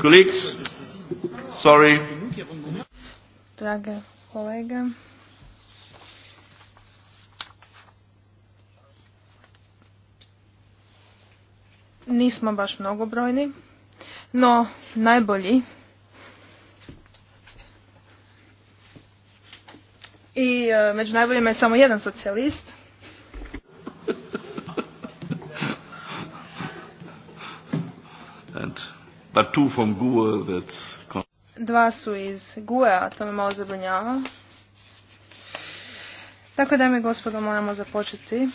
Colleagues, sorry. Drage kolega. Nismo baš mnogobrojni, no najbolji i e, među najboljima je samo jedan socijalist. Dva su iz GUE-a, to me malo zabrinjava. Tako da mi, gospodo, moramo započeti.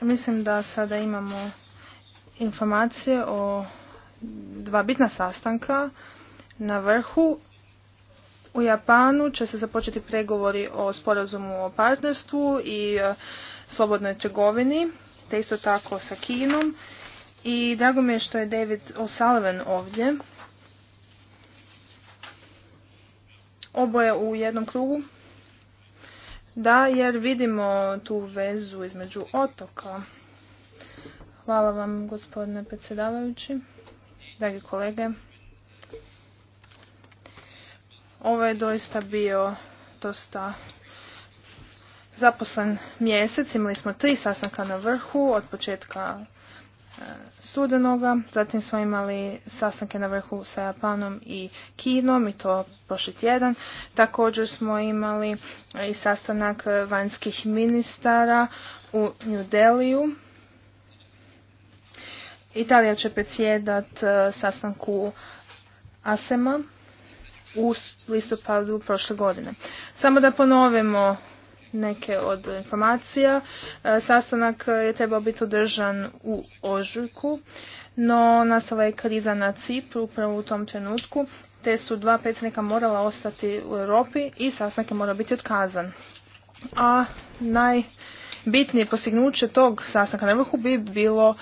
Mislim da sada imamo informacije o dva bitna sastanka na vrhu. U Japanu će se započeti pregovori o sporazumu o partnerstvu i e, slobodnoj trgovini, te isto tako sa Kinom. I drago mi je što je David O'Sullivan ovdje. Oboje u jednom krugu. Da, jer vidimo tu vezu između otoka. Hvala vam, gospodine predsjedavajući, dragi kolege. Ovo je doista bio dosta zaposlen mjesec. Imali smo tri sastanka na vrhu od početka studenoga. Zatim smo imali sastanke na vrhu sa Japanom i Kinom i to prošli tjedan. Također smo imali i sastanak vanjskih ministara u New Deliju. Italija će predsjedat e, sastanku ASEMA u listopadu prošle godine. Samo da ponovimo neke od informacija. E, sastanak e, je trebao biti održan u ožujku, no nastala je kriza na Cipru upravo u tom trenutku, te su dva predsjednika morala ostati u Europi i sastanak je morao biti otkazan. A najbitnije postignuće tog sastanka na vrhu bi bilo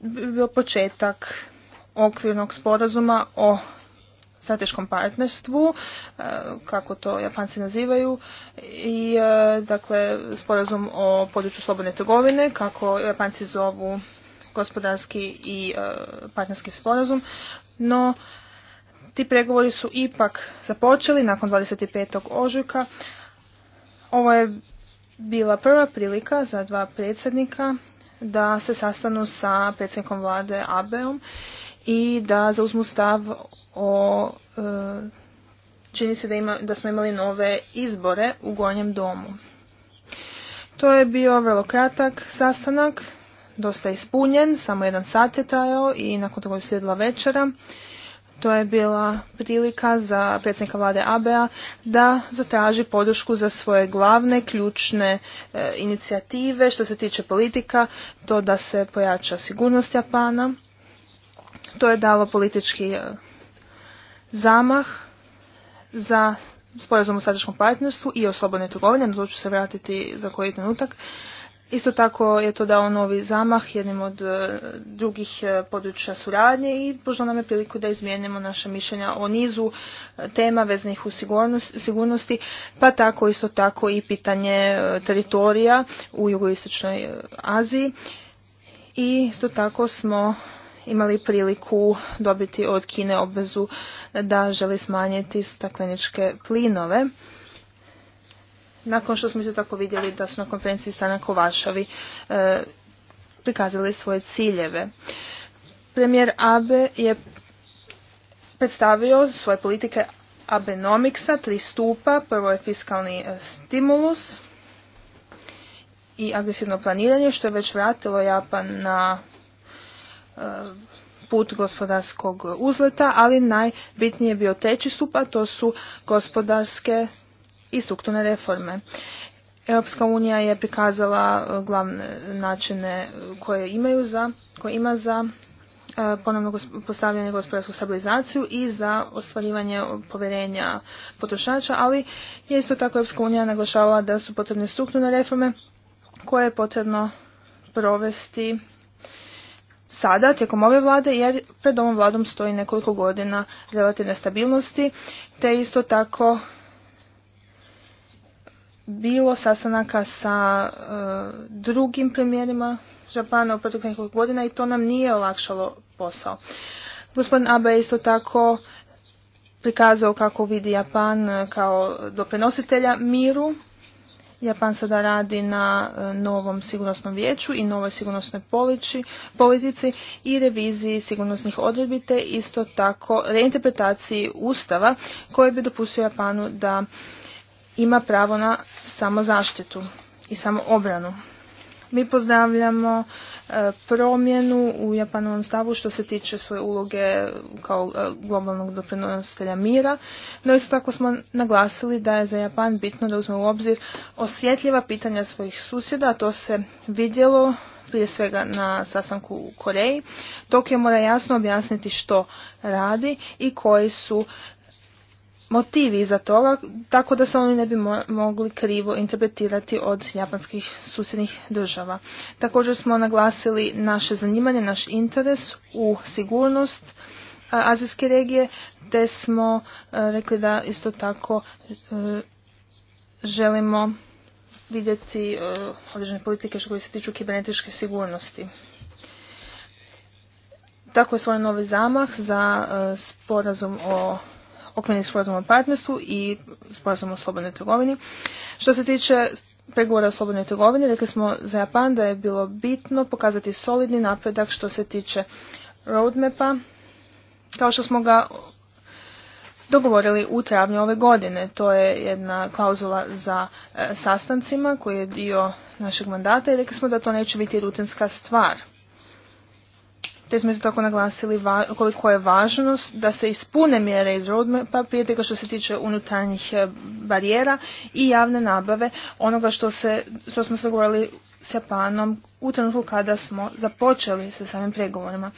bio početak okvirnog sporazuma o strateškom partnerstvu, e, kako to Japanci nazivaju, i e, dakle sporazum o području slobodne trgovine, kako Japanci zovu gospodarski i e, partnerski sporazum, no ti pregovori su ipak započeli nakon 25. ožujka. Ovo je bila prva prilika za dva predsjednika da se sastanu sa predsjednikom vlade Abeom i da zauzmu stav o e, čini se da, ima, da smo imali nove izbore u gonjem domu. To je bio vrlo kratak sastanak, dosta ispunjen, samo jedan sat je trajao i nakon toga je slijedila večera. To je bila prilika za predsjednika vlade ABA da zatraži podršku za svoje glavne ključne e, inicijative što se tiče politika, to da se pojača sigurnost Japana, to je dalo politički e, zamah za sporazum o strateškom partnerstvu i o slobodnoj trgovini, na to ću se vratiti za koji trenutak. Isto tako je to dao novi zamah jednim od e, drugih e, područja suradnje i pružilo nam je priliku da izmijenimo naše mišljenja o nizu tema veznih u sigurnosti, pa tako isto tako i pitanje teritorija u jugoistočnoj Aziji. I isto tako smo imali priliku dobiti od Kine obvezu da želi smanjiti stakleničke plinove. Nakon što smo se tako vidjeli da su na konferenciji strana u e, prikazali svoje ciljeve. Premijer Abe je predstavio svoje politike Abenomiksa, tri stupa. Prvo je fiskalni e, stimulus i agresivno planiranje, što je već vratilo Japan na put gospodarskog uzleta, ali najbitnije je bio treći stup, a to su gospodarske i strukturne reforme. Europska unija je prikazala e, glavne načine koje imaju za, koje ima za e, ponovno postavljanje gospodarsku stabilizaciju i za ostvarivanje povjerenja potrošača, ali je isto tako Europska unija naglašavala da su potrebne strukturne reforme koje je potrebno provesti sada tijekom ove vlade jer pred ovom vladom stoji nekoliko godina relativne stabilnosti te isto tako bilo sastanaka sa e, drugim premijerima Japana u proteklih nekoliko godina i to nam nije olakšalo posao. Gospodin Abe je isto tako prikazao kako vidi Japan e, kao doprinositelja miru Japan sada radi na e, novom sigurnosnom vijeću i novoj sigurnosnoj politici i reviziji sigurnosnih odredbi te isto tako reinterpretaciji ustava koji bi dopustio Japanu da ima pravo na samozaštitu i samoobranu. Mi pozdravljamo E, promjenu u Japanovom stavu što se tiče svoje uloge kao e, globalnog doprinositelja mira, no isto tako smo naglasili da je za Japan bitno da uzme u obzir osjetljiva pitanja svojih susjeda, a to se vidjelo prije svega na sastanku u Koreji. je mora jasno objasniti što radi i koji su motivi za toga, tako da se oni ne bi mogli krivo interpretirati od japanskih susjednih država. Također smo naglasili naše zanimanje, naš interes u sigurnost e, azijske regije, te smo e, rekli da isto tako e, želimo vidjeti određene politike što se tiču kibernetičke sigurnosti. Tako je svoj novi zamah za sporazum o okvirni sporazum o partnerstvu i sporazum o slobodnoj trgovini. Što se tiče pregovora o slobodnoj trgovini, rekli smo za Japan da je bilo bitno pokazati solidni napredak što se tiče roadmapa, kao što smo ga dogovorili u travnju ove godine. To je jedna klauzula za e, sastancima koji je dio našeg mandata i rekli smo da to neće biti rutinska stvar te smo isto tako naglasili koliko je važnost da se ispune mjere iz roadmapa prije tega što se tiče unutarnjih eh, barijera i javne nabave onoga što, se, što smo se govorili s Japanom u trenutku kada smo započeli sa samim pregovorima.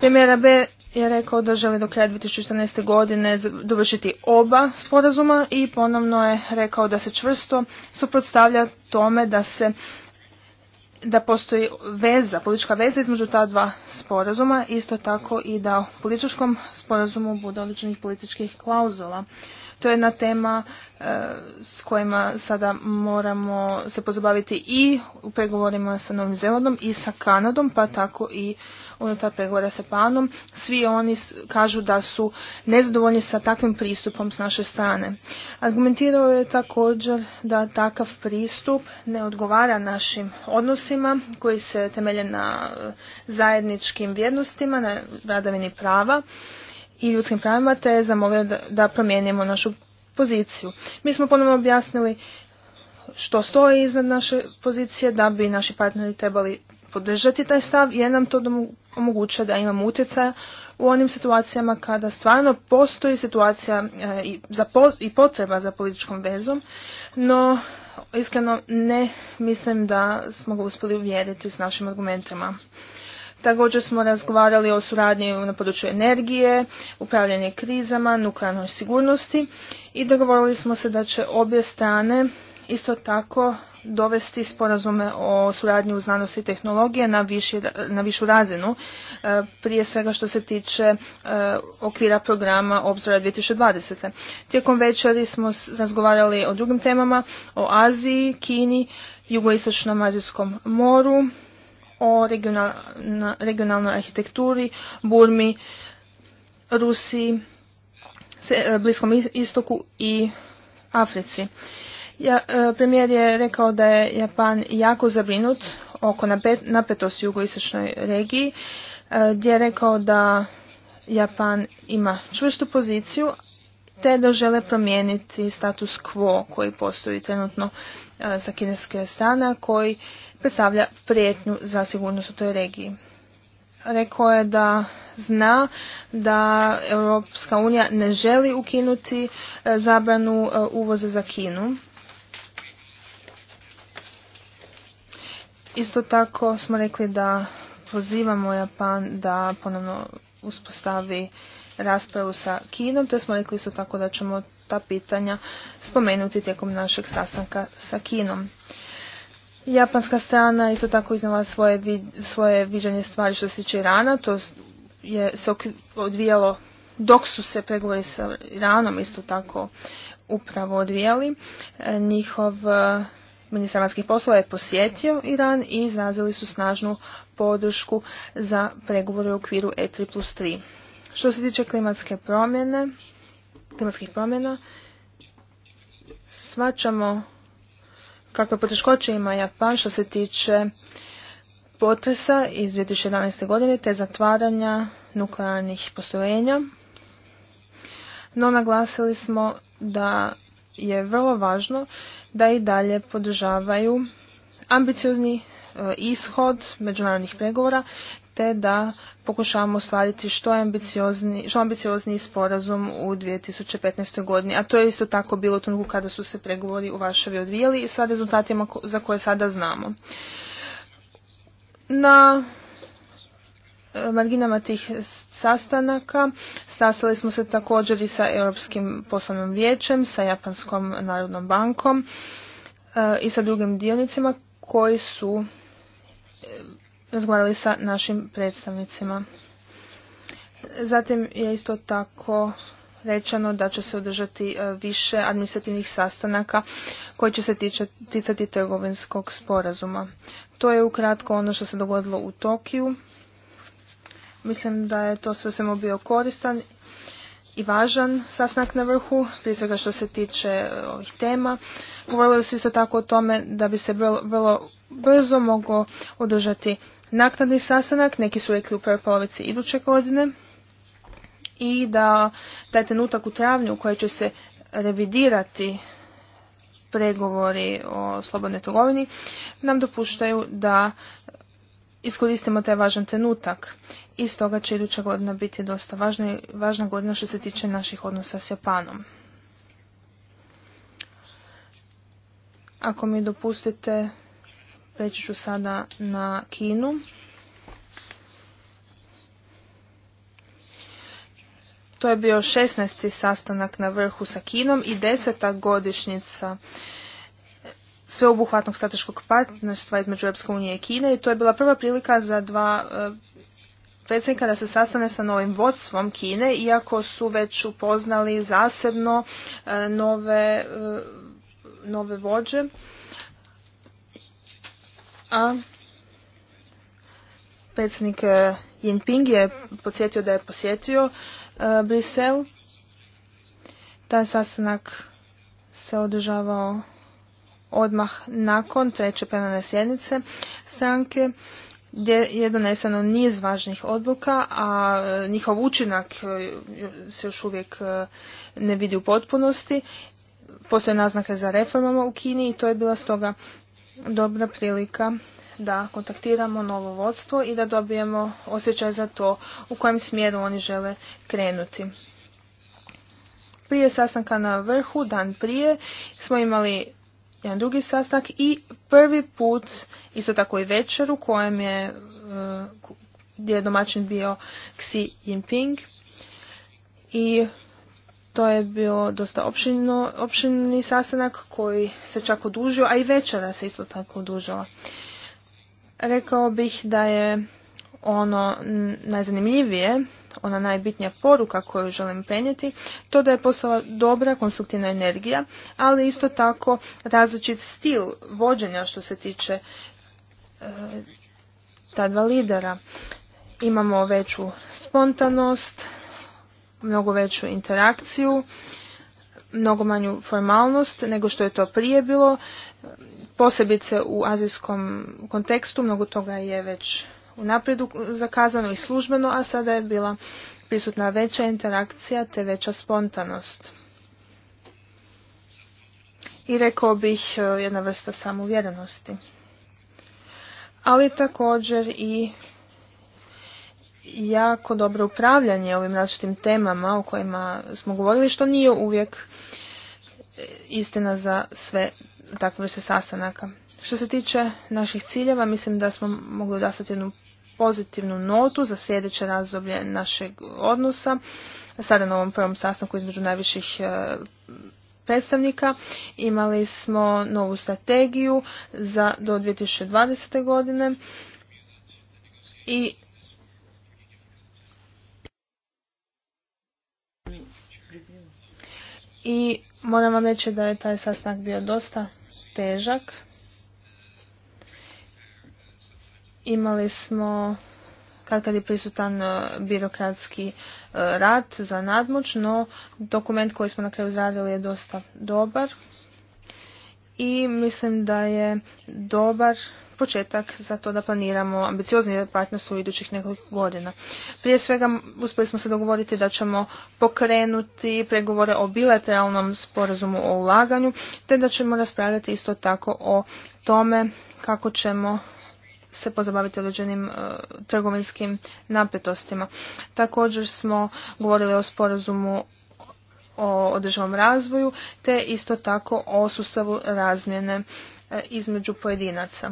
Premijera B je rekao da želi do kraja 2014. godine dovršiti oba sporazuma i ponovno je rekao da se čvrsto suprotstavlja tome da se da postoji veza, politička veza između ta dva sporazuma, isto tako i da u političkom sporazumu bude odličnih političkih klauzula. To je jedna tema e, s kojima sada moramo se pozabaviti i u pregovorima sa Novim Zelandom i sa Kanadom, pa tako i unutar pregovora sa planom, svi oni kažu da su nezadovoljni sa takvim pristupom s naše strane. Argumentirao je također da takav pristup ne odgovara našim odnosima koji se temelje na e, zajedničkim vrijednostima, na vladavini prava i ljudskim pravima, te je da, da promijenimo našu poziciju. Mi smo ponovno objasnili što stoji iznad naše pozicije da bi naši partneri trebali podržati taj stav jer nam to omogućuje da imamo utjecaja u onim situacijama kada stvarno postoji situacija eh, i potreba za političkom vezom, no iskreno ne mislim da smo ga uspjeli uvjeriti s našim argumentima. Također smo razgovarali o suradnji na području energije, upravljanje krizama, nuklearnoj sigurnosti i dogovorili smo se da će obje strane isto tako dovesti sporazume o suradnju u znanosti i tehnologije na, viši, na višu razinu, e, prije svega što se tiče e, okvira programa Obzora 2020. Tijekom večeri smo razgovarali o drugim temama, o Aziji, Kini, jugoistočnom azijskom moru, o regionalnoj arhitekturi, Burmi, Rusiji, e, Bliskom istoku i Africi. Ja, e, premijer je rekao da je Japan jako zabrinut oko napetosti u jugoistočnoj regiji, e, gdje je rekao da Japan ima čvrstu poziciju, te da žele promijeniti status quo koji postoji trenutno e, sa kineske strane, koji predstavlja prijetnju za sigurnost u toj regiji. Rekao je da zna da Europska unija ne želi ukinuti zabranu uvoza za Kinu, Isto tako smo rekli da pozivamo Japan da ponovno uspostavi raspravu sa Kinom, te smo rekli isto tako da ćemo ta pitanja spomenuti tijekom našeg sastanka sa Kinom. Japanska strana isto tako iznala svoje, svoje viđanje stvari što se tiče Irana, to je se odvijalo dok su se pregovori sa Iranom isto tako upravo odvijali. E, njihov ministar vanjskih poslova je posjetio Iran i izrazili su snažnu podršku za pregovore u okviru E3 plus 3. Što se tiče klimatske promjene, klimatskih promjena, svačamo kakve poteškoće ima Japan što se tiče potresa iz 2011. godine te zatvaranja nuklearnih postrojenja. No naglasili smo da je vrlo važno da i dalje podržavaju ambiciozni e, ishod međunarodnih pregovora te da pokušavamo ostvariti što, ambiciozni, što ambiciozniji sporazum u 2015. godini. A to je isto tako bilo u trenutku kada su se pregovori u Varšavi odvijeli i sa rezultatima za koje sada znamo. Na marginama tih sastanaka sastali smo se također i sa Europskim poslovnim vijećem, sa Japanskom narodnom bankom e, i sa drugim dionicima koji su e, razgovarali sa našim predstavnicima. Zatim je isto tako rečeno da će se održati e, više administrativnih sastanaka koji će se ticati trgovinskog sporazuma. To je ukratko ono što se dogodilo u Tokiju Mislim da je to sve svemu bio koristan i važan sastanak na vrhu, prije svega što se tiče e, ovih tema. Govorili su isto tako o tome da bi se vrlo, brzo moglo održati naknadni sastanak, neki su rekli u prvoj polovici iduće godine i da taj trenutak u travnju u kojoj će se revidirati pregovori o slobodnoj trgovini nam dopuštaju da iskoristimo taj važan trenutak. I toga će iduća godina biti dosta važna, važna godina što se tiče naših odnosa s Japanom. Ako mi dopustite, preći ću sada na Kinu. To je bio 16. sastanak na vrhu sa Kinom i deseta godišnjica sveobuhvatnog strateškog partnerstva između Europske unije i Kine i to je bila prva prilika za dva e, predsjednika da se sastane sa novim vodstvom Kine, iako su već upoznali zasebno e, nove, e, nove vođe. A predsjednik Jinping je podsjetio da je posjetio Brisel. Taj sastanak se održavao odmah nakon treće plenarne sjednice stranke gdje je doneseno niz važnih odluka, a e, njihov učinak e, se još uvijek e, ne vidi u potpunosti. Postoje naznake za reformama u Kini i to je bila stoga dobra prilika da kontaktiramo novo vodstvo i da dobijemo osjećaj za to u kojem smjeru oni žele krenuti. Prije sastanka na vrhu, dan prije, smo imali jedan drugi sastanak i prvi put isto tako i večer u kojem je e, gdje je domaćin bio Xi Jinping i to je bio dosta opširno, opširni sastanak koji se čak odužio, a i večera se isto tako odužila. Rekao bih da je ono najzanimljivije ona najbitnija poruka koju želim prenijeti, to da je postala dobra konstruktivna energija, ali isto tako različit stil vođenja što se tiče e, ta dva lidera. Imamo veću spontanost, mnogo veću interakciju, mnogo manju formalnost nego što je to prije bilo. Posebice u azijskom kontekstu mnogo toga je već unapredu zakazano i službeno, a sada je bila prisutna veća interakcija te veća spontanost. I rekao bih e, jedna vrsta samouvjerenosti. Ali također i jako dobro upravljanje ovim različitim temama o kojima smo govorili, što nije uvijek e, istina za sve takve vrste sastanaka. Što se tiče naših ciljeva, mislim da smo mogli odastati jednu pozitivnu notu za sljedeće razdoblje našeg odnosa, sada na ovom prvom sastanku između najviših e, predstavnika. Imali smo novu strategiju za do 2020. godine i i moram vam reći da je taj sastanak bio dosta težak. Imali smo kad kad je prisutan e, birokratski e, rad za nadmoć, no dokument koji smo na kraju zradili je dosta dobar i mislim da je dobar početak za to da planiramo ambiciozni partnerstvo u idućih nekoliko godina. Prije svega uspjeli smo se dogovoriti da ćemo pokrenuti pregovore o bilateralnom sporazumu o ulaganju, te da ćemo raspravljati isto tako o tome kako ćemo se pozabaviti određenim e, trgovinskim napetostima. Također smo govorili o sporazumu o održivom razvoju te isto tako o sustavu razmjene e, između pojedinaca.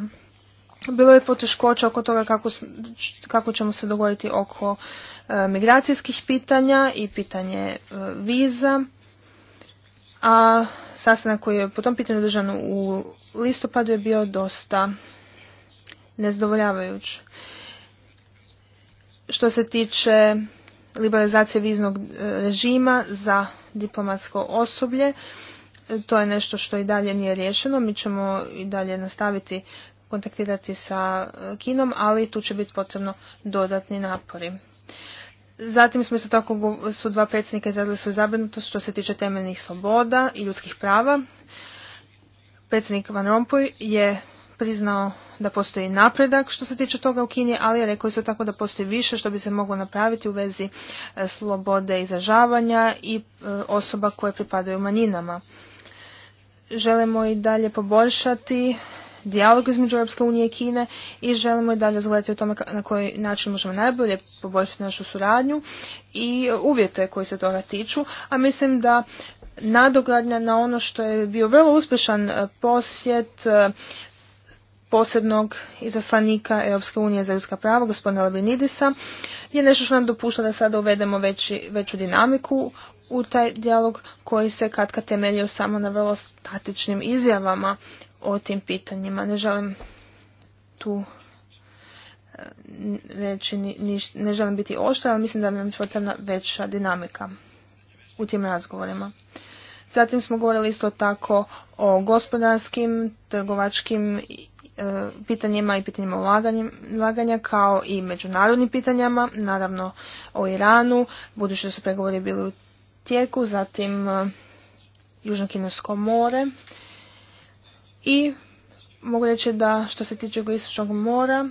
Bilo je poteškoća oko toga kako, kako ćemo se dogoditi oko e, migracijskih pitanja i pitanje viza. A sastanak koji je po tom pitanju održan u listopadu je bio dosta nezadovoljavajući Što se tiče liberalizacije viznog e, režima za diplomatsko osoblje, to je nešto što i dalje nije riješeno. Mi ćemo i dalje nastaviti kontaktirati sa e, Kinom, ali tu će biti potrebno dodatni napori. Zatim smo isto tako su dva predsjednika izrazili svoju zabrinutost što se tiče temeljnih sloboda i ljudskih prava. Predsjednik Van Rompuy je priznao da postoji napredak što se tiče toga u Kini, ali je rekao isto tako da postoji više što bi se moglo napraviti u vezi e, slobode izražavanja i e, osoba koje pripadaju manjinama. Želimo i dalje poboljšati dijalog između Europske unije i Kine i želimo i dalje zgledati o tome na koji način možemo najbolje poboljšati našu suradnju i uvjete koji se toga tiču, a mislim da nadogradnja na ono što je bio vrlo uspješan e, posjet posebnog izaslanika Europske unije za ljudska prava, gospodina Labrinidisa, je nešto što nam dopušta da sada uvedemo veći, veću dinamiku u taj dijalog koji se katka temeljio samo na vrlo statičnim izjavama o tim pitanjima. Ne želim tu e, reći, ne želim biti oštra, ali mislim da nam je potrebna veća dinamika u tim razgovorima. Zatim smo govorili isto tako o gospodarskim, trgovačkim E, pitanjima i pitanjima ulaganja kao i međunarodnim pitanjama, naravno o Iranu, budući da su pregovori bili u tijeku, zatim e, Južno-Kinesko more i mogu reći da što se tiče Jugoistočnog mora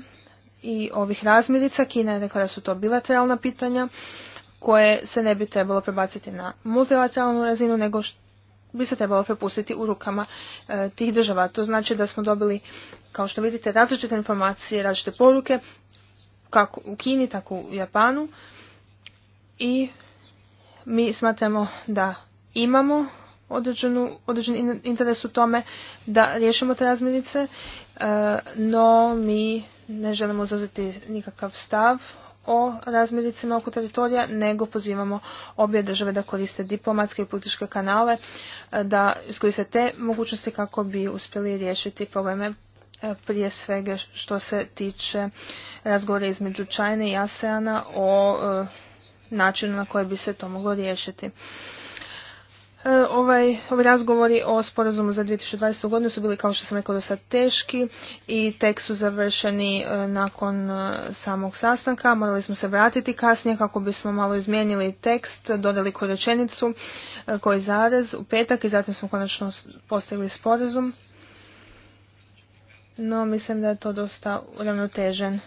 i ovih razmirica, Kina je rekla da su to bilateralna pitanja koje se ne bi trebalo prebaciti na multilateralnu razinu, nego što bi se trebalo prepustiti u rukama e, tih država. To znači da smo dobili, kao što vidite, različite informacije, različite poruke, kako u Kini, tako u Japanu. I mi smatramo da imamo određenu, određen interes u tome da riješimo te razmirice, e, no mi ne želimo zauzeti nikakav stav o razmiricima oko teritorija, nego pozivamo obje države da koriste diplomatske i političke kanale, e, da iskoriste te mogućnosti kako bi uspjeli riješiti probleme e, prije svega što se tiče razgovora između Čajne i ASEANA o e, načinu na koji bi se to moglo riješiti. E, ovaj, ovaj razgovori o sporazumu za 2020. godinu su bili, kao što sam rekao, dosta teški i tek su završeni e, nakon e, samog sastanka. Morali smo se vratiti kasnije kako bismo malo izmijenili tekst, dodali koju rečenicu, koji zarez u petak i zatim smo konačno postigli sporazum. No, mislim da je to dosta uravnotežen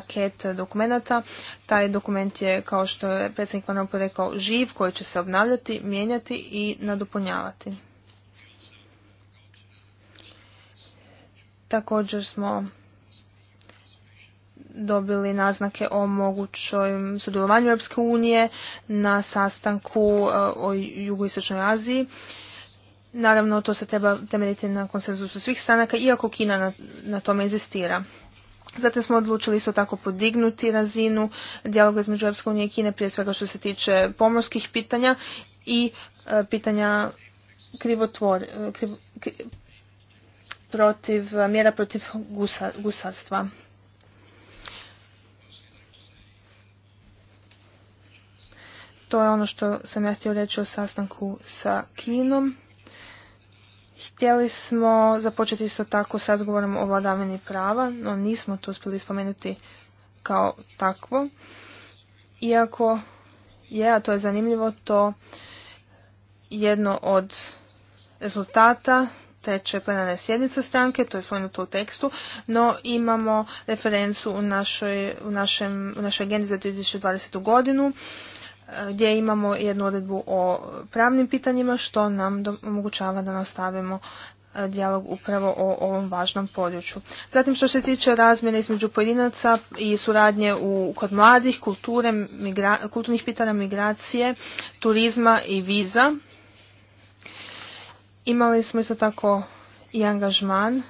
paket dokumenata. Taj dokument je, kao što je predsjednik Van rekao, živ, koji će se obnavljati, mijenjati i nadopunjavati. Također smo dobili naznake o mogućoj sudjelovanju Europske unije na sastanku eh, o jugoistočnoj Aziji. Naravno, to se treba temeljiti na konsenzusu svih stranaka, iako Kina na, na tome inzistira. Zatim smo odlučili isto tako podignuti razinu dijaloga između EU i Kine, prije svega što se tiče pomorskih pitanja i e, pitanja krivotvor, e, kriv, protiv, e, mjera protiv gusa, gusarstva. To je ono što sam ja htio reći o sastanku sa Kinom. Htjeli smo započeti isto tako s razgovorom o vladavini prava, no nismo to uspjeli spomenuti kao takvo. Iako je, a to je zanimljivo, to jedno od rezultata teče plenarne sjednice stranke, to je spomenuto u tekstu, no imamo referencu u našoj, u našem, u našoj agendi za 2020. godinu gdje imamo jednu odredbu o pravnim pitanjima što nam omogućava da nastavimo e, dijalog upravo o ovom važnom području. Zatim što se tiče razmjene između pojedinaca i suradnje u, kod mladih, kulture, kulturnih pitanja migracije, turizma i viza. Imali smo isto tako i angažman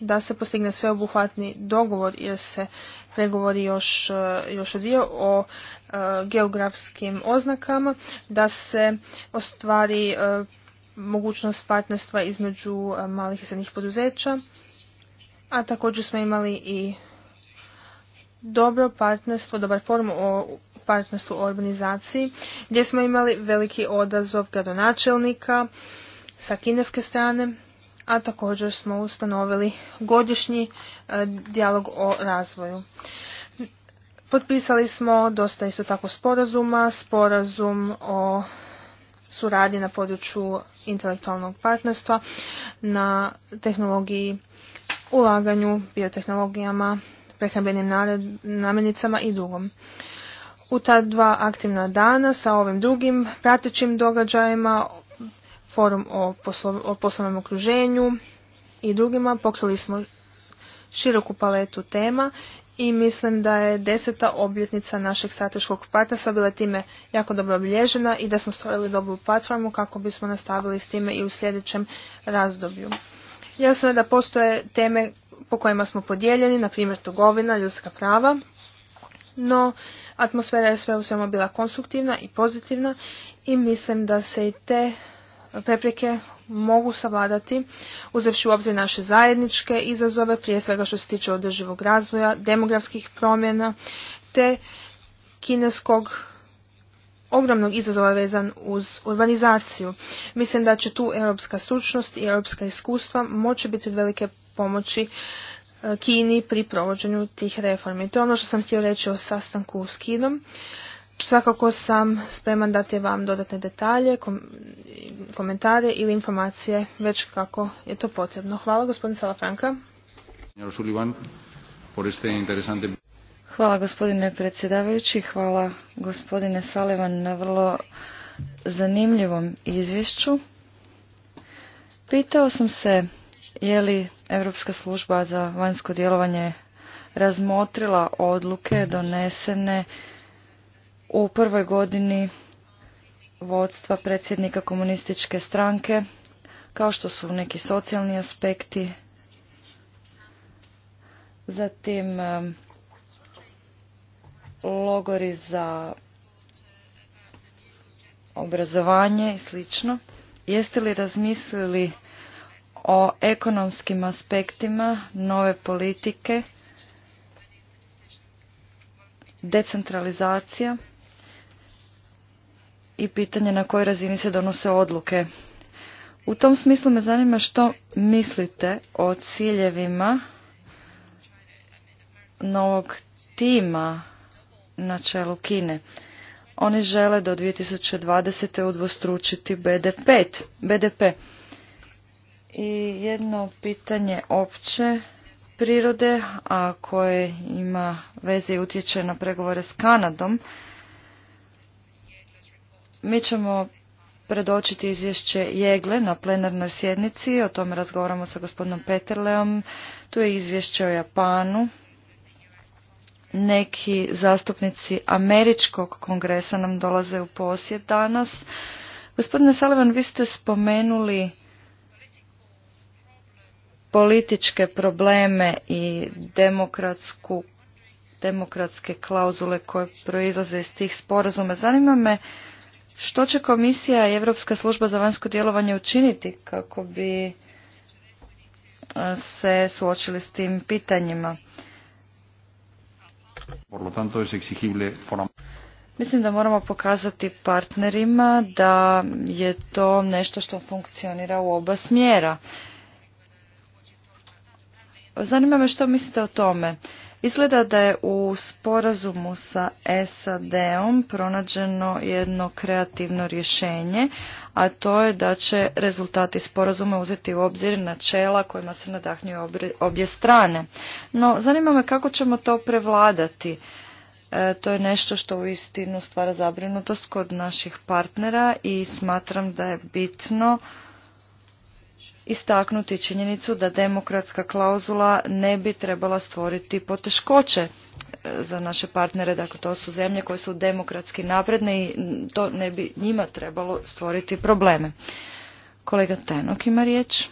da se postigne sveobuhvatni dogovor jer se pregovori još, e, još odvijao o e, geografskim oznakama, da se ostvari e, mogućnost partnerstva između malih i srednjih poduzeća, a također smo imali i dobro partnerstvo, dobar forum o partnerstvu u organizaciji, gdje smo imali veliki odazov gradonačelnika sa kineske strane, a također smo ustanovili godišnji e, dijalog o razvoju. Potpisali smo dosta isto tako sporazuma, sporazum o suradnji na području intelektualnog partnerstva, na tehnologiji, ulaganju, biotehnologijama, prehrambenim namirnicama i drugom. U ta dva aktivna dana sa ovim drugim pratećim događajima forum o, poslov, o poslovnom okruženju i drugima. Pokrili smo široku paletu tema i mislim da je deseta obljetnica našeg strateškog partnerstva bila time jako dobro obilježena i da smo stvorili dobru platformu kako bismo nastavili s time i u sljedećem razdoblju. Jasno je da postoje teme po kojima smo podijeljeni, na primjer trgovina, ljudska prava, no atmosfera je sve u svemu bila konstruktivna i pozitivna i mislim da se i te prepreke mogu savladati uzevši u obzir naše zajedničke izazove, prije svega što se tiče održivog razvoja, demografskih promjena te kineskog ogromnog izazova vezan uz urbanizaciju. Mislim da će tu europska stručnost i europska iskustva moći biti od velike pomoći e, Kini pri provođenju tih reformi. To je ono što sam htio reći o sastanku s Kinom. Svakako sam spreman dati vam dodatne detalje, komentare ili informacije već kako je to potrebno. Hvala gospodin Salafranka. Hvala gospodine predsjedavajući, hvala gospodine Salevan na vrlo zanimljivom izvješću. Pitao sam se je li Europska služba za vanjsko djelovanje razmotrila odluke donesene u prvoj godini vodstva predsjednika komunističke stranke, kao što su neki socijalni aspekti, zatim logori za obrazovanje i sl. Jeste li razmislili o ekonomskim aspektima nove politike, decentralizacija? i pitanje na kojoj razini se donose odluke. U tom smislu me zanima što mislite o ciljevima novog tima na čelu Kine. Oni žele do 2020. udvostručiti BDP. BDP. I jedno pitanje opće prirode, a koje ima veze i utječe na pregovore s Kanadom. Mi ćemo predočiti izvješće Jegle na plenarnoj sjednici, o tome razgovaramo sa gospodinom Peterleom, tu je izvješće o Japanu, neki zastupnici američkog kongresa nam dolaze u posjed danas. Gospodine Sullivan, vi ste spomenuli političke probleme i demokratsku, demokratske klauzule koje proizlaze iz tih sporazuma. Zanima me što će komisija i Europska služba za vanjsko djelovanje učiniti kako bi e, se suočili s tim pitanjima? Mislim da moramo pokazati partnerima da je to nešto što funkcionira u oba smjera. Zanima me što mislite o tome. Izgleda da je u sporazumu sa SAD-om pronađeno jedno kreativno rješenje, a to je da će rezultati sporazuma uzeti u obzir načela kojima se nadahnjuje obje strane. No, zanima me kako ćemo to prevladati. E, to je nešto što uistinu stvara zabrinutost kod naših partnera i smatram da je bitno istaknuti činjenicu da demokratska klauzula ne bi trebala stvoriti poteškoće e, za naše partnere, dakle to su zemlje koje su demokratski napredne i to ne bi njima trebalo stvoriti probleme. Kolega Tenok ima riječ.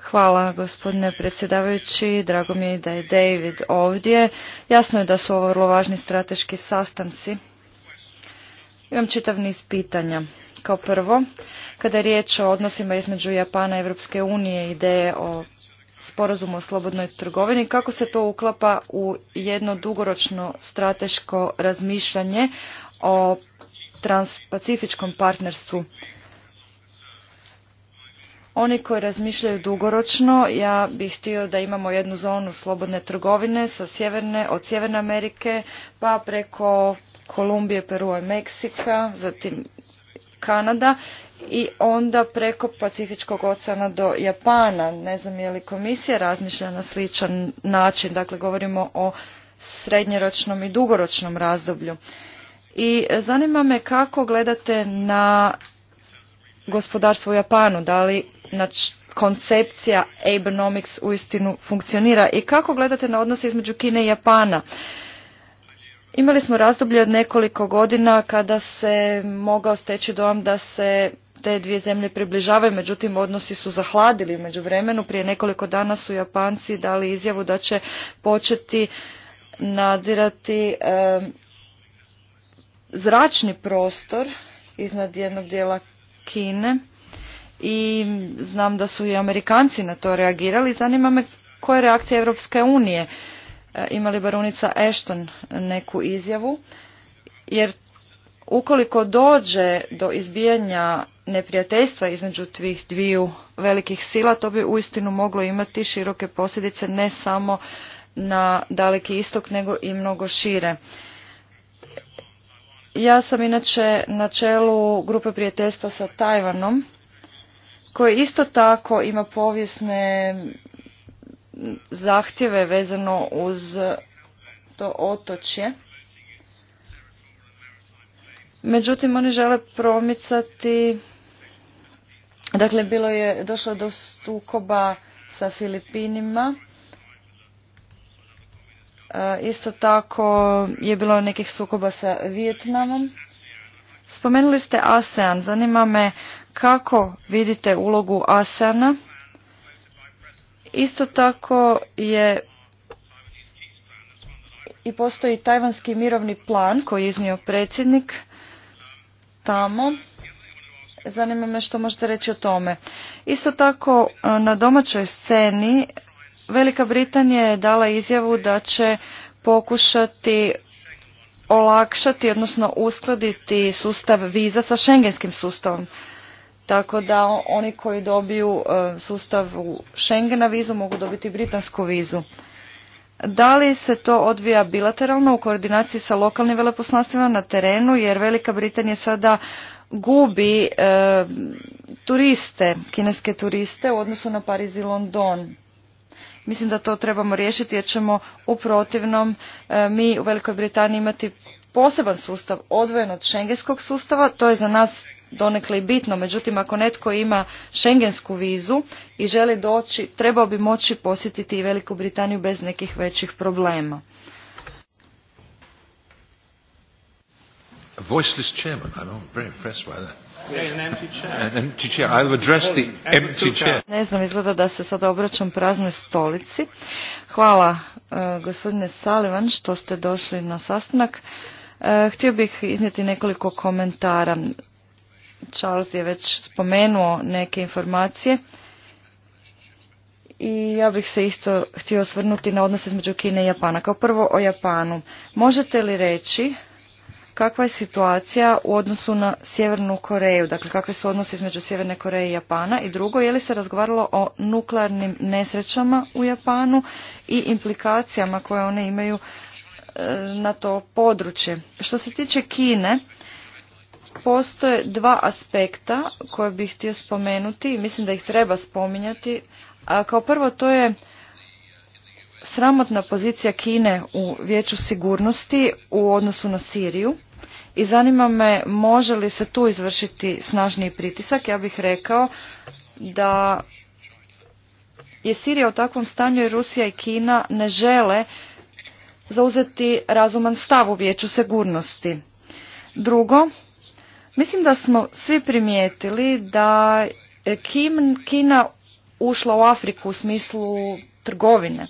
Hvala gospodine predsjedavajući, drago mi je da je David ovdje. Jasno je da su ovo vrlo važni strateški sastanci. Imam čitav niz pitanja. Kao prvo, kada je riječ o odnosima između Japana i Europske unije, ideje o sporazumu o slobodnoj trgovini, kako se to uklapa u jedno dugoročno strateško razmišljanje o transpacifičkom partnerstvu. Oni koji razmišljaju dugoročno, ja bih htio da imamo jednu zonu slobodne trgovine sa sjeverne, od Sjeverne Amerike pa preko Kolumbije, Perua i Meksika, zatim Kanada i onda preko Pacifičkog oceana do Japana. Ne znam je li komisija razmišlja na sličan način, dakle govorimo o srednjeročnom i dugoročnom razdoblju. I zanima me kako gledate na gospodarstvo u Japanu, da li koncepcija Abenomics uistinu funkcionira i kako gledate na odnose između Kine i Japana. Imali smo razdoblje od nekoliko godina kada se mogao steći dojam da se te dvije zemlje približavaju, međutim odnosi su zahladili među vremenu. Prije nekoliko dana su Japanci dali izjavu da će početi nadzirati zračni prostor iznad jednog dijela Kine i znam da su i Amerikanci na to reagirali. Zanima me koja je reakcija Europske unije Eh, imali barunica Ashton neku izjavu, jer ukoliko dođe do izbijanja neprijateljstva između tvih dviju velikih sila, to bi uistinu moglo imati široke posljedice ne samo na daleki istok, nego i mnogo šire. Ja sam inače na čelu grupe prijateljstva sa Tajvanom, koji isto tako ima povijesne zahtjeve vezano uz to otočje. Međutim, oni žele promicati, dakle, bilo je došlo do stukoba sa Filipinima. E, isto tako je bilo nekih sukoba sa Vijetnamom. Spomenuli ste ASEAN. Zanima me kako vidite ulogu ASEANA Isto tako je i postoji tajvanski mirovni plan koji je iznio predsjednik tamo. Zanima me što možete reći o tome. Isto tako e, na domaćoj sceni Velika Britanija je dala izjavu da će pokušati olakšati, odnosno uskladiti sustav viza sa šengenskim sustavom tako da oni koji dobiju e, sustav Schengena vizu mogu dobiti britansku vizu. Da li se to odvija bilateralno u koordinaciji sa lokalnim veleposlanstvima na terenu, jer Velika Britanija sada gubi e, turiste, kineske turiste u odnosu na Pariz i London. Mislim da to trebamo riješiti jer ćemo u protivnom e, mi u Velikoj Britaniji imati poseban sustav odvojen od šengenskog sustava. To je za nas donekle i bitno. Međutim, ako netko ima Schengensku vizu i želi doći, trebao bi moći posjetiti i Veliku Britaniju bez nekih većih problema. Ne znam, izgleda da se sada obraćam praznoj stolici. Hvala e, gospodine Salivan što ste došli na sastanak. E, htio bih iznijeti nekoliko komentara. Charles je već spomenuo neke informacije i ja bih se isto htio osvrnuti na odnose između Kine i Japana. Kao prvo o Japanu. Možete li reći kakva je situacija u odnosu na Sjevernu Koreju, dakle kakvi su odnose između Sjeverne Koreje i Japana i drugo, je li se razgovaralo o nuklearnim nesrećama u Japanu i implikacijama koje one imaju e, na to područje. Što se tiče Kine, postoje dva aspekta koje bih htio spomenuti i mislim da ih treba spominjati. A kao prvo to je sramotna pozicija Kine u vijeću sigurnosti u odnosu na Siriju i zanima me može li se tu izvršiti snažniji pritisak. Ja bih rekao da je Sirija u takvom stanju i Rusija i Kina ne žele zauzeti razuman stav u vijeću sigurnosti. Drugo, Mislim da smo svi primijetili da je Kina ušla u Afriku u smislu trgovine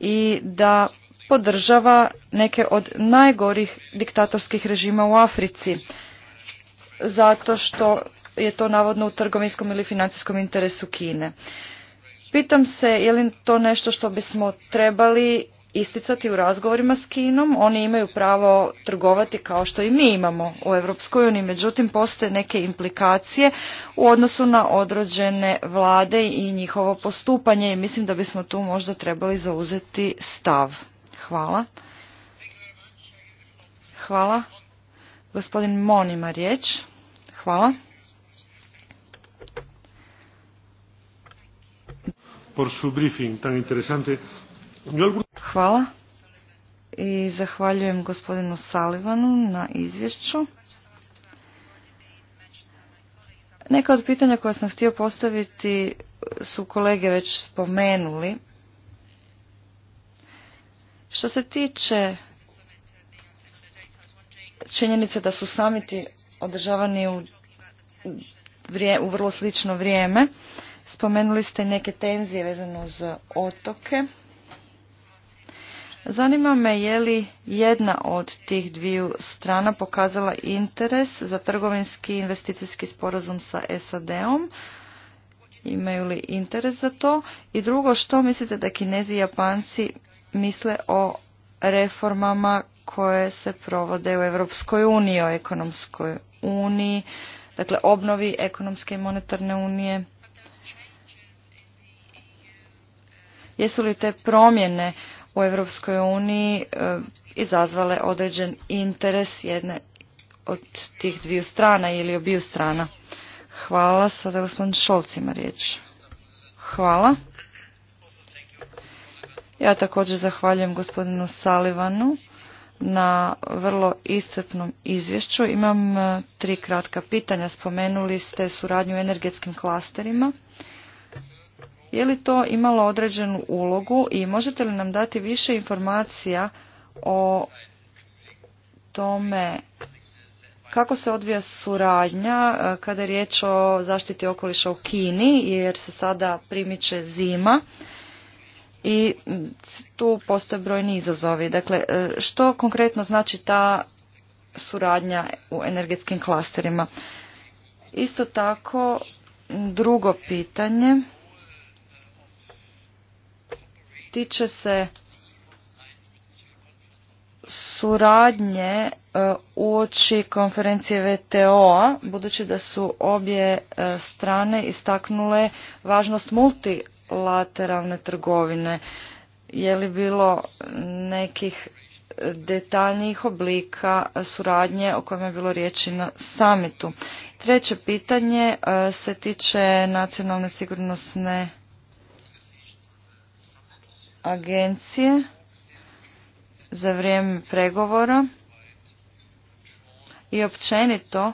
i da podržava neke od najgorih diktatorskih režima u Africi zato što je to navodno u trgovinskom ili financijskom interesu Kine. Pitam se je li to nešto što bismo trebali isticati u razgovorima s Kinom. Oni imaju pravo trgovati kao što i mi imamo u Europskoj uniji. Međutim, postoje neke implikacije u odnosu na odrođene vlade i njihovo postupanje i mislim da bismo tu možda trebali zauzeti stav. Hvala. Hvala. Gospodin Mon ima riječ. Hvala. Por su briefing tan interesante. Hvala i zahvaljujem gospodinu Salivanu na izvješću. Neka od pitanja koja sam htio postaviti su kolege već spomenuli. Što se tiče činjenice da su samiti održavani u, u vrlo slično vrijeme, spomenuli ste neke tenzije vezano uz otoke. Zanima me je li jedna od tih dviju strana pokazala interes za trgovinski investicijski sporazum sa SAD-om, imaju li interes za to i drugo što mislite da Kinezi i Japanci misle o reformama koje se provode u Europskoj uniji, o ekonomskoj uniji, dakle obnovi ekonomske i monetarne unije. Jesu li te promjene u Europskoj uniji e, izazvale određen interes jedne od tih dviju strana ili obiju strana. Hvala. Sada gospodin Šolc ima riječ. Hvala. Ja također zahvaljujem gospodinu Salivanu na vrlo iscrpnom izvješću. Imam e, tri kratka pitanja. Spomenuli ste suradnju u energetskim klasterima. Je li to imalo određenu ulogu i možete li nam dati više informacija o tome kako se odvija suradnja e, kada je riječ o zaštiti okoliša u Kini jer se sada primiče zima i tu postoje brojni izazovi. Dakle, e, što konkretno znači ta suradnja u energetskim klasterima? Isto tako, drugo pitanje tiče se suradnje e, oči konferencije VTO-a, budući da su obje e, strane istaknule važnost multilateralne trgovine. Je li bilo nekih detaljnijih oblika suradnje o kojima je bilo riječi na samitu? Treće pitanje e, se tiče nacionalne sigurnosne agencije za vrijeme pregovora i općenito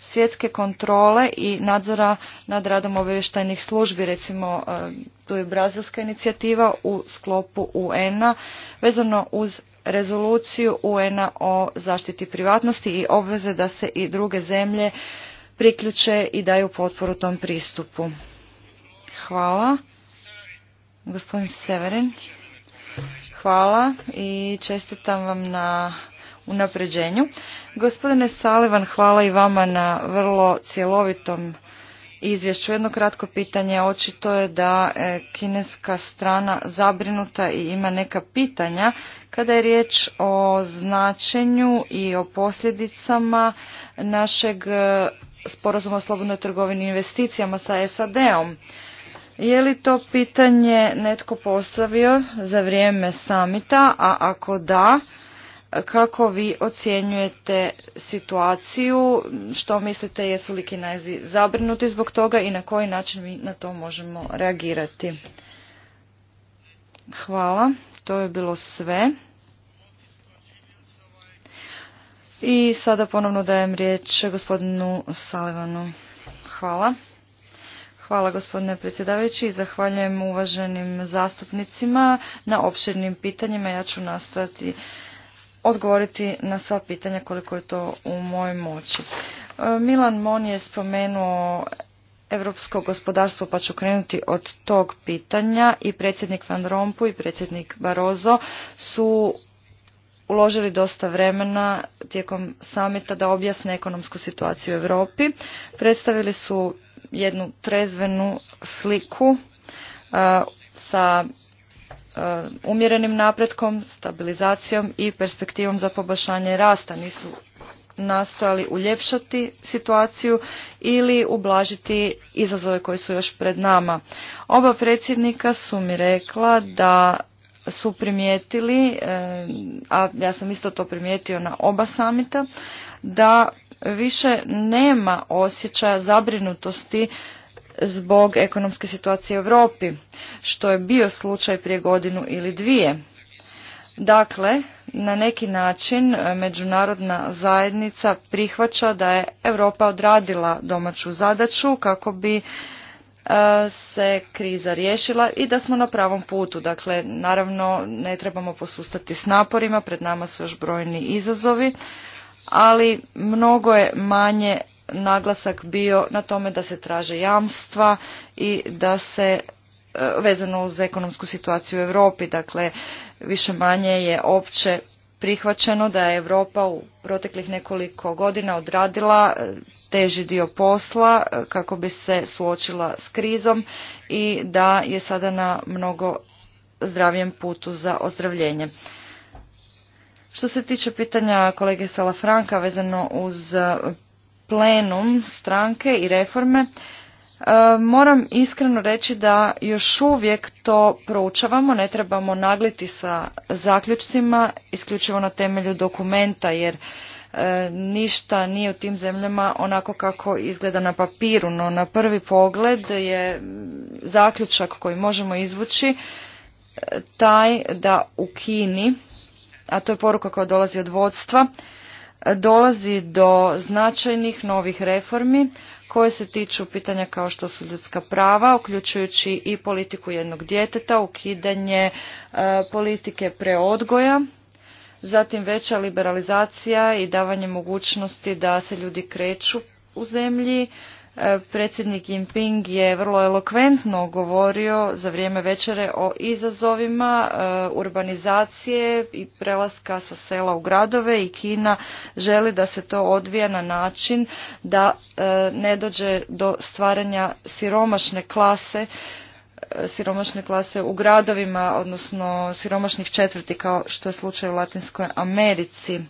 svjetske kontrole i nadzora nad radom obavještajnih službi. Recimo, e, tu je brazilska inicijativa u sklopu UN-a vezano uz rezoluciju UN-a o zaštiti privatnosti i obveze da se i druge zemlje priključe i daju potporu tom pristupu. Hvala. Gospodin Severin, hvala i čestitam vam na unapređenju. Gospodine Salivan, hvala i vama na vrlo cjelovitom izvješću. Jedno kratko pitanje, očito je da e, kineska strana zabrinuta i ima neka pitanja kada je riječ o značenju i o posljedicama našeg e, sporazuma o slobodnoj trgovini investicijama sa SAD-om. Je li to pitanje netko postavio za vrijeme samita, a ako da, kako vi ocjenjujete situaciju, što mislite jesu li Kinezi zabrinuti zbog toga i na koji način mi na to možemo reagirati? Hvala, to je bilo sve. I sada ponovno dajem riječ gospodinu Salivanu. Hvala. Hvala gospodine predsjedavajući i zahvaljujem uvaženim zastupnicima na opširnim pitanjima. Ja ću nastojati odgovoriti na sva pitanja koliko je to u mojoj moći. E, Milan Mon je spomenuo evropsko gospodarstvo, pa ću krenuti od tog pitanja. I predsjednik Van Rompu i predsjednik Barozo su uložili dosta vremena tijekom samita da objasne ekonomsku situaciju u Europi. Predstavili su jednu trezvenu sliku e, sa e, umjerenim napretkom, stabilizacijom i perspektivom za poboljšanje rasta. Nisu nastojali uljepšati situaciju ili ublažiti izazove koji su još pred nama. Oba predsjednika su mi rekla da su primijetili, e, a ja sam isto to primijetio na oba samita, da više nema osjećaja zabrinutosti zbog ekonomske situacije u Europi, što je bio slučaj prije godinu ili dvije. Dakle, na neki način e, međunarodna zajednica prihvaća da je Europa odradila domaću zadaću kako bi e, se kriza riješila i da smo na pravom putu. Dakle, naravno ne trebamo posustati s naporima, pred nama su još brojni izazovi, ali mnogo je manje naglasak bio na tome da se traže jamstva i da se e, vezano uz ekonomsku situaciju u Europi, dakle više manje je opće prihvaćeno da je Europa u proteklih nekoliko godina odradila e, teži dio posla e, kako bi se suočila s krizom i da je sada na mnogo zdravijem putu za ozdravljenje. Što se tiče pitanja kolege Salafranka vezano uz e, plenum stranke i reforme, e, moram iskreno reći da još uvijek to proučavamo, ne trebamo nagliti sa zaključcima isključivo na temelju dokumenta jer e, ništa nije u tim zemljama onako kako izgleda na papiru, no na prvi pogled je zaključak koji možemo izvući taj da u Kini a to je poruka koja dolazi od vodstva, dolazi do značajnih novih reformi koje se tiču pitanja kao što su ljudska prava, uključujući i politiku jednog djeteta, ukidanje e, politike preodgoja, zatim veća liberalizacija i davanje mogućnosti da se ljudi kreću u zemlji, E, predsjednik Jinping je vrlo elokventno govorio za vrijeme večere o izazovima e, urbanizacije i prelaska sa sela u gradove i Kina želi da se to odvija na način da e, ne dođe do stvaranja siromašne klase siromašne klase u gradovima, odnosno siromašnih četvrti kao što je slučaj u Latinskoj Americi.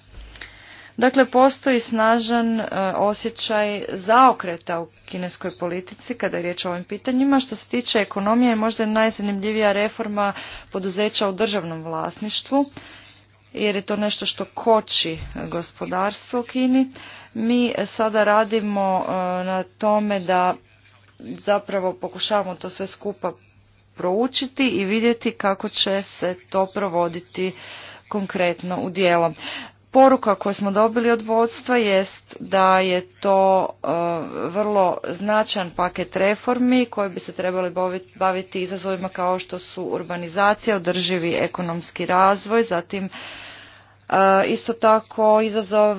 Dakle, postoji snažan e, osjećaj zaokreta u kineskoj politici kada je riječ o ovim pitanjima. Što se tiče ekonomije, možda je najzanimljivija reforma poduzeća u državnom vlasništvu, jer je to nešto što koči gospodarstvo u Kini. Mi sada radimo e, na tome da zapravo pokušavamo to sve skupa proučiti i vidjeti kako će se to provoditi konkretno u djelo. Poruka koju smo dobili od vodstva jest da je to e, vrlo značajan paket reformi koji bi se trebali baviti izazovima kao što su urbanizacija, održivi ekonomski razvoj, zatim e, isto tako izazov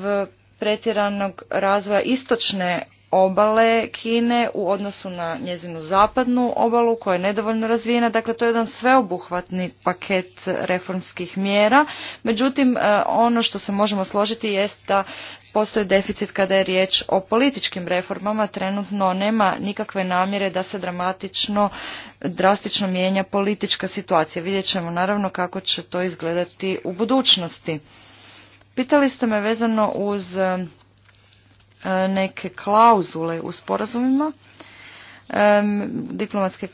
pretjeranog razvoja istočne obale Kine u odnosu na njezinu zapadnu obalu koja je nedovoljno razvijena. Dakle, to je jedan sveobuhvatni paket reformskih mjera. Međutim, e, ono što se možemo složiti jest da postoji deficit kada je riječ o političkim reformama. Trenutno nema nikakve namjere da se dramatično, drastično mijenja politička situacija. Vidjet ćemo naravno kako će to izgledati u budućnosti. Pitali ste me vezano uz E, neke klauzule u sporazumima, diplomatske,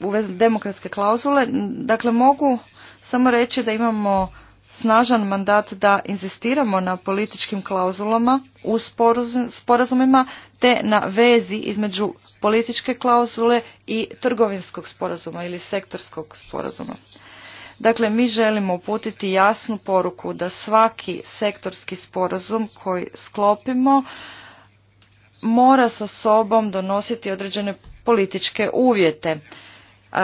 u demokratske klauzule. Dakle, mogu samo reći da imamo snažan mandat da inzistiramo na političkim klauzulama u sporazumima te na vezi između političke klauzule i trgovinskog sporazuma ili sektorskog sporazuma. Dakle, mi želimo uputiti jasnu poruku da svaki sektorski sporazum koji sklopimo mora sa sobom donositi određene političke uvjete. E,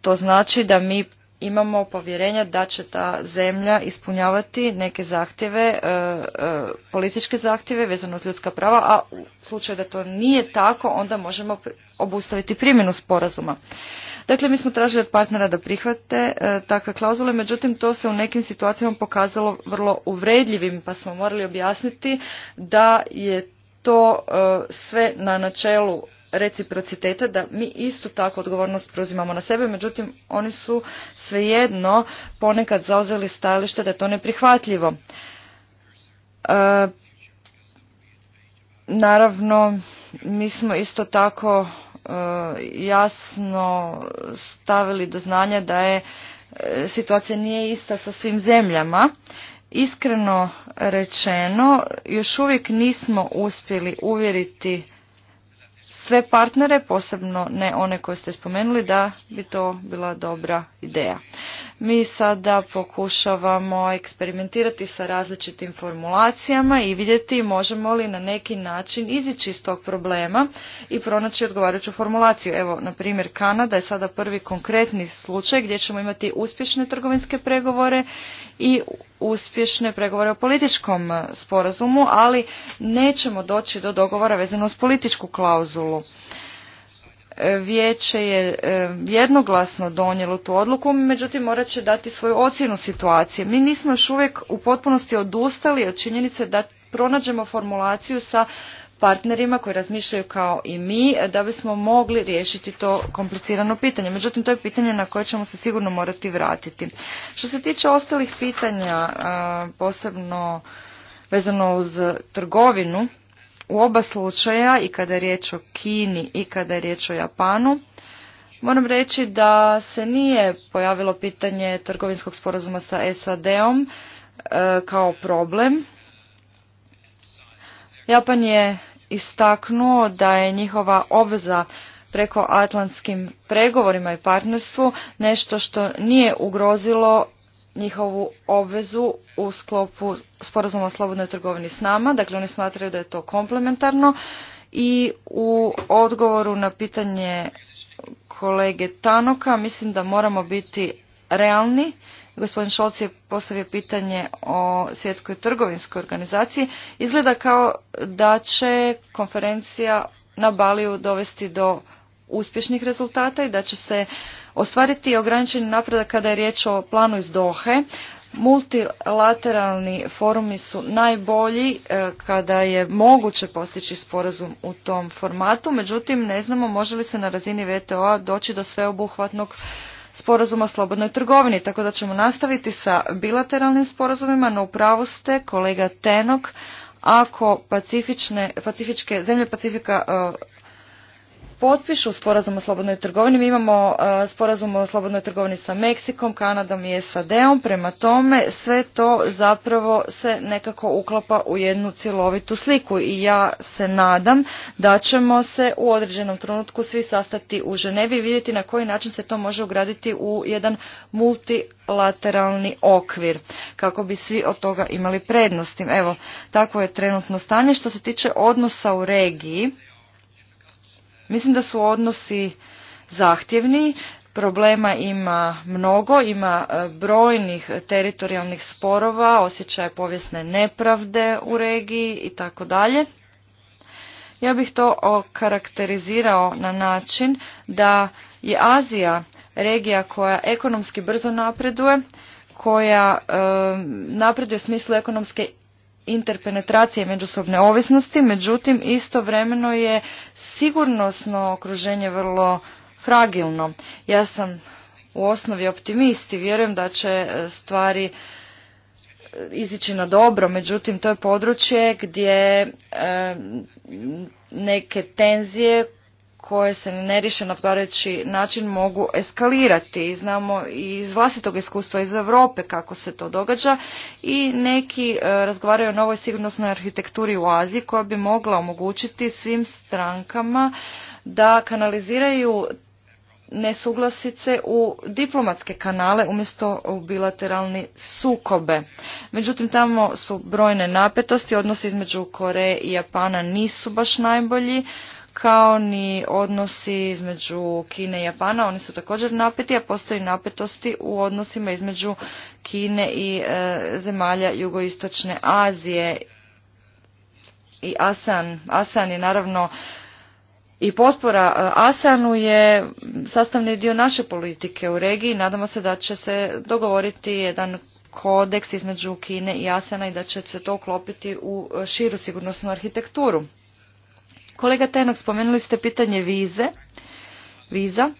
to znači da mi imamo povjerenja da će ta zemlja ispunjavati neke zahtjeve, e, e, političke zahtjeve vezano uz ljudska prava, a u slučaju da to nije tako, onda možemo obustaviti primjenu sporazuma. Dakle, mi smo tražili od partnera da prihvate e, takve klauzule, međutim to se u nekim situacijama pokazalo vrlo uvredljivim, pa smo morali objasniti da je to e, sve na načelu reciprociteta, da mi isto tako odgovornost preuzimamo na sebe, međutim oni su svejedno ponekad zauzeli stajalište da je to neprihvatljivo. E, naravno, mi smo isto tako E, jasno stavili do znanja da je e, situacija nije ista sa svim zemljama. Iskreno rečeno, još uvijek nismo uspjeli uvjeriti sve partnere, posebno ne one koje ste spomenuli, da bi to bila dobra ideja. Mi sada pokušavamo eksperimentirati sa različitim formulacijama i vidjeti možemo li na neki način izići iz tog problema i pronaći odgovarajuću formulaciju. Evo, na primjer, Kanada je sada prvi konkretni slučaj gdje ćemo imati uspješne trgovinske pregovore i uspješne pregovore o političkom sporazumu, ali nećemo doći do dogovora vezano s političku klauzulu. Vijeće je e, jednoglasno donijelo tu odluku, međutim morat će dati svoju ocjenu situacije. Mi nismo još uvijek u potpunosti odustali od činjenice da pronađemo formulaciju sa partnerima koji razmišljaju kao i mi da bismo mogli riješiti to komplicirano pitanje. Međutim, to je pitanje na koje ćemo se sigurno morati vratiti. Što se tiče ostalih pitanja, posebno vezano uz trgovinu, u oba slučaja, i kada je riječ o Kini i kada je riječ o Japanu, moram reći da se nije pojavilo pitanje trgovinskog sporazuma sa SAD-om e, kao problem. Japan je istaknuo da je njihova obveza preko atlantskim pregovorima i partnerstvu nešto što nije ugrozilo njihovu obvezu u sklopu sporazuma o slobodnoj trgovini s nama. Dakle, oni smatraju da je to komplementarno. I u odgovoru na pitanje kolege Tanoka mislim da moramo biti realni. Gospodin Šolc je postavio pitanje o svjetskoj trgovinskoj organizaciji. Izgleda kao da će konferencija na Baliju dovesti do uspješnih rezultata i da će se Ostvariti ograničeni napredak kada je riječ o planu iz Dohe, multilateralni forumi su najbolji e, kada je moguće postići sporazum u tom formatu, međutim ne znamo može li se na razini VTO-a doći do sveobuhvatnog sporazuma o slobodnoj trgovini, tako da ćemo nastaviti sa bilateralnim sporazumima, no upravo ste kolega Tenok, ako pacifične, pacifičke, zemlje Pacifika e, potpišu sporazum o slobodnoj trgovini. Mi imamo e, sporazum o slobodnoj trgovini sa Meksikom, Kanadom i SAD-om. Prema tome sve to zapravo se nekako uklapa u jednu cjelovitu sliku i ja se nadam da ćemo se u određenom trenutku svi sastati u Ženevi i vidjeti na koji način se to može ugraditi u jedan multilateralni okvir kako bi svi od toga imali prednosti. Evo, takvo je trenutno stanje što se tiče odnosa u regiji. Mislim da su odnosi zahtjevni, problema ima mnogo, ima e, brojnih teritorijalnih sporova, osjećaje povijesne nepravde u regiji i tako dalje. Ja bih to okarakterizirao na način da je Azija regija koja ekonomski brzo napreduje, koja e, napreduje u smislu ekonomske interpenetracije međusobne ovisnosti, međutim istovremeno je sigurnosno okruženje vrlo fragilno. Ja sam u osnovi optimist i vjerujem da će e, stvari e, izići na dobro, međutim to je područje gdje e, neke tenzije koje se ne riješe na odgovarajući način mogu eskalirati. Znamo i iz vlastitog iskustva iz Europe kako se to događa i neki e, razgovaraju o novoj sigurnosnoj arhitekturi u Aziji koja bi mogla omogućiti svim strankama da kanaliziraju nesuglasice u diplomatske kanale umjesto u bilateralni sukobe. Međutim, tamo su brojne napetosti, odnosi između Koreje i Japana nisu baš najbolji kao ni odnosi između Kine i Japana, oni su također napeti, a postoji napetosti u odnosima između Kine i e, zemalja jugoistočne Azije i ASEAN. Asan je naravno i potpora e, Asanu je sastavni dio naše politike u regiji. Nadamo se da će se dogovoriti jedan kodeks između Kine i Asana i da će se to uklopiti u e, širu sigurnosnu arhitekturu Kolega Tenok, spomenuli ste pitanje vize, viza.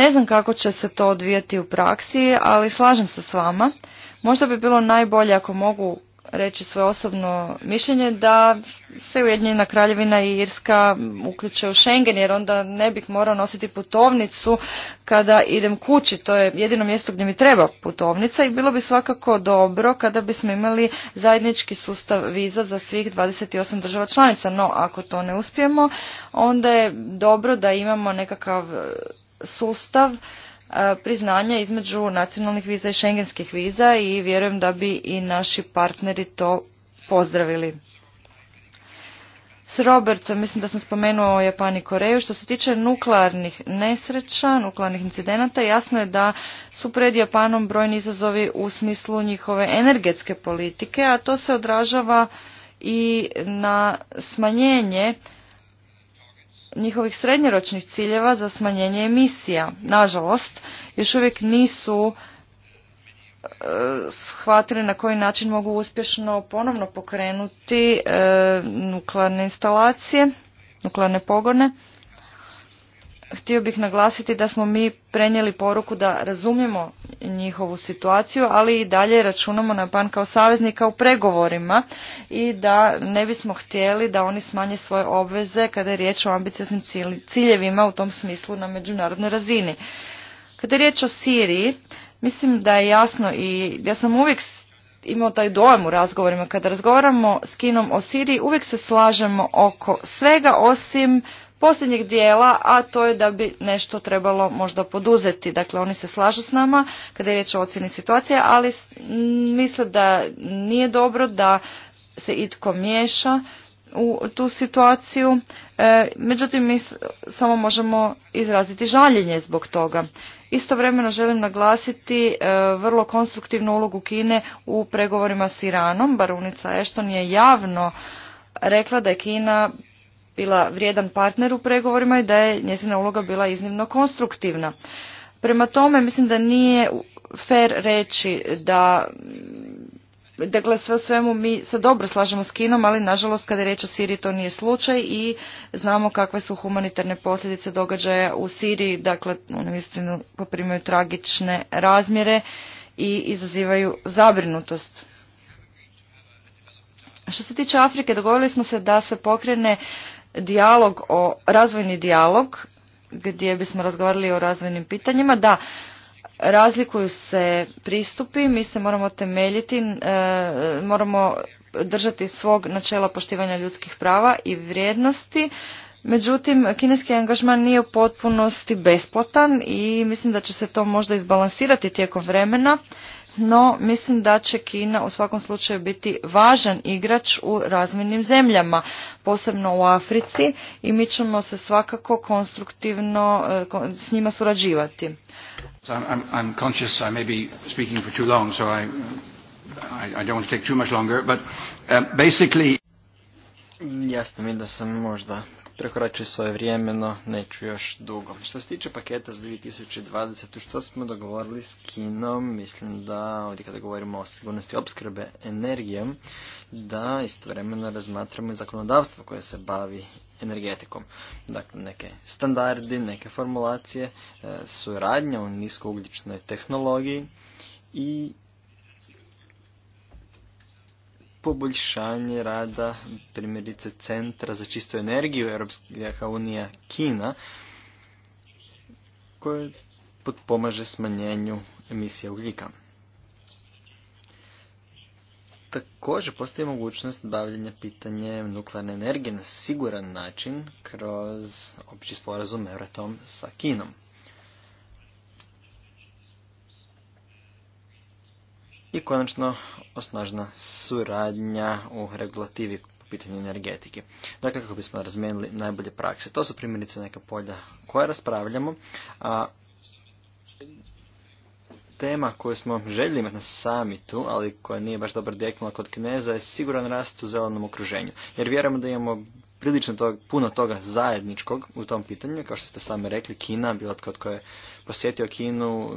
Ne znam kako će se to odvijati u praksi, ali slažem se s vama. Možda bi bilo najbolje ako mogu reći svoje osobno mišljenje da se Ujedinjena kraljevina i Irska uključe u Schengen jer onda ne bih morao nositi putovnicu kada idem kući. To je jedino mjesto gdje mi treba putovnica i bilo bi svakako dobro kada bismo imali zajednički sustav viza za svih 28 država članica. No, ako to ne uspijemo, onda je dobro da imamo nekakav sustav priznanja između nacionalnih viza i šengenskih viza i vjerujem da bi i naši partneri to pozdravili. S Robertom, mislim da sam spomenuo Japan i Koreju, što se tiče nuklearnih nesreća, nuklearnih incidenata, jasno je da su pred Japanom brojni izazovi u smislu njihove energetske politike, a to se odražava i na smanjenje njihovih srednjeročnih ciljeva za smanjenje emisija. Nažalost, još uvijek nisu e, shvatili na koji način mogu uspješno ponovno pokrenuti e, nuklearne instalacije, nuklearne pogone htio bih naglasiti da smo mi prenijeli poruku da razumijemo njihovu situaciju, ali i dalje računamo na pan kao saveznika u pregovorima i da ne bismo htjeli da oni smanje svoje obveze kada je riječ o ambicioznim ciljevima u tom smislu na međunarodnoj razini. Kada je riječ o Siriji, mislim da je jasno i ja sam uvijek imao taj dojam u razgovorima. Kada razgovaramo s Kinom o Siriji, uvijek se slažemo oko svega osim posljednjeg dijela, a to je da bi nešto trebalo možda poduzeti. Dakle, oni se slažu s nama kada je riječ o ocjeni situacije, ali misle da nije dobro da se itko miješa u tu situaciju. E, međutim, mi samo možemo izraziti žaljenje zbog toga. Istovremeno želim naglasiti e, vrlo konstruktivnu ulogu Kine u pregovorima s Iranom. Barunica Ešton je javno rekla da je Kina bila vrijedan partner u pregovorima i da je njezina uloga bila iznimno konstruktivna. Prema tome mislim da nije fer reći da Dakle, sve o svemu mi se dobro slažemo s Kinom, ali nažalost kada je riječ o Siriji to nije slučaj i znamo kakve su humanitarne posljedice događaja u Siriji. Dakle, one istinu poprimaju tragične razmjere i izazivaju zabrinutost. Što se tiče Afrike, dogovorili smo se da se pokrene dijalog o razvojni dijalog gdje bismo razgovarali o razvojnim pitanjima. Da, razlikuju se pristupi, mi se moramo temeljiti, e, moramo držati svog načela poštivanja ljudskih prava i vrijednosti. Međutim, kineski angažman nije u potpunosti besplatan i mislim da će se to možda izbalansirati tijekom vremena no mislim da će Kina u svakom slučaju biti važan igrač u razvijenim zemljama, posebno u Africi i mi ćemo se svakako konstruktivno e, s njima surađivati. Jasno mi da sam možda prekoračuje svoje vrijeme, no neću još dugo. Što se tiče paketa za 2020. što smo dogovorili s Kinom, mislim da ovdje kada govorimo o sigurnosti opskrbe energijom, da istovremeno razmatramo i zakonodavstvo koje se bavi energetikom. Dakle, neke standardi, neke formulacije, e, suradnja u niskougljičnoj tehnologiji i poboljšanje rada primjerice Centra za čistu energiju Europska unija Kina koje potpomaže smanjenju emisije ugljika. Također postoji mogućnost bavljenja pitanjem nuklearne energije na siguran način kroz opći sporazum Euratom sa Kinom. I konačno osnažna suradnja u regulativi po pitanju energetike. Dakle, kako bismo razmijenili najbolje prakse. To su primjerice neka polja koja raspravljamo, a tema koju smo željeli imati na samitu, ali koja nije baš dobro dijeknula kod Kineza, je siguran rast u zelenom okruženju. Jer vjerujemo da imamo prilično tog, puno toga zajedničkog u tom pitanju. Kao što ste sami rekli, Kina, bilo tko tko je posjetio Kinu,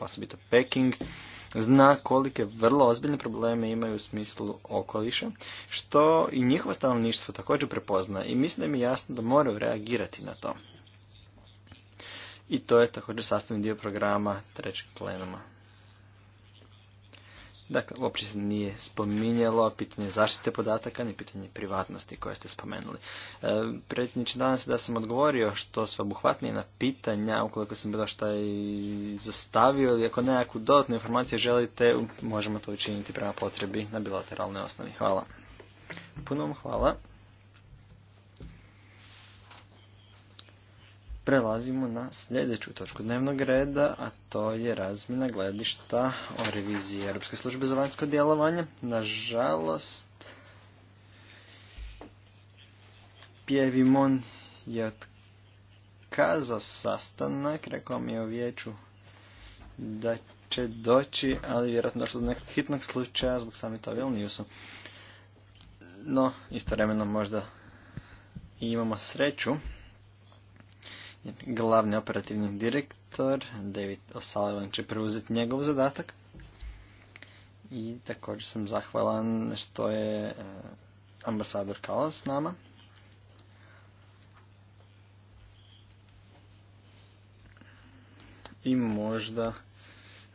osobito Peking, zna kolike vrlo ozbiljne probleme imaju u smislu okoliša, što i njihovo stanovništvo također prepozna i mislim da mi je jasno da moraju reagirati na to. I to je također sastavni dio programa trećeg plenuma. Dakle, uopće se nije spominjalo pitanje zaštite podataka ni pitanje privatnosti koje ste spomenuli. E, predsjedniče, danas da sam odgovorio što sve obuhvatnije na pitanja, ukoliko sam bilo šta izostavio ili ako nekakvu dodatnu informaciju želite, možemo to učiniti prema potrebi na bilateralnoj osnovi. Hvala. Puno vam hvala. Prelazimo na sljedeću točku dnevnog reda, a to je razmjena gledišta o reviziji Europske službe za vanjsko djelovanje. Nažalost, Pjevimon je otkazao sastanak, rekao mi je u vijeću da će doći, ali vjerojatno došlo do nekog hitnog slučaja zbog samita Vilniusa. No, istovremeno možda i imamo sreću Glavni operativni direktor David O'Sullivan će preuzeti njegov zadatak. I također sam zahvalan što je e, ambasador Kala s nama. I možda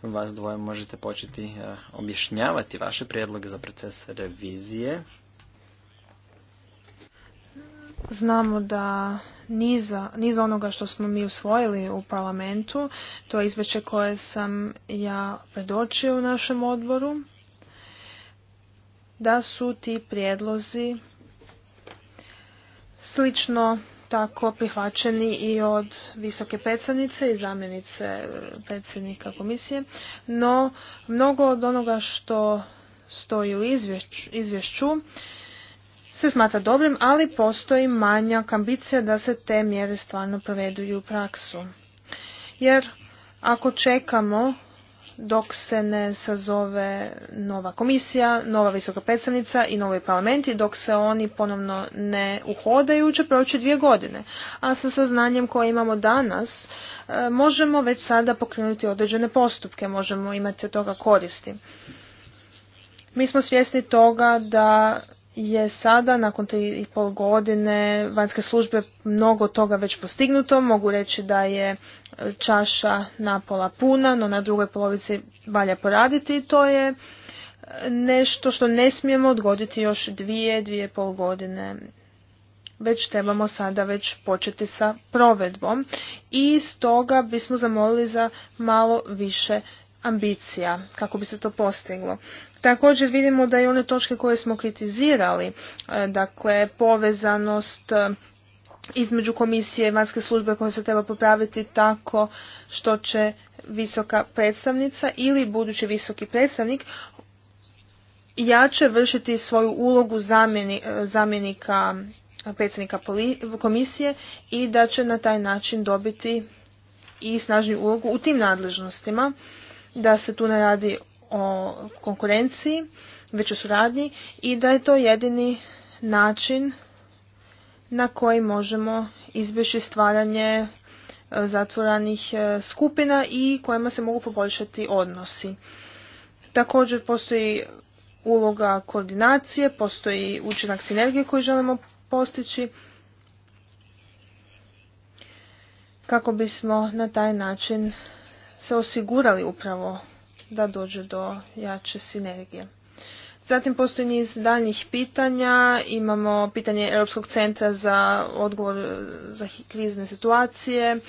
vas dvoje možete početi e, objašnjavati vaše prijedloge za proces revizije. Znamo da niza, onoga što smo mi usvojili u parlamentu, to je izveće koje sam ja predočio u našem odboru, da su ti prijedlozi slično tako prihvaćeni i od visoke predsjednice i zamjenice predsjednika komisije, no mnogo od onoga što stoji u izvješću se smatra dobrim, ali postoji manja ambicija da se te mjere stvarno provedu u praksu. Jer ako čekamo dok se ne sazove nova komisija, nova visoka predstavnica i novi parlamenti, i dok se oni ponovno ne uhodaju, će proći dvije godine. A sa saznanjem koje imamo danas, e, možemo već sada pokrenuti određene postupke, možemo imati od toga koristi. Mi smo svjesni toga da je sada, nakon tri i pol godine vanjske službe, mnogo toga već postignuto. Mogu reći da je e, čaša napola puna, no na drugoj polovici valja poraditi i to je e, nešto što ne smijemo odgoditi još dvije, dvije pol godine. Već trebamo sada već početi sa provedbom i stoga bismo zamolili za malo više ambicija kako bi se to postiglo. Također vidimo da i one točke koje smo kritizirali, e, dakle povezanost e, između komisije i vanjske službe koje se treba popraviti tako što će visoka predstavnica ili budući visoki predstavnik jače vršiti svoju ulogu e, zamjenika predstavnika komisije i da će na taj način dobiti i snažniju ulogu u tim nadležnostima da se tu ne radi o konkurenciji, već o suradnji i da je to jedini način na koji možemo izbjeći stvaranje e, zatvoranih e, skupina i kojima se mogu poboljšati odnosi. Također postoji uloga koordinacije, postoji učinak sinergije koji želimo postići kako bismo na taj način se osigurali upravo da dođe do jače sinergije. Zatim postoji niz daljnjih pitanja. Imamo pitanje Europskog centra za odgovor e, za krizne situacije,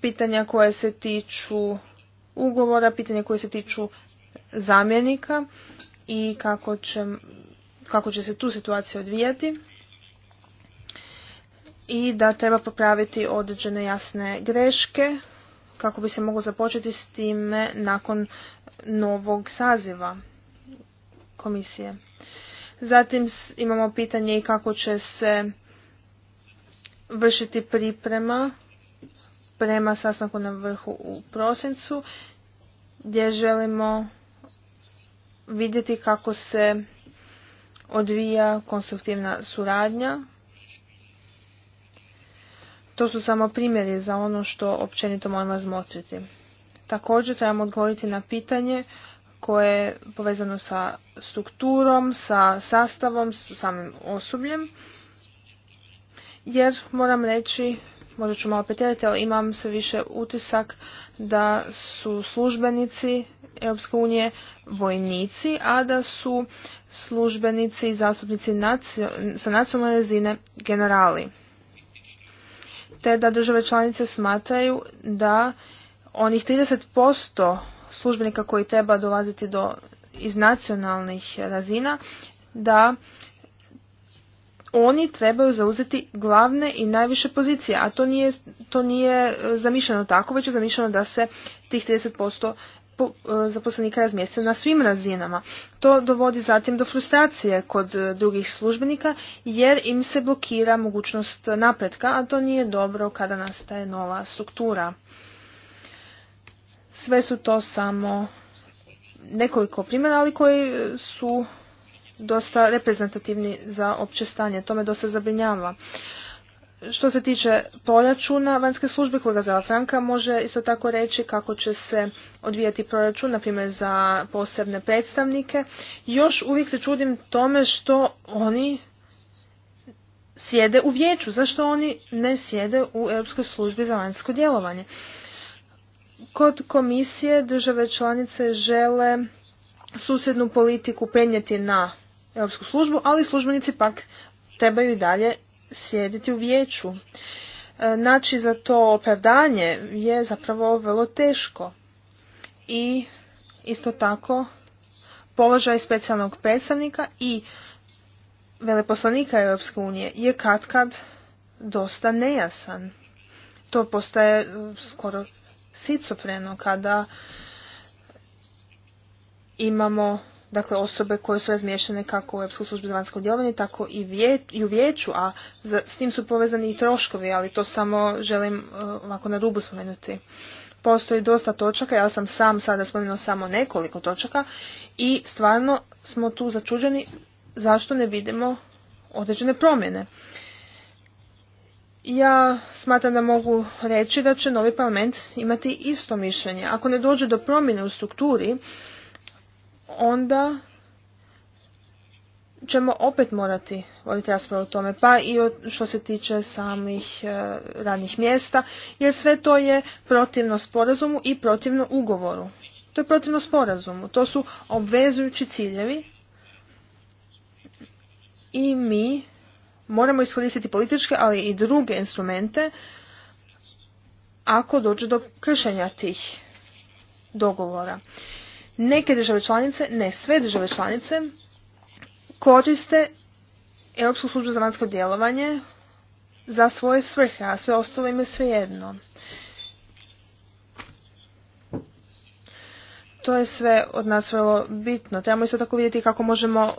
pitanja koje se tiču ugovora, pitanja koje se tiču zamjenika i kako će, kako će se tu situacija odvijati i da treba popraviti određene jasne greške kako bi se moglo započeti s time nakon novog saziva komisije. Zatim imamo pitanje i kako će se vršiti priprema prema sastanku na vrhu u prosincu gdje želimo vidjeti kako se odvija konstruktivna suradnja to su samo primjeri za ono što općenito moramo razmotriti. Također trebamo odgovoriti na pitanje koje je povezano sa strukturom, sa sastavom, sa samim osobljem. Jer moram reći, možda ću malo petirati, ali imam sve više utisak da su službenici Europske unije vojnici, a da su službenici i zastupnici sa nacionalne razine generali te da države članice smatraju da onih 30% službenika koji treba dolaziti do iz nacionalnih razina da oni trebaju zauzeti glavne i najviše pozicije, a to nije, to nije e, zamišljeno tako, već je zamišljeno da se tih 30% E, zaposlenika razmjeste na svim razinama. To dovodi zatim do frustracije kod e, drugih službenika jer im se blokira mogućnost napretka, a to nije dobro kada nastaje nova struktura. Sve su to samo nekoliko primjera, ali koji e, su dosta reprezentativni za opće stanje. To me dosta zabrinjava. Što se tiče proračuna vanjske službe, kolega Franka može isto tako reći kako će se odvijati proračun, na primjer za posebne predstavnike. Još uvijek se čudim tome što oni sjede u vijeću, zašto oni ne sjede u Europskoj službi za vanjsko djelovanje. Kod komisije države članice žele susjednu politiku penjeti na Europsku službu, ali službenici pak trebaju i dalje sjediti u vijeću. E, naći za to opravdanje je zapravo vrlo teško. I isto tako položaj specijalnog predstavnika i veleposlanika Europske unije je katkad dosta nejasan. To postaje skoro sicofreno kada imamo dakle osobe koje su razmiješene kako u Europskoj službi za vanjsko djelovanje, tako i, u vijeću, a s tim su povezani i troškovi, ali to samo želim e, ovako na rubu spomenuti. Postoji dosta točaka, ja sam sam sada spomenula samo nekoliko točaka i stvarno smo tu začuđeni zašto ne vidimo određene promjene. Ja smatram da mogu reći da će novi parlament imati isto mišljenje. Ako ne dođe do promjene u strukturi, onda ćemo opet morati voditi raspravu o tome, pa i što se tiče samih e, radnih mjesta, jer sve to je protivno sporazumu i protivno ugovoru. To je protivno sporazumu, to su obvezujući ciljevi i mi moramo iskoristiti političke, ali i druge instrumente ako dođe do kršenja tih dogovora neke države članice, ne sve države članice, koriste Europsku službu za vanjsko djelovanje za svoje svrhe, a sve ostalo im je svejedno. To je sve od nas vrlo bitno. Trebamo isto tako vidjeti kako možemo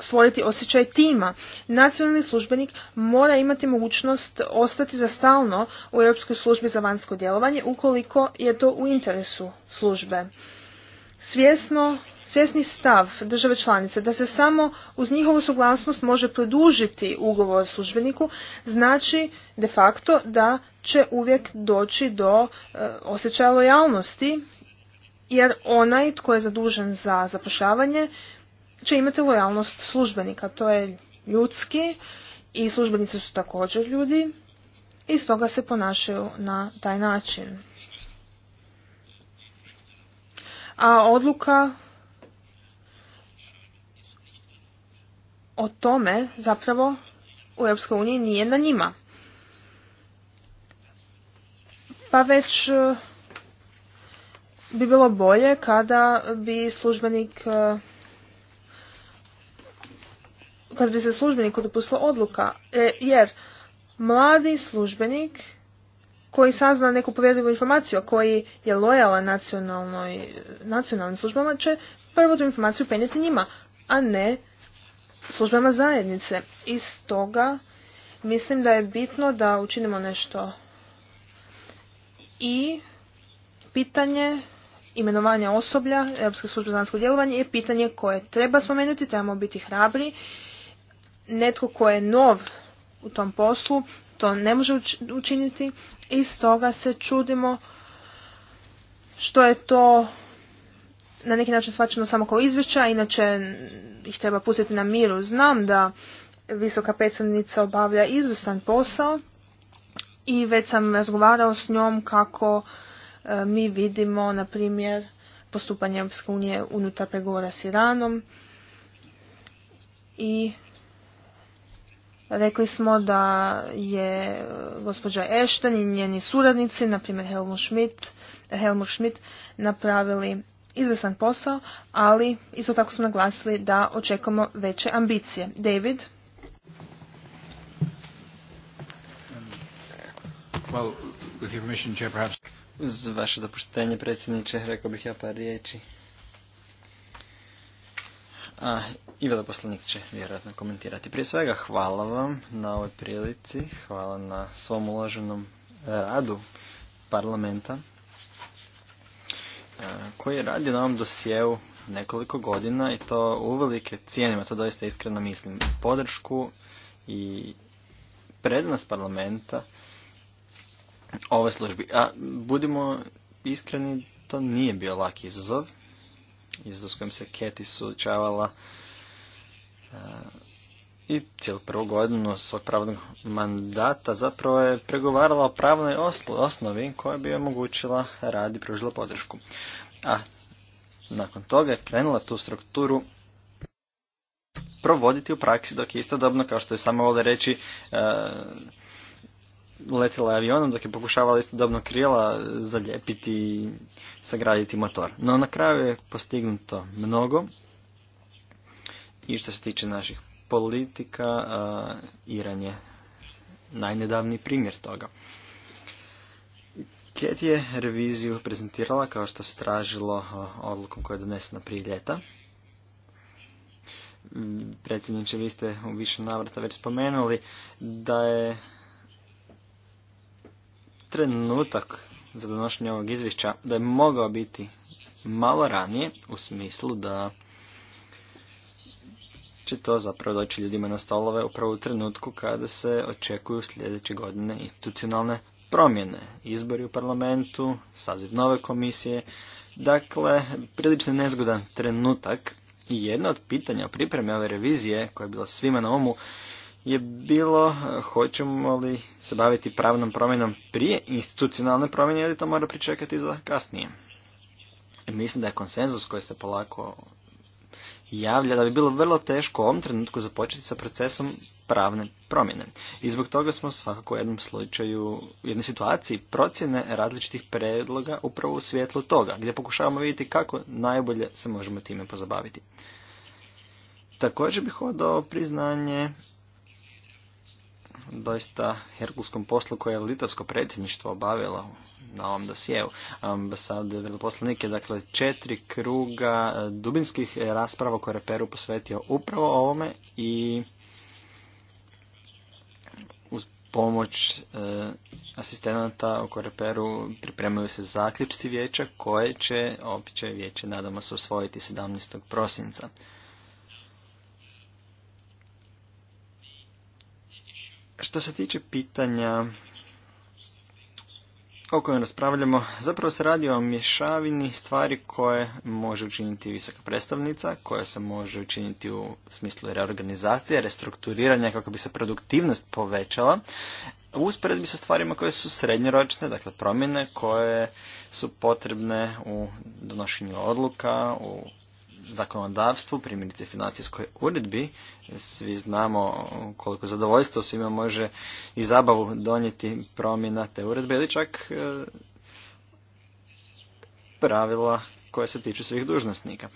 stvoriti osjećaj tima. Nacionalni službenik mora imati mogućnost ostati za stalno u Europskoj službi za vanjsko djelovanje ukoliko je to u interesu službe svjesno svjesni stav države članice da se samo uz njihovu suglasnost može produžiti ugovor službeniku znači de facto da će uvijek doći do e, osjećaja lojalnosti jer onaj tko je zadužen za zapošljavanje će imati lojalnost službenika. To je ljudski i službenici su također ljudi i stoga se ponašaju na taj način a odluka o tome zapravo u Europskoj uniji nije na njima. Pa već e, bi bilo bolje kada bi službenik e, kad bi se službenik dopustila odluka, e, jer mladi službenik koji sazna neku povjerljivu informaciju, a koji je lojalan nacionalnim službama, će prvo tu informaciju penjeti njima, a ne službama zajednice. I toga mislim da je bitno da učinimo nešto i pitanje imenovanja osoblja Europske službe za zanjsko djelovanje je pitanje koje treba spomenuti, trebamo biti hrabri. Netko ko je nov u tom poslu to ne može učiniti, i stoga se čudimo što je to na neki način shvaćeno samo kao izvješća, inače ih treba pustiti na miru. Znam da visoka predstavnica obavlja izvrstan posao i već sam razgovarao s njom kako e, mi vidimo, na primjer, postupanje Europske unije unutar pregovora s Iranom i Rekli smo da je e, gospođa Ešten i njeni suradnici, na primjer Helmut Schmidt, Helmut Schmidt napravili izvesan posao, ali isto tako smo naglasili da očekamo veće ambicije. David? Well, with Uz vaše dopuštenje, predsjedniče, rekao bih ja par riječi. A, I veleposlanik će vjerojatno komentirati. Prije svega hvala vam na ovoj prilici, hvala na svom uloženom e, radu parlamenta e, koji je radio na ovom dosjeu nekoliko godina i to uvelike cijenimo, to doista iskreno mislim, podršku i prednost parlamenta ove službi. A budimo iskreni, to nije bio laki izazov izazov s kojim se Keti suočavala e, i cijelu prvu godinu svog pravnog mandata zapravo je pregovarala o pravnoj osnovi koja bi omogućila rad i pružila podršku. A nakon toga je krenula tu strukturu provoditi u praksi dok je istodobno, kao što je samo vole reći, e, letjela avionom dok je pokušavala istodobno krila zaljepiti i sagraditi motor. No na kraju je postignuto mnogo i što se tiče naših politika, Iran je najnedavniji primjer toga. Ket je reviziju prezentirala kao što se tražilo odlukom koja je donesena prije ljeta. Predsjedniče, vi ste u više navrata već spomenuli da je trenutak za donošenje ovog izvješća da je mogao biti malo ranije u smislu da će to zapravo doći ljudima na stolove upravo u trenutku kada se očekuju sljedeće godine institucionalne promjene, izbori u parlamentu, saziv nove komisije, dakle prilično nezgodan trenutak i jedno od pitanja o pripremi ove revizije koja je bila svima na umu je bilo eh, hoćemo li se baviti pravnom promjenom prije institucionalne promjene ili to mora pričekati za kasnije. E, mislim da je konsenzus koji se polako javlja da bi bilo vrlo teško u ovom trenutku započeti sa procesom pravne promjene. I zbog toga smo svakako u jednom slučaju, u jednoj situaciji procjene različitih predloga upravo u svjetlu toga, gdje pokušavamo vidjeti kako najbolje se možemo time pozabaviti. Također bih odao priznanje doista herkulskom poslu koje je litavsko predsjedništvo obavilo na ovom dosjeu. Ambasade veleposlanik je dakle četiri kruga e, dubinskih rasprava koje je Peru posvetio upravo ovome i uz pomoć e, asistenata u Koreperu pripremaju se zaključci vijeća koje će opće vijeće nadamo se osvojiti 17. prosinca. Što se tiče pitanja o kojem raspravljamo, zapravo se radi o mješavini stvari koje može učiniti visoka predstavnica, koje se može učiniti u smislu reorganizacije, restrukturiranja kako bi se produktivnost povećala, usporedbi sa stvarima koje su srednjoročne, dakle promjene koje su potrebne u donošenju odluka, u zakonodavstvu, primjerice financijskoj uredbi, svi znamo koliko zadovoljstvo svima može i zabavu donijeti promjena te uredbe ili čak e, pravila koja se tiču svih dužnosnika.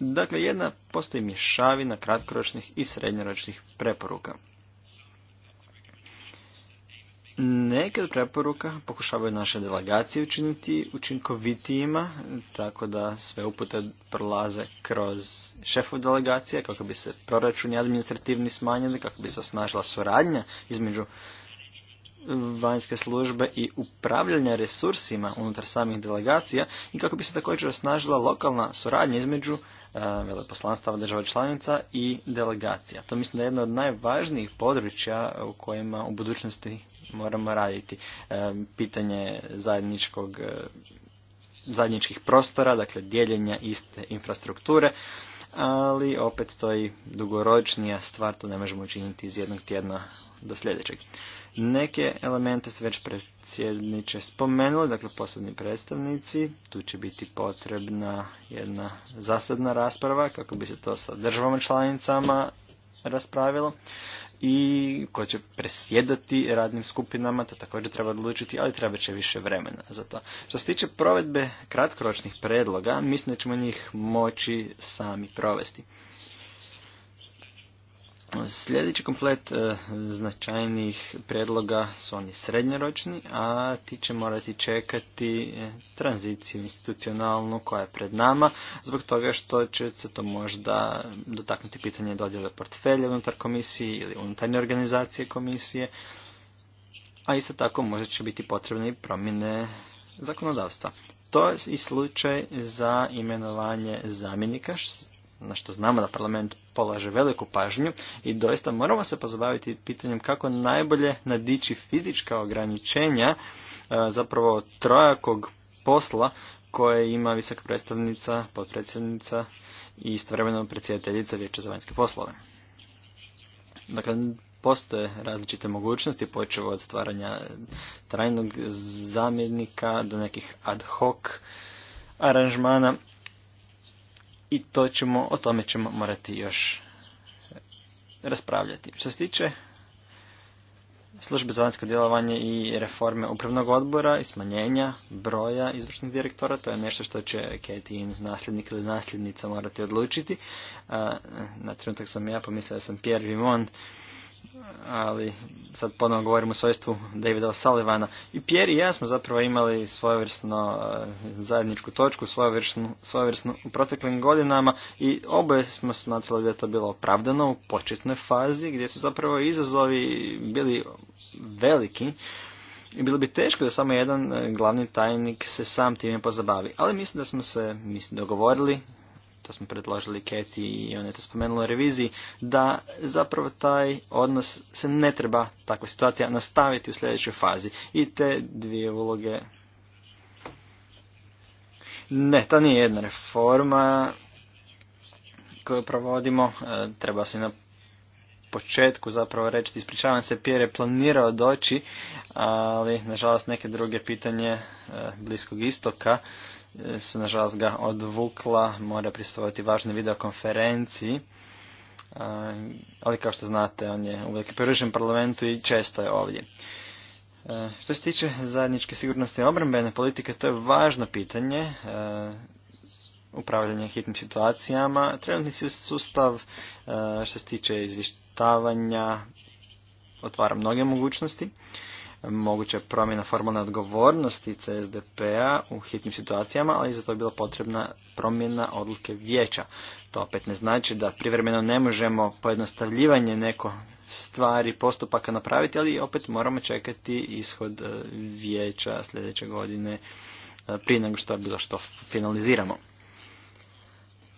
Dakle, jedna postoji mješavina kratkoročnih i srednjoročnih preporuka. Neke preporuka pokušavaju naše delegacije učiniti učinkovitijima, tako da sve upute prolaze kroz šefu delegacije, kako bi se proračuni administrativni smanjili, kako bi se osnažila suradnja između vanjske službe i upravljanja resursima unutar samih delegacija i kako bi se također osnažila lokalna suradnja između e, veleposlanstava država članica i delegacija. To mislim da je jedno od najvažnijih područja u kojima u budućnosti moramo raditi. E, pitanje zajedničkog, e, zajedničkih prostora, dakle dijeljenja iste infrastrukture, ali opet to je dugoročnija stvar, to ne možemo učiniti iz jednog tjedna do sljedećeg. Neke elemente ste već predsjedniče spomenuli, dakle posebni predstavnici, tu će biti potrebna jedna zasadna rasprava kako bi se to sa državama članicama raspravilo i koja će presjedati radnim skupinama, to također treba odlučiti, ali treba će više vremena za to. Što se tiče provedbe kratkoročnih predloga, mislim da ćemo njih moći sami provesti. Sljedeći komplet e, značajnih predloga su oni srednjoročni, a ti će morati čekati e, tranziciju institucionalnu koja je pred nama, zbog toga što će se to možda dotaknuti pitanje dodjele portfelja unutar komisije ili unutarnje organizacije komisije, a isto tako možda će biti potrebne i promjene zakonodavstva. To je i slučaj za imenovanje zamjenika, na što znamo da parlament polaže veliku pažnju i doista moramo se pozabaviti pitanjem kako najbolje nadići fizička ograničenja e, zapravo trojakog posla koje ima visoka predstavnica, potpredsjednica i istovremeno predsjedateljica Vijeća za vanjske poslove. Dakle, postoje različite mogućnosti, počevo od stvaranja trajnog zamjednika do nekih ad hoc aranžmana i to ćemo, o tome ćemo morati još raspravljati. Što se tiče službe za vanjsko djelovanje i reforme upravnog odbora i smanjenja broja izvršnih direktora, to je nešto što će Katie nasljednik ili nasljednica morati odlučiti. Na trenutak sam ja pomislio da sam Pierre Vimond, ali sad ponovno govorim o svojstvu Davida salivana I Pierre i ja smo zapravo imali svojevrsno e, zajedničku točku, svojevrsno u proteklim godinama i oboje smo smatrali da je to bilo opravdano u početnoj fazi gdje su zapravo izazovi bili veliki i bilo bi teško da samo jedan e, glavni tajnik se sam time pozabavi. Ali mislim da smo se mislim, dogovorili to smo predložili Keti i on je to spomenula u reviziji, da zapravo taj odnos se ne treba, takva situacija, nastaviti u sljedećoj fazi. I te dvije uloge... Ne, to nije jedna reforma koju provodimo. E, treba se na početku zapravo reći, ispričavam se, Pierre je planirao doći, ali nažalost neke druge pitanje e, Bliskog istoka su nažalost ga odvukla, mora pristovati važnoj videokonferenciji. E, ali kao što znate, on je uvijek u parlamentu i često je ovdje. E, što se tiče zajedničke sigurnosti i obrambene politike, to je važno pitanje e, upravljanje hitnim situacijama. Trenutni sustav što se tiče izvještavanja otvara mnoge mogućnosti moguća promjena formalne odgovornosti CSDP-a u hitnim situacijama, ali za to je bila potrebna promjena odluke vijeća. To opet ne znači da privremeno ne možemo pojednostavljivanje neko stvari, postupaka napraviti, ali opet moramo čekati ishod e, vijeća sljedeće godine e, prije nego što je bilo što finaliziramo.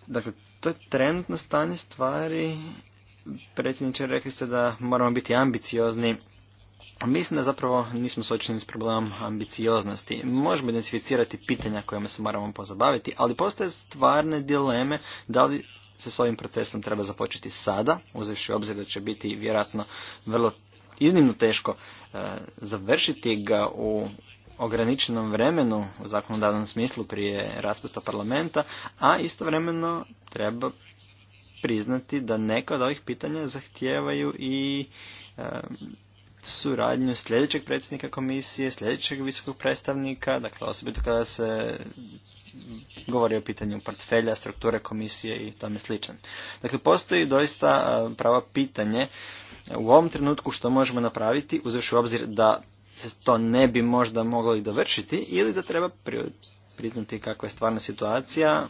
Dakle, to je trenutno stanje stvari. Predsjedniče, rekli ste da moramo biti ambiciozni Mislim da zapravo nismo sočeni s problemom ambicioznosti. Možemo identificirati pitanja kojima se moramo pozabaviti, ali postoje stvarne dileme da li se s ovim procesom treba započeti sada, uzevši obzir da će biti vjerojatno vrlo iznimno teško e, završiti ga u ograničenom vremenu u zakonodavnom smislu prije raspusta parlamenta, a istovremeno treba priznati da neka od ovih pitanja zahtijevaju i e, suradnju sljedećeg predsjednika komisije, sljedećeg visokog predstavnika, dakle osobito kada se govori o pitanju portfelja, strukture komisije i tome slično. Dakle, postoji doista pravo pitanje u ovom trenutku što možemo napraviti, uzevši u obzir da se to ne bi možda moglo i dovršiti ili da treba priznati kakva je stvarna situacija,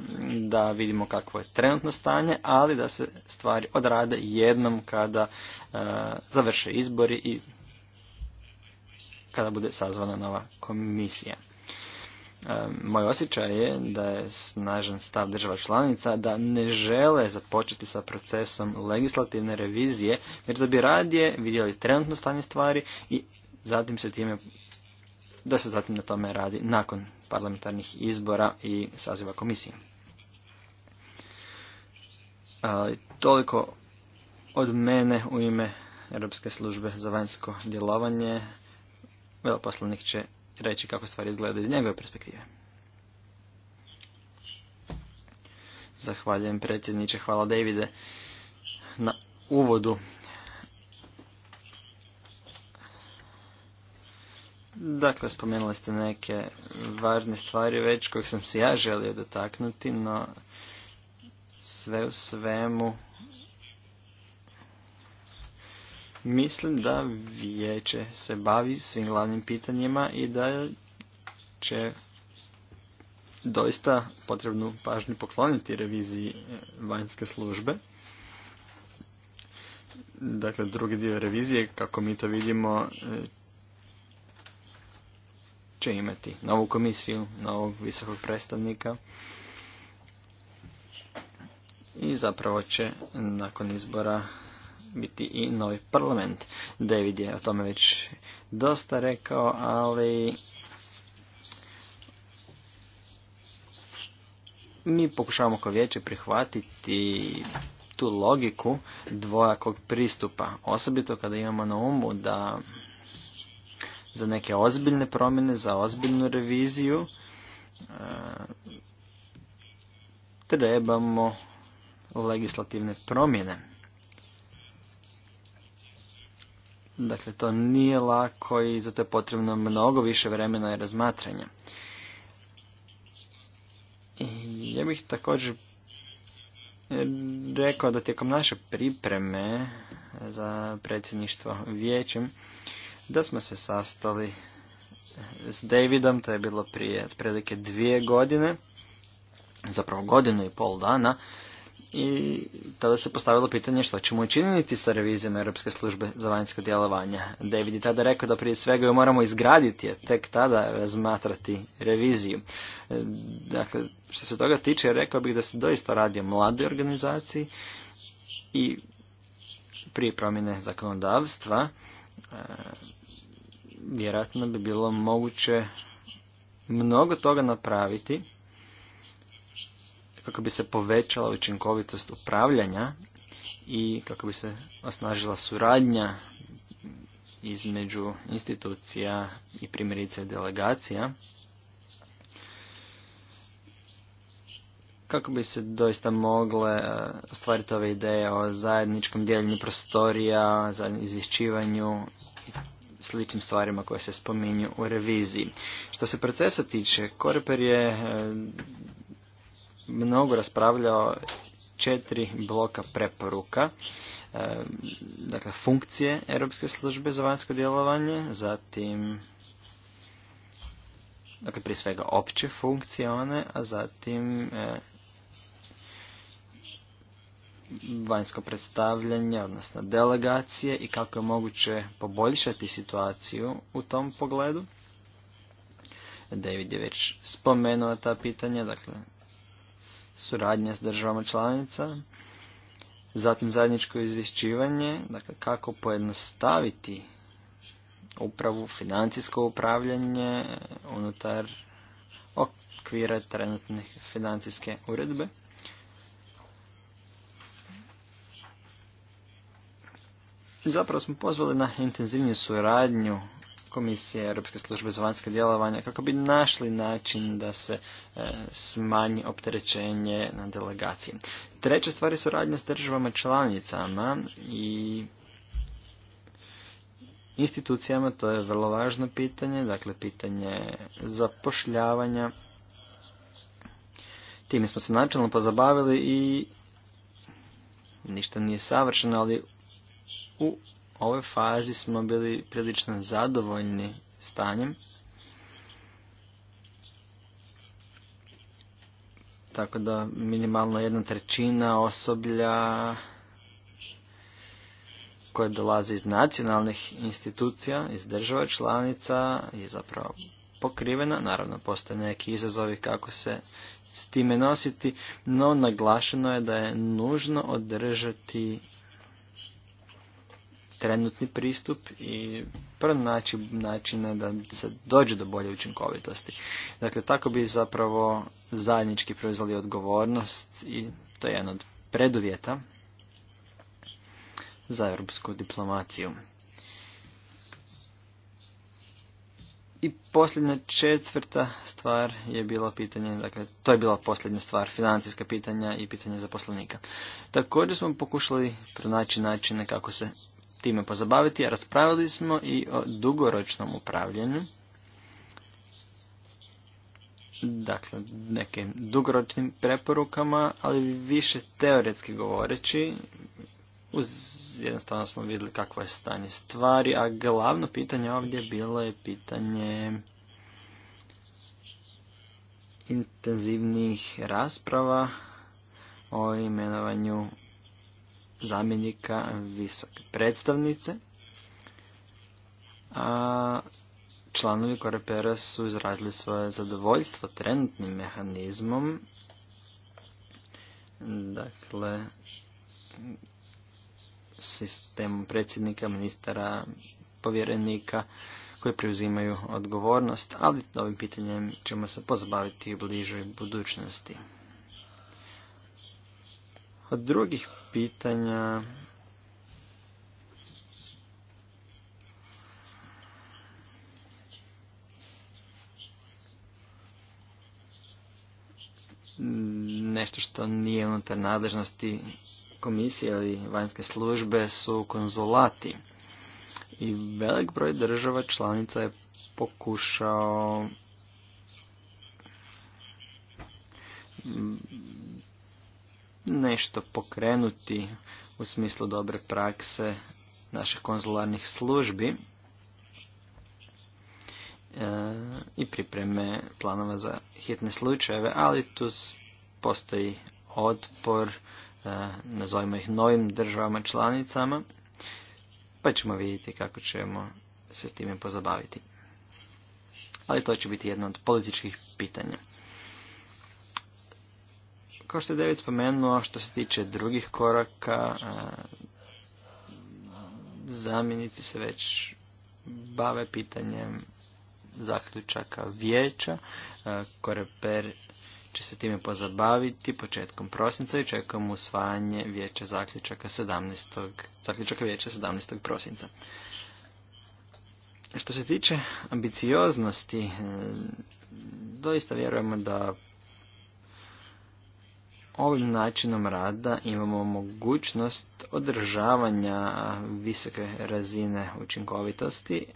da vidimo kakvo je trenutno stanje, ali da se stvari odrade jednom kada završe izbori i kada bude sazvana nova komisija. Moj osjećaj je da je snažan stav država članica da ne žele započeti sa procesom legislativne revizije, jer da bi radije vidjeli trenutno stanje stvari i zatim se time da se zatim na tome radi nakon parlamentarnih izbora i saziva komisije. E, toliko od mene u ime Europske službe za vanjsko djelovanje. Veloposlanik će reći kako stvari izgledaju iz njegove perspektive. Zahvaljujem predsjedniče, hvala Davide na uvodu. Dakle, spomenuli ste neke važne stvari već kojih sam se ja želio dotaknuti, no sve u svemu Mislim da vijeće se bavi svim glavnim pitanjima i da će doista potrebnu pažnju pokloniti reviziji e, vanjske službe. Dakle, drugi dio revizije, kako mi to vidimo, e, će imati novu komisiju, novog visokog predstavnika i zapravo će nakon izbora biti i novi parlament. David je o tome već dosta rekao, ali mi pokušavamo kao vijeće prihvatiti tu logiku dvojakog pristupa. Osobito kada imamo na umu da za neke ozbiljne promjene, za ozbiljnu reviziju e, trebamo legislativne promjene. Dakle, to nije lako i zato je potrebno mnogo više vremena i razmatranja. ja bih također e, rekao da tijekom naše pripreme za predsjedništvo vijećem, da smo se sastali s Davidom, to je bilo prije otprilike dvije godine, zapravo godinu i pol dana, i tada se postavilo pitanje što ćemo učiniti sa revizijom Europske službe za vanjsko djelovanje. David je tada rekao da prije svega ju moramo izgraditi, a tek tada razmatrati reviziju. Dakle, što se toga tiče, rekao bih da se doista radi o mladoj organizaciji i prije promjene zakonodavstva e, vjerojatno bi bilo moguće mnogo toga napraviti kako bi se povećala učinkovitost upravljanja i kako bi se osnažila suradnja između institucija i primjerice delegacija kako bi se doista mogle e, ostvariti ove ideje o zajedničkom dijeljenju prostorija, za izvješćivanju i sličnim stvarima koje se spominju u reviziji. Što se procesa tiče, Koreper je e, mnogo raspravljao četiri bloka preporuka, e, dakle funkcije Europske službe za vanjsko djelovanje, zatim dakle prije svega opće funkcije one, a zatim e, vanjsko predstavljanje, odnosno delegacije i kako je moguće poboljšati situaciju u tom pogledu. David je već spomenuo ta pitanja, dakle suradnja s državama članica, zatim zajedničko izvješćivanje, dakle kako pojednostaviti upravu, financijsko upravljanje unutar okvira trenutne financijske uredbe. Zapravo smo pozvali na intenzivniju suradnju komisije, Europske službe za vanjske djelovanja, kako bi našli način da se e, smanji opterećenje na delegaciji. Treća stvar je suradnja s državama članicama i institucijama, to je vrlo važno pitanje, dakle pitanje zapošljavanja. Time smo se načelno pozabavili i ništa nije savršeno, ali u ovoj fazi smo bili prilično zadovoljni stanjem. Tako da minimalno jedna trećina osoblja koje dolazi iz nacionalnih institucija, iz država članica je zapravo pokrivena. Naravno, postoje neki izazovi kako se s time nositi, no naglašeno je da je nužno održati trenutni pristup i pronaći načina da se dođe do bolje učinkovitosti. Dakle, tako bi zapravo zajednički preuzeli odgovornost i to je jedan od preduvjeta za europsku diplomaciju. I posljednja četvrta stvar je bilo pitanje, dakle, to je bila posljednja stvar, financijska pitanja i pitanja zaposlenika. Također smo pokušali pronaći načine kako se time pozabaviti, a raspravili smo i o dugoročnom upravljanju. Dakle, nekim dugoročnim preporukama, ali više teoretski govoreći, uz, jednostavno smo vidjeli kakvo je stanje stvari, a glavno pitanje ovdje bilo je pitanje intenzivnih rasprava o imenovanju zamjenika visoke predstavnice. A članovi Korepera su izrazili svoje zadovoljstvo trenutnim mehanizmom. Dakle, sistemom predsjednika, ministara, povjerenika koji preuzimaju odgovornost, ali ovim pitanjem ćemo se pozabaviti u bližoj budućnosti. Od drugih pitanja... Nešto što nije unutar nadležnosti komisije ili vanjske službe su konzulati. I velik broj država članica je pokušao nešto pokrenuti u smislu dobre prakse naših konzularnih službi e, i pripreme planova za hitne slučajeve, ali tu postoji otpor, e, nazovimo ih novim državama članicama, pa ćemo vidjeti kako ćemo se s time pozabaviti. Ali to će biti jedno od političkih pitanja. Kao što je David spomenuo, što se tiče drugih koraka, e, zamjenici se već bave pitanjem zaključaka vijeća. E, Koreper će se time pozabaviti početkom prosinca i čekamo usvajanje vijeća zaključaka 17. zaključaka vijeća 17. prosinca. Što se tiče ambicioznosti, e, doista vjerujemo da ovim načinom rada imamo mogućnost održavanja visoke razine učinkovitosti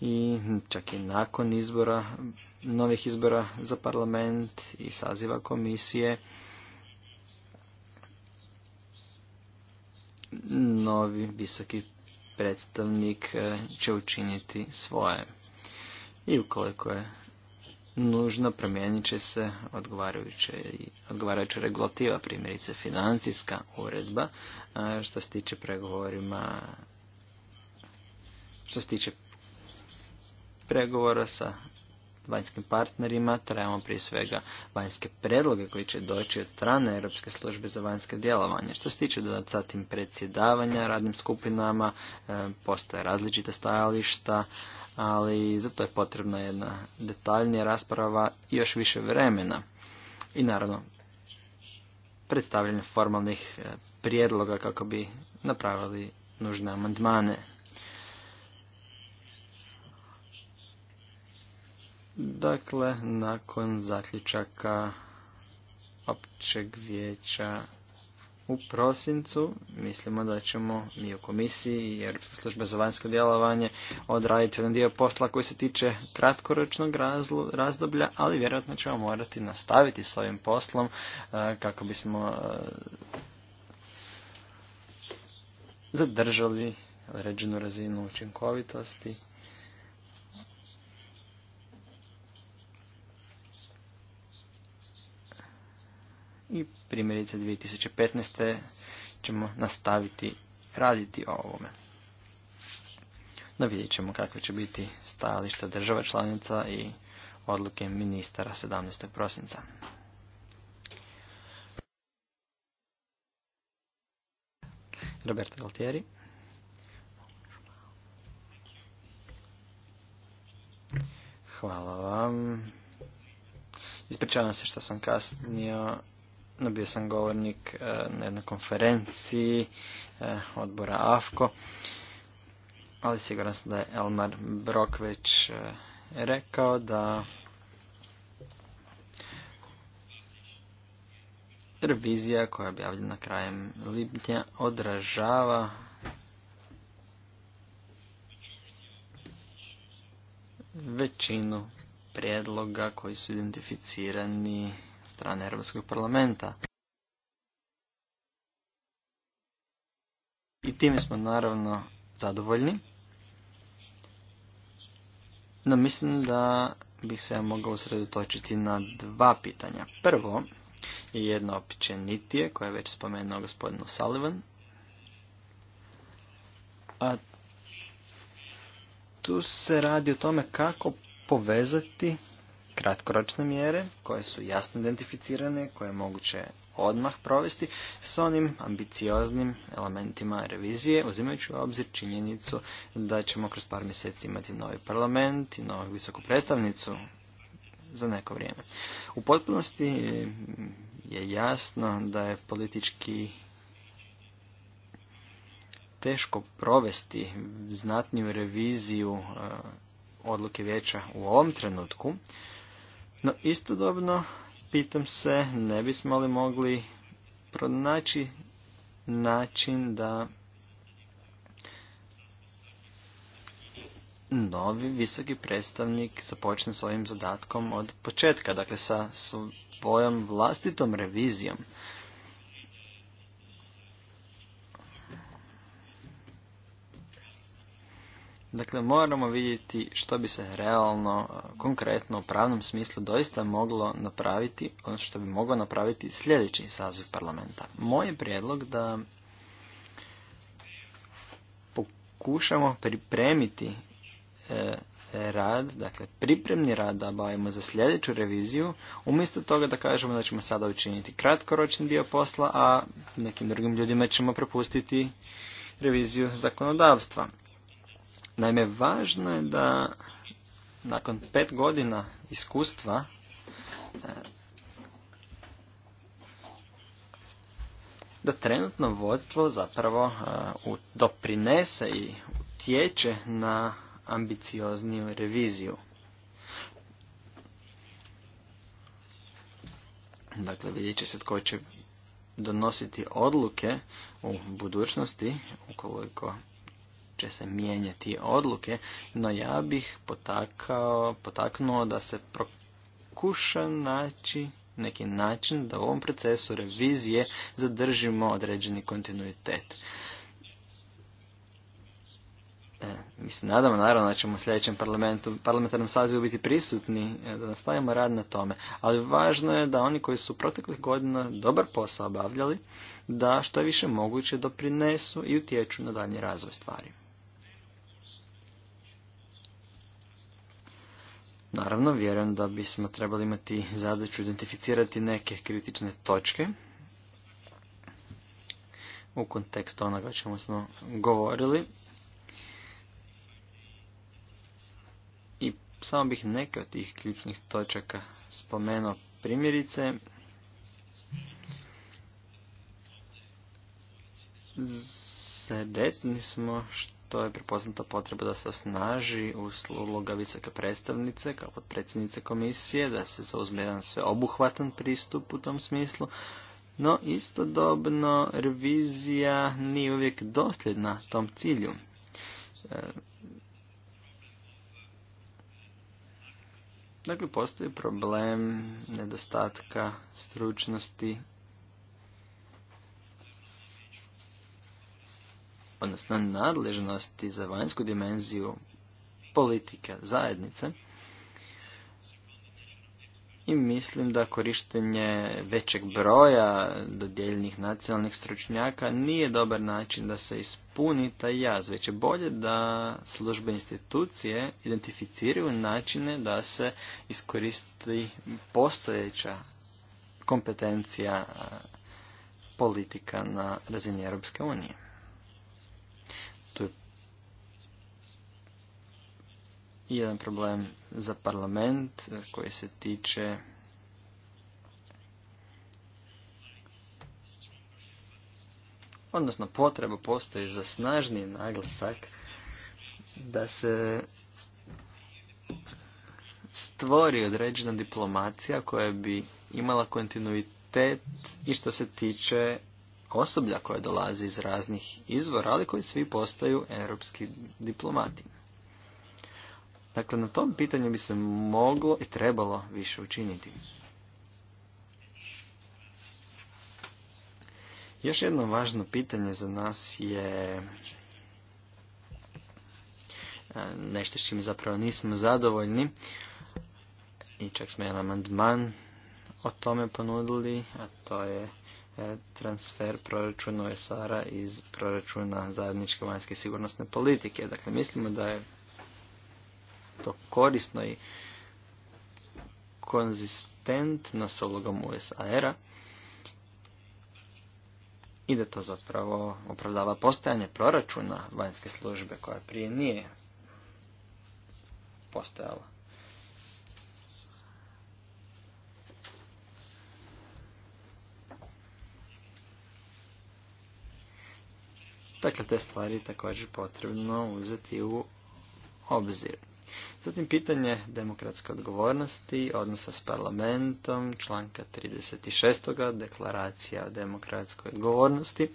i čak i nakon izbora, novih izbora za parlament i saziva komisije novi visoki predstavnik eh, će učiniti svoje. I ukoliko je nužno promijenit će se odgovarajuća regulativa, primjerice financijska uredba, što se tiče pregovorima, što se tiče pregovora sa vanjskim partnerima, trebamo prije svega vanjske predloge koji će doći od strane Europske službe za vanjske djelovanje. Što se tiče da zatim predsjedavanja radnim skupinama, e, postoje različite stajališta, ali zato je potrebna jedna detaljnija rasprava i još više vremena. I naravno, predstavljanje formalnih e, prijedloga kako bi napravili nužne amandmane Dakle, nakon zaključaka općeg vijeća u prosincu, mislimo da ćemo mi u komisiji i Europska služba za vanjsko djelovanje odraditi jedan dio posla koji se tiče kratkoročnog razdoblja, ali vjerojatno ćemo morati nastaviti s ovim poslom e, kako bismo e, zadržali određenu razinu učinkovitosti i primjerice 2015. ćemo nastaviti raditi o ovome. No vidjet ćemo kakve će biti stajališta država članica i odluke ministara 17. prosinca. Roberto Galtieri. Hvala vam. Ispričavam se što sam kasnio bio sam govornik e, na jednoj konferenciji e, odbora AFKO, ali siguran sam da je Elmar Brok već e, rekao da revizija koja je objavljena krajem lipnja odražava većinu prijedloga koji su identificirani strane Europskog parlamenta. I time smo naravno zadovoljni. No mislim da bih se mogao usredotočiti na dva pitanja. Prvo je jedno općenitije koje je već spomenuo gospodin Sullivan. A tu se radi o tome kako povezati kratkoročne mjere koje su jasno identificirane, koje je moguće odmah provesti s onim ambicioznim elementima revizije, uzimajući u obzir činjenicu da ćemo kroz par mjeseci imati novi parlament i novu visoku predstavnicu za neko vrijeme. U potpunosti je jasno da je politički teško provesti znatniju reviziju e, odluke vijeća u ovom trenutku, no istodobno pitam se ne bismo li mogli pronaći način da novi visoki predstavnik započne s ovim zadatkom od početka, dakle sa svojom vlastitom revizijom. Dakle, moramo vidjeti što bi se realno, konkretno, u pravnom smislu doista moglo napraviti, ono što bi moglo napraviti sljedeći saziv parlamenta. Moj je prijedlog da pokušamo pripremiti e, rad, dakle pripremni rad da bavimo za sljedeću reviziju, umjesto toga da kažemo da ćemo sada učiniti kratkoročni dio posla, a nekim drugim ljudima ćemo prepustiti reviziju zakonodavstva. Naime, važno je da nakon pet godina iskustva da trenutno vodstvo zapravo e, doprinese i utječe na ambiciozniju reviziju. Dakle, vidjet će se tko će donositi odluke u budućnosti ukoliko će se mijenjati odluke, no ja bih potakao, potaknuo da se prokuša naći neki način da u ovom procesu revizije zadržimo određeni kontinuitet. E, mi se nadamo naravno da ćemo u sljedećem parlamentu, parlamentarnom sazivu biti prisutni, e, da nastavimo rad na tome. Ali važno je da oni koji su proteklih godina dobar posao obavljali, da što je više moguće doprinesu i utječu na dalji razvoj stvari. Naravno, vjerujem da bismo trebali imati zadaću identificirati neke kritične točke u kontekstu onoga čemu smo govorili. I samo bih neke od tih ključnih točaka spomenuo primjerice. sredetni smo što je prepoznata potreba da se osnaži uloga visoke predstavnice kao predsjednice komisije, da se zauzme jedan sveobuhvatan pristup u tom smislu, no istodobno revizija nije uvijek dosljedna tom cilju. E, dakle, postoji problem nedostatka stručnosti odnosno nadležnosti za vanjsku dimenziju politika zajednice i mislim da korištenje većeg broja dodijeljenih nacionalnih stručnjaka nije dobar način da se ispuni taj jaz, već je bolje da službe institucije identificiraju načine da se iskoristi postojeća kompetencija politika na razini Europske unije. To je jedan problem za parlament eh, koji se tiče odnosno potreba postoji za snažniji naglasak da se stvori određena diplomacija koja bi imala kontinuitet i što se tiče osoblja koje dolazi iz raznih izvora, ali koji svi postaju europski diplomati. Dakle, na tom pitanju bi se moglo i trebalo više učiniti. Još jedno važno pitanje za nas je e, nešto s čim zapravo nismo zadovoljni i čak smo jedan amandman o tome ponudili, a to je E, transfer proračuna USR-a iz proračuna zajedničke vanjske sigurnosne politike. Dakle, mislimo da je to korisno i konzistentno sa ulogom USAR-a i da to zapravo opravdava postojanje proračuna vanjske službe koja prije nije postojala. Dakle, te stvari je također potrebno uzeti u obzir. Zatim pitanje demokratske odgovornosti, odnosa s parlamentom, članka 36. deklaracija o demokratskoj odgovornosti.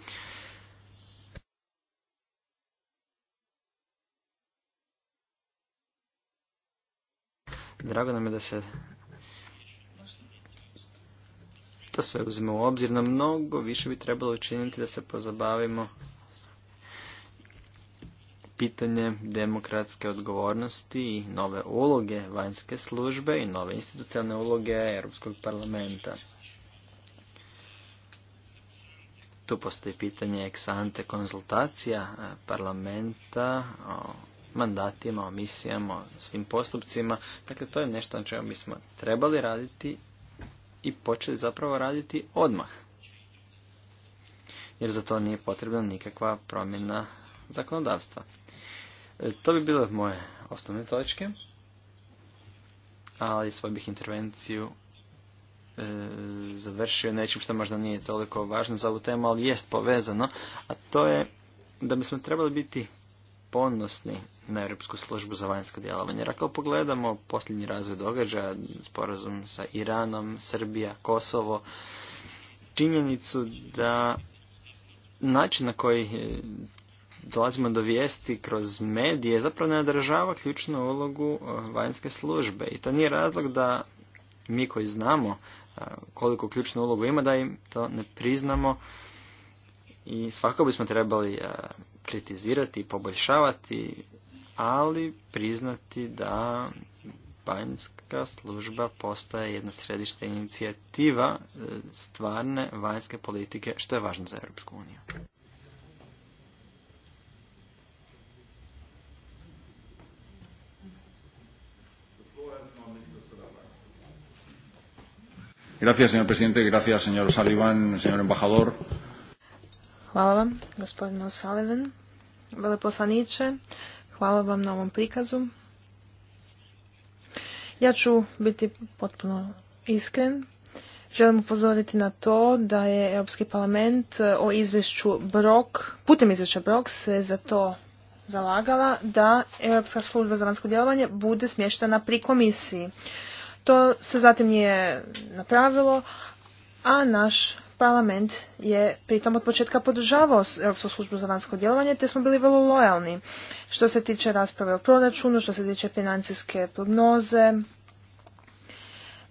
Drago nam je da se to sve uzme u obzir, na mnogo više bi trebalo učiniti da se pozabavimo pitanje demokratske odgovornosti i nove uloge vanjske službe i nove institucionalne uloge Europskog parlamenta. Tu postoji pitanje eksante konzultacija eh, parlamenta o mandatima, o misijama, o svim postupcima. Dakle, to je nešto na čemu bismo trebali raditi i počeli zapravo raditi odmah. Jer za to nije potrebna nikakva promjena zakonodavstva. E, to bi bile moje osnovne točke, ali svoj bih intervenciju e, završio nečim što možda nije toliko važno za ovu temu, ali jest povezano, a to je da bismo trebali biti ponosni na Europsku službu za vanjsko djelovanje. Jer ako pogledamo posljednji razvoj događaja, sporazum sa Iranom, Srbija, Kosovo, činjenicu da način na koji dolazimo do vijesti kroz medije zapravo ne održava ključnu ulogu e, vanjske službe. I to nije razlog da mi koji znamo e, koliko ključnu ulogu ima da im to ne priznamo i svakako bismo trebali e, kritizirati i poboljšavati, ali priznati da vanjska služba postaje jedno središte inicijativa stvarne vanjske politike što je važno za Europsku uniju. Gracias, señor presidente. Gracias, Sullivan, señor Hvala vam, gospodinu Sullivan. Veleposlaniče, hvala vam na ovom prikazu. Ja ću biti potpuno iskren. Želim upozoriti na to da je Europski parlament e, o izvješću Brok, putem izvješća Brok se za to zalagala da Europska služba za vanjsko djelovanje bude smještena pri komisiji. To se zatim nije napravilo, a naš parlament je pritom od početka podržavao Europsku službu za vanjsko djelovanje, te smo bili vrlo lojalni što se tiče rasprave o proračunu, što se tiče financijske prognoze.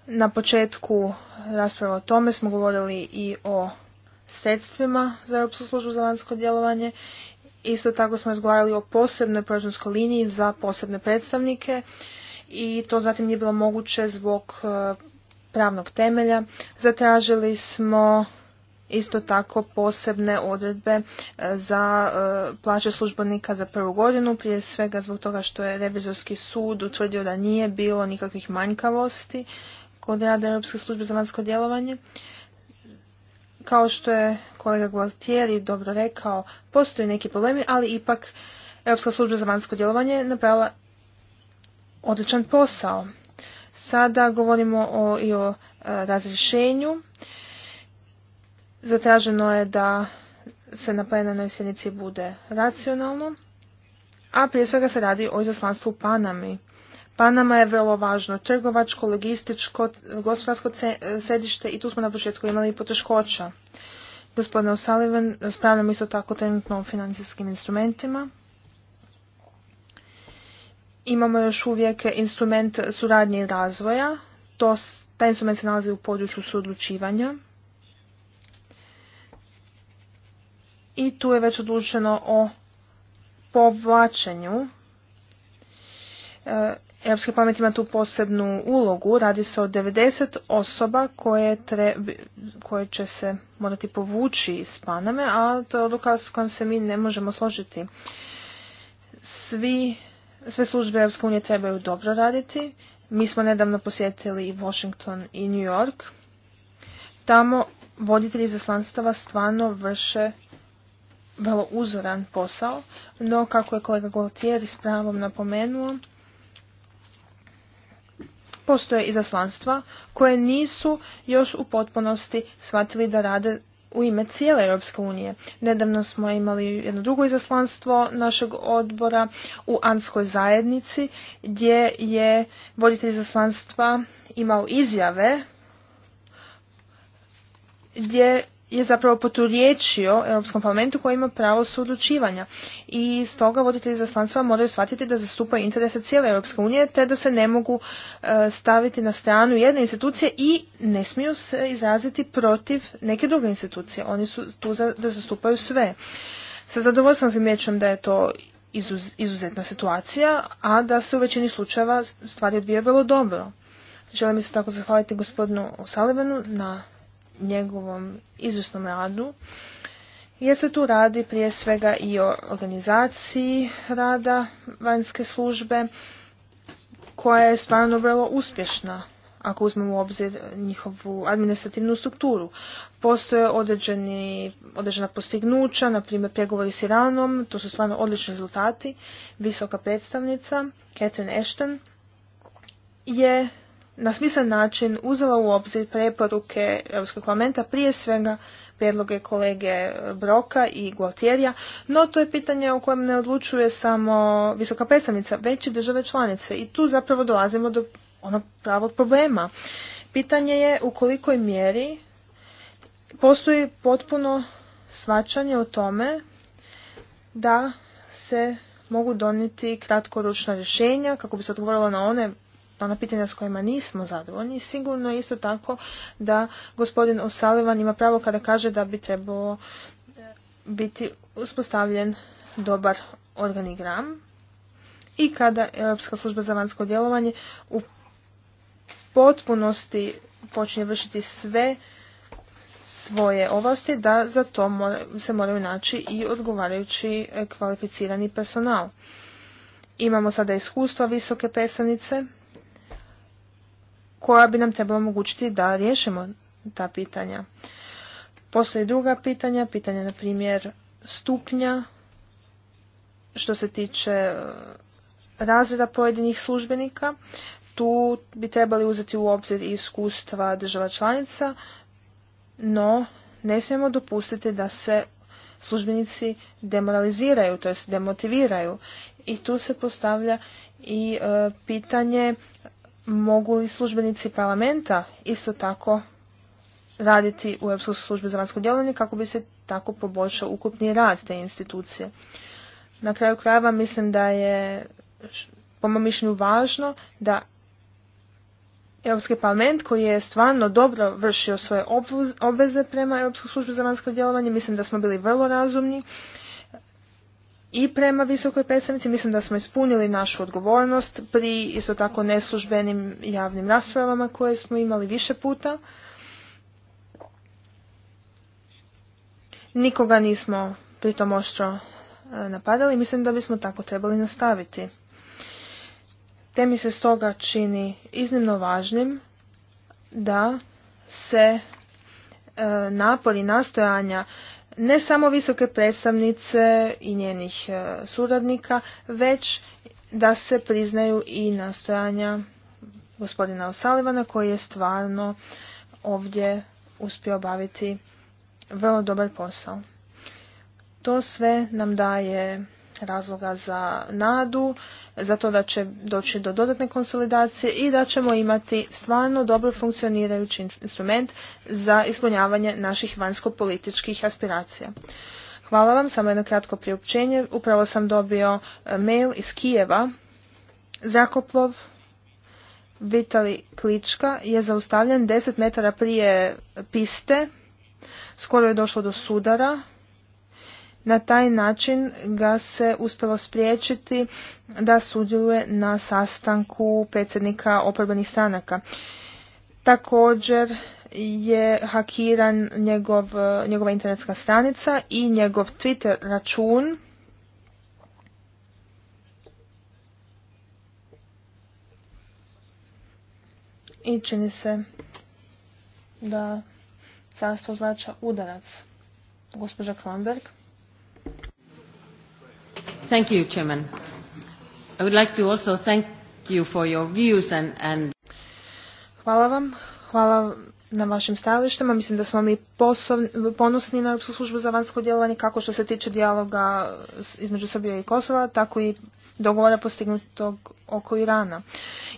Na početku rasprave o tome smo govorili i o sredstvima za Europsku službu za vanjsko djelovanje. Isto tako smo razgovarali o posebnoj proračunskoj liniji za posebne predstavnike i to zatim nije bilo moguće zbog e, pravnog temelja. Zatražili smo isto tako posebne odredbe e, za e, plaće službenika za prvu godinu, prije svega zbog toga što je revizorski sud utvrdio da nije bilo nikakvih manjkavosti kod rada Europske službe za vanjsko djelovanje. Kao što je kolega Gualtieri dobro rekao, postoje neki problemi, ali ipak Europska služba za vanjsko djelovanje napravila odličan posao. Sada govorimo o, i o e, razrješenju. Zatraženo je da se na plenarnoj sjednici bude racionalno, a prije svega se radi o izaslanstvu u Panami. Panama je vrlo važno trgovačko, logističko, gospodarsko e, središte i tu smo na početku imali poteškoća. Gospodine Osalivan raspravljamo isto tako trenutno o financijskim instrumentima imamo još uvijek instrument suradnje i razvoja. To, taj instrument se nalazi u području suodlučivanja. I tu je već odlučeno o povlačenju. E, Europski parlament ima tu posebnu ulogu. Radi se o 90 osoba koje, koje će se morati povući iz Paname, a to je odluka s kojom se mi ne možemo složiti. Svi sve službe Europske trebaju dobro raditi. Mi smo nedavno posjetili i Washington i New York. Tamo voditelji izaslanstava stvarno vrše vrlo uzoran posao, no kako je kolega Goltier s pravom napomenuo, postoje izaslanstva koje nisu još u potpunosti shvatili da rade u ime cijele Europske unije. Nedavno smo imali jedno drugo izaslanstvo našeg odbora u Anskoj zajednici gdje je voditelj izaslanstva imao izjave gdje je zapravo poturječio Europskom parlamentu koji ima pravo suodlučivanja. I stoga voditelji zaslanstva moraju shvatiti da zastupaju interese cijele Europske unije te da se ne mogu e, staviti na stranu jedne institucije i ne smiju se izraziti protiv neke druge institucije. Oni su tu da zastupaju sve. Sa zadovoljstvom primjećujem da je to izuzetna situacija, a da se u većini slučajeva stvari odvijaju vrlo dobro. Želim se tako zahvaliti gospodinu Salivanu na njegovom izvrsnom radu jer se tu radi prije svega i o organizaciji rada vanjske službe koja je stvarno vrlo uspješna ako uzmemo u obzir njihovu administrativnu strukturu. Postoje određeni, određena postignuća, na primjer pregovori s Iranom, to su stvarno odlični rezultati. Visoka predstavnica Catherine Ashton je na smislen način uzela u obzir preporuke Europskog parlamenta, prije svega prijedloge kolege Broka i Gualtierija, no to je pitanje o kojem ne odlučuje samo visoka predstavnica, već i države članice. I tu zapravo dolazimo do onog pravog problema. Pitanje je u kolikoj mjeri postoji potpuno svačanje o tome da se mogu donijeti kratkoručna rješenja kako bi se odgovorilo na one ona pitanja s kojima nismo zadovoljni. Sigurno je isto tako da gospodin O'Sullivan ima pravo kada kaže da bi trebao e, biti uspostavljen dobar organigram i kada Europska služba za vanjsko djelovanje u potpunosti počinje vršiti sve svoje ovlasti da za to se moraju naći i odgovarajući e, kvalificirani personal. Imamo sada iskustva visoke pesanice koja bi nam trebala omogućiti da riješimo ta pitanja. Postoje druga pitanja, pitanja na primjer stupnja što se tiče e, razreda pojedinih službenika. Tu bi trebali uzeti u obzir iskustva država članica, no ne smijemo dopustiti da se službenici demoraliziraju, to jest demotiviraju. I tu se postavlja i e, pitanje mogu li službenici parlamenta isto tako raditi u Europskoj službi za vanjsko djelovanje kako bi se tako poboljšao ukupni rad te institucije. Na kraju krajeva mislim da je po mom mišljenju važno da Europski parlament koji je stvarno dobro vršio svoje obveze prema Europskoj službi za vanjsko djelovanje, mislim da smo bili vrlo razumni i prema visokoj predstavnici. Mislim da smo ispunili našu odgovornost pri isto tako neslužbenim javnim raspravama koje smo imali više puta. Nikoga nismo pritom oštro e, napadali. Mislim da bismo tako trebali nastaviti. Te mi se stoga čini iznimno važnim da se e, napori nastojanja ne samo visoke predstavnice i njenih e, suradnika, već da se priznaju i nastojanja gospodina Osalivana koji je stvarno ovdje uspio obaviti vrlo dobar posao. To sve nam daje razloga za nadu, za to da će doći do dodatne konsolidacije i da ćemo imati stvarno dobro funkcionirajući instrument za ispunjavanje naših vanjsko-političkih aspiracija. Hvala vam, samo jedno kratko priopćenje. Upravo sam dobio e, mail iz Kijeva. Zrakoplov Vitali Klička je zaustavljen 10 metara prije piste. Skoro je došlo do sudara na taj način ga se uspjelo spriječiti da sudjeluje na sastanku predsjednika oporbenih stranaka. Također je hakiran njegov, njegova internetska stranica i njegov Twitter račun. I čini se da carstvo zvača udarac. Gospođa Kronberg. Thank you, Hvala vam. Hvala na vašim stajalištima. Mislim da smo mi ponosni na Europsku službu za vanjsko djelovanje kako što se tiče dijaloga između Srbije i Kosova, tako i dogovora postignutog oko Irana.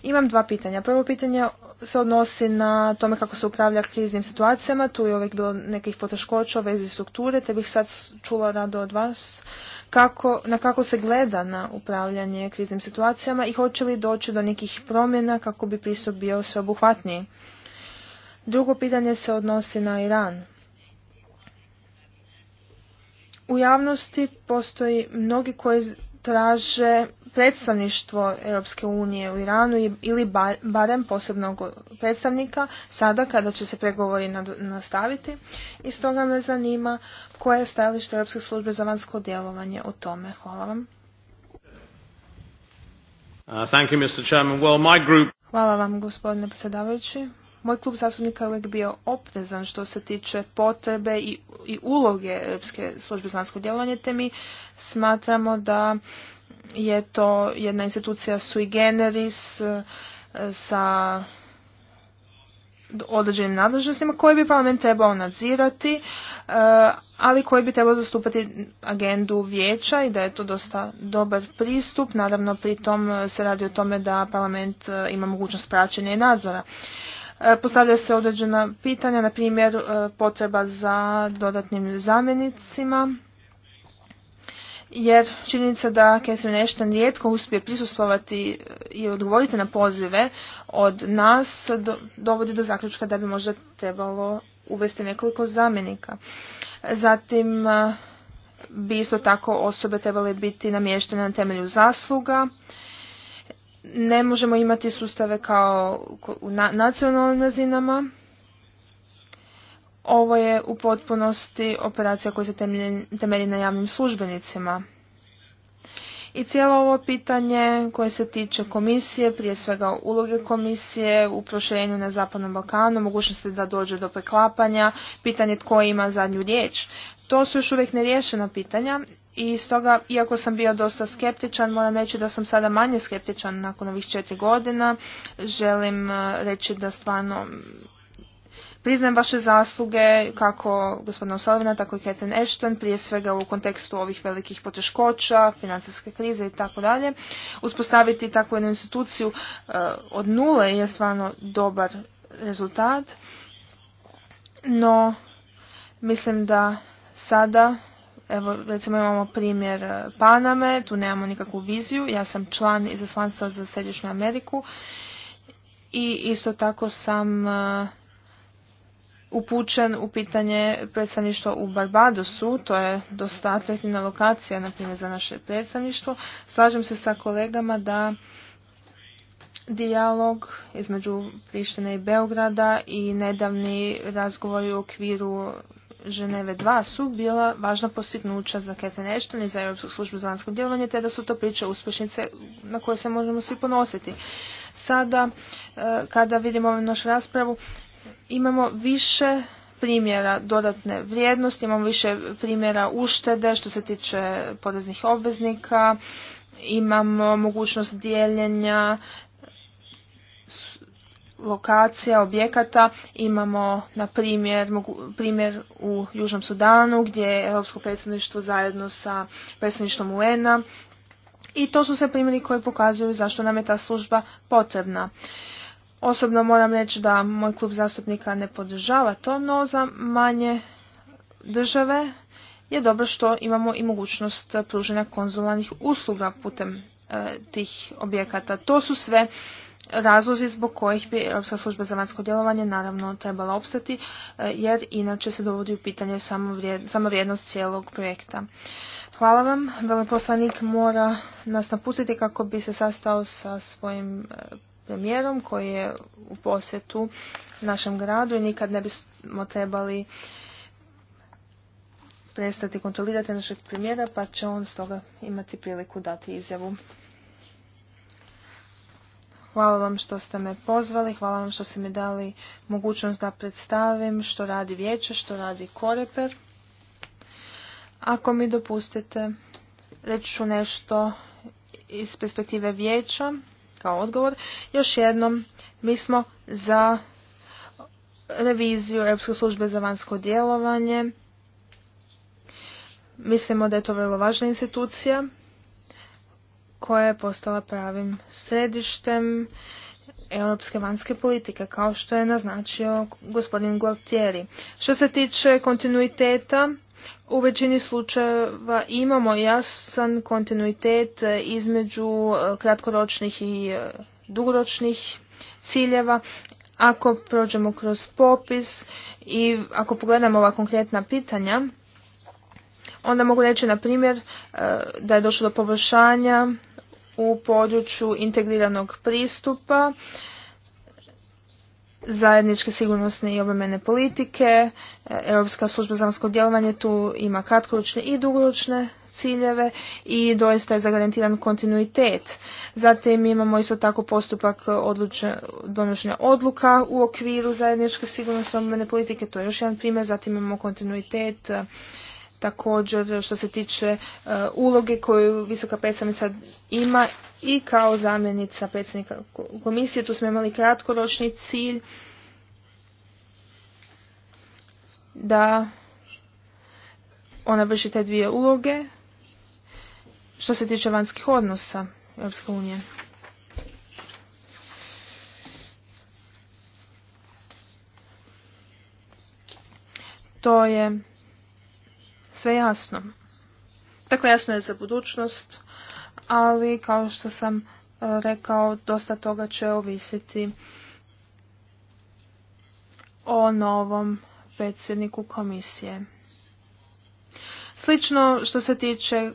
Imam dva pitanja. Prvo pitanje se odnosi na tome kako se upravlja kriznim situacijama. Tu je uvijek bilo nekih poteškoća u vezi strukture, te bih sad čula rado od vas kako, na kako se gleda na upravljanje kriznim situacijama i hoće li doći do nekih promjena kako bi pristup bio sveobuhvatniji. Drugo pitanje se odnosi na Iran. U javnosti postoji mnogi koji traže predstavništvo Europske unije u Iranu ili barem posebnog predstavnika sada kada će se pregovori nastaviti i stoga me zanima koje je stajalište Europske službe za vanjsko djelovanje o tome. Hvala vam. Uh, Hvala vam gospodine predsjedavajući. Moj klub zastupnika je uvijek bio oprezan što se tiče potrebe i, i uloge Europske službe za vanjsko djelovanje, te mi smatramo da je to jedna institucija sui generis e, sa određenim nadležnostima koje bi parlament trebao nadzirati, e, ali koji bi trebao zastupati agendu vijeća i da je to dosta dobar pristup. Naravno, tom se radi o tome da parlament e, ima mogućnost praćenja i nadzora. Postavlja se određena pitanja, na primjer potreba za dodatnim zamjenicima jer činjenica da Catherine Ashton rijetko uspije prisustovati e, i odgovoriti na pozive od nas dovodi do zaključka da bi možda trebalo uvesti nekoliko zamjenika. Zatim e, bi isto tako osobe trebale biti namještene na temelju zasluga. Ne možemo imati sustave kao u nacionalnim razinama ovo je u potpunosti operacija koja se temelji na javnim službenicima. I cijelo ovo pitanje koje se tiče komisije, prije svega uloge komisije u proširenju na Zapadnom Balkanu, mogućnosti da dođe do preklapanja, pitanje tko ima zadnju riječ. To su još uvijek neriješena pitanja i stoga, iako sam bio dosta skeptičan, moram reći da sam sada manje skeptičan nakon ovih četiri godina. Želim eh, reći da stvarno priznajem vaše zasluge, kako gospodina Osalovina, tako i Catherine Ashton, prije svega u kontekstu ovih velikih poteškoća, financijske krize i tako dalje. Uspostaviti takvu jednu instituciju e, od nule je stvarno dobar rezultat, no mislim da sada Evo, recimo imamo primjer Paname, tu nemamo nikakvu viziju. Ja sam član izaslanstva za Središnju Ameriku i isto tako sam e, upućen u pitanje predstavništva u Barbadosu, to je dosta lokacija, na primjer, za naše predstavništvo. Slažem se sa kolegama da dijalog između Prištine i Beograda i nedavni razgovori u okviru Ženeve 2 su bila važna postignuća za Catherine Ashton i za Europsku službu za vanjsko djelovanje, te da su to priče uspješnice na koje se možemo svi ponositi. Sada, eh, kada vidimo našu raspravu, imamo više primjera dodatne vrijednosti, imamo više primjera uštede što se tiče poreznih obveznika, imamo mogućnost dijeljenja lokacija, objekata. Imamo, na primjer, primjer u Južnom Sudanu gdje je Europsko predstavništvo zajedno sa predstavništvom UN-a. I to su sve primjeri koji pokazuju zašto nam je ta služba potrebna. Osobno moram reći da moj klub zastupnika ne podržava to, no za manje države je dobro što imamo i mogućnost pružanja konzularnih usluga putem e, tih objekata. To su sve razlozi zbog kojih bi Europska služba za vanjsko djelovanje naravno trebala opstati, e, jer inače se dovodi u pitanje samo vrijednost cijelog projekta. Hvala vam. Veleposlanik mora nas napustiti kako bi se sastao sa svojim e, premijerom koji je u posjetu našem gradu i nikad ne bismo trebali prestati kontrolirati našeg premijera pa će on stoga imati priliku dati izjavu. Hvala vam što ste me pozvali, hvala vam što ste mi dali mogućnost da predstavim što radi vijeće, što radi koreper. Ako mi dopustite, reći ću nešto iz perspektive vijeća kao odgovor. Još jednom, mi smo za reviziju Europske službe za vanjsko djelovanje. Mislimo da je to vrlo važna institucija koja je postala pravim središtem europske vanjske politike, kao što je naznačio gospodin Gualtieri. Što se tiče kontinuiteta, u većini slučajeva imamo jasan kontinuitet između e, kratkoročnih i e, dugoročnih ciljeva. Ako prođemo kroz popis i ako pogledamo ova konkretna pitanja, onda mogu reći na primjer e, da je došlo do poboljšanja u području integriranog pristupa zajedničke sigurnosne i obrambene politike. E, Europska služba za vanjsko djelovanje tu ima kratkoročne i dugoročne ciljeve i doista je zagarantiran kontinuitet. Zatim imamo isto tako postupak donošenja odluka u okviru zajedničke sigurnosne obrambene politike, to je još jedan primjer. Zatim imamo kontinuitet također što se tiče e, uloge koju visoka predstavnica ima i kao zamjenica predsjednika komisije. Tu smo imali kratkoročni cilj da ona vrši te dvije uloge što se tiče vanjskih odnosa Europske unije. To je sve jasno. Dakle, jasno je za budućnost, ali kao što sam e, rekao, dosta toga će ovisiti o novom predsjedniku komisije. Slično što se tiče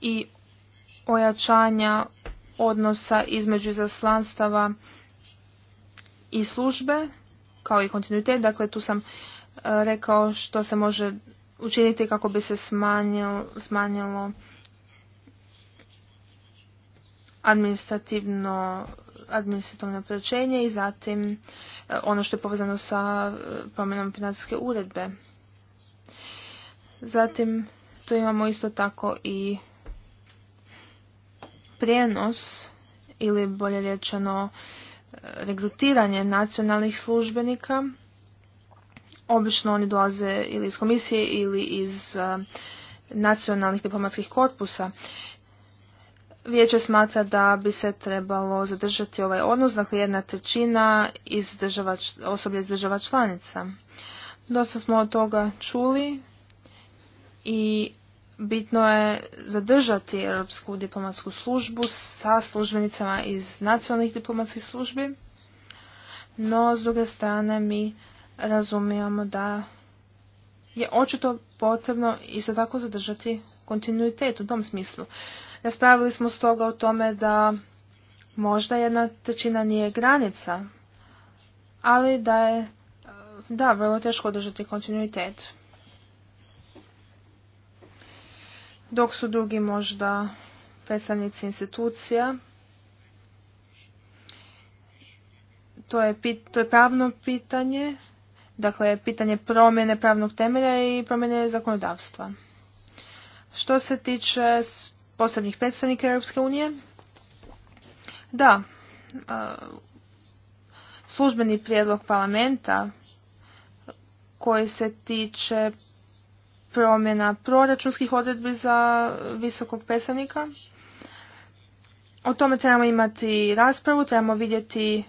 i ojačanja odnosa između zaslanstava i službe, kao i kontinuitet, dakle tu sam rekao što se može učiniti kako bi se smanjilo, smanjilo administrativno administrativno opterećenje i zatim e, ono što je povezano sa e, promjenom financijske uredbe. Zatim tu imamo isto tako i prijenos ili bolje rečeno e, regrutiranje nacionalnih službenika Obično oni dolaze ili iz komisije ili iz e, nacionalnih diplomatskih korpusa. Vijeće smatra da bi se trebalo zadržati ovaj odnos, dakle jedna trećina iz država, osoblja iz država članica. Dosta smo od toga čuli i bitno je zadržati Europsku diplomatsku službu sa službenicama iz nacionalnih diplomatskih službi, no s druge strane mi razumijemo da je očito potrebno isto tako zadržati kontinuitet u tom smislu. Raspravili smo stoga o tome da možda jedna trećina nije granica, ali da je da, vrlo teško održati kontinuitet. Dok su drugi možda predstavnici institucija, to je, to je pravno pitanje Dakle, pitanje promjene pravnog temelja i promjene zakonodavstva. Što se tiče posebnih predstavnika Europske unije, da, e, službeni prijedlog parlamenta koji se tiče promjena proračunskih odredbi za visokog predstavnika. O tome trebamo imati raspravu, trebamo vidjeti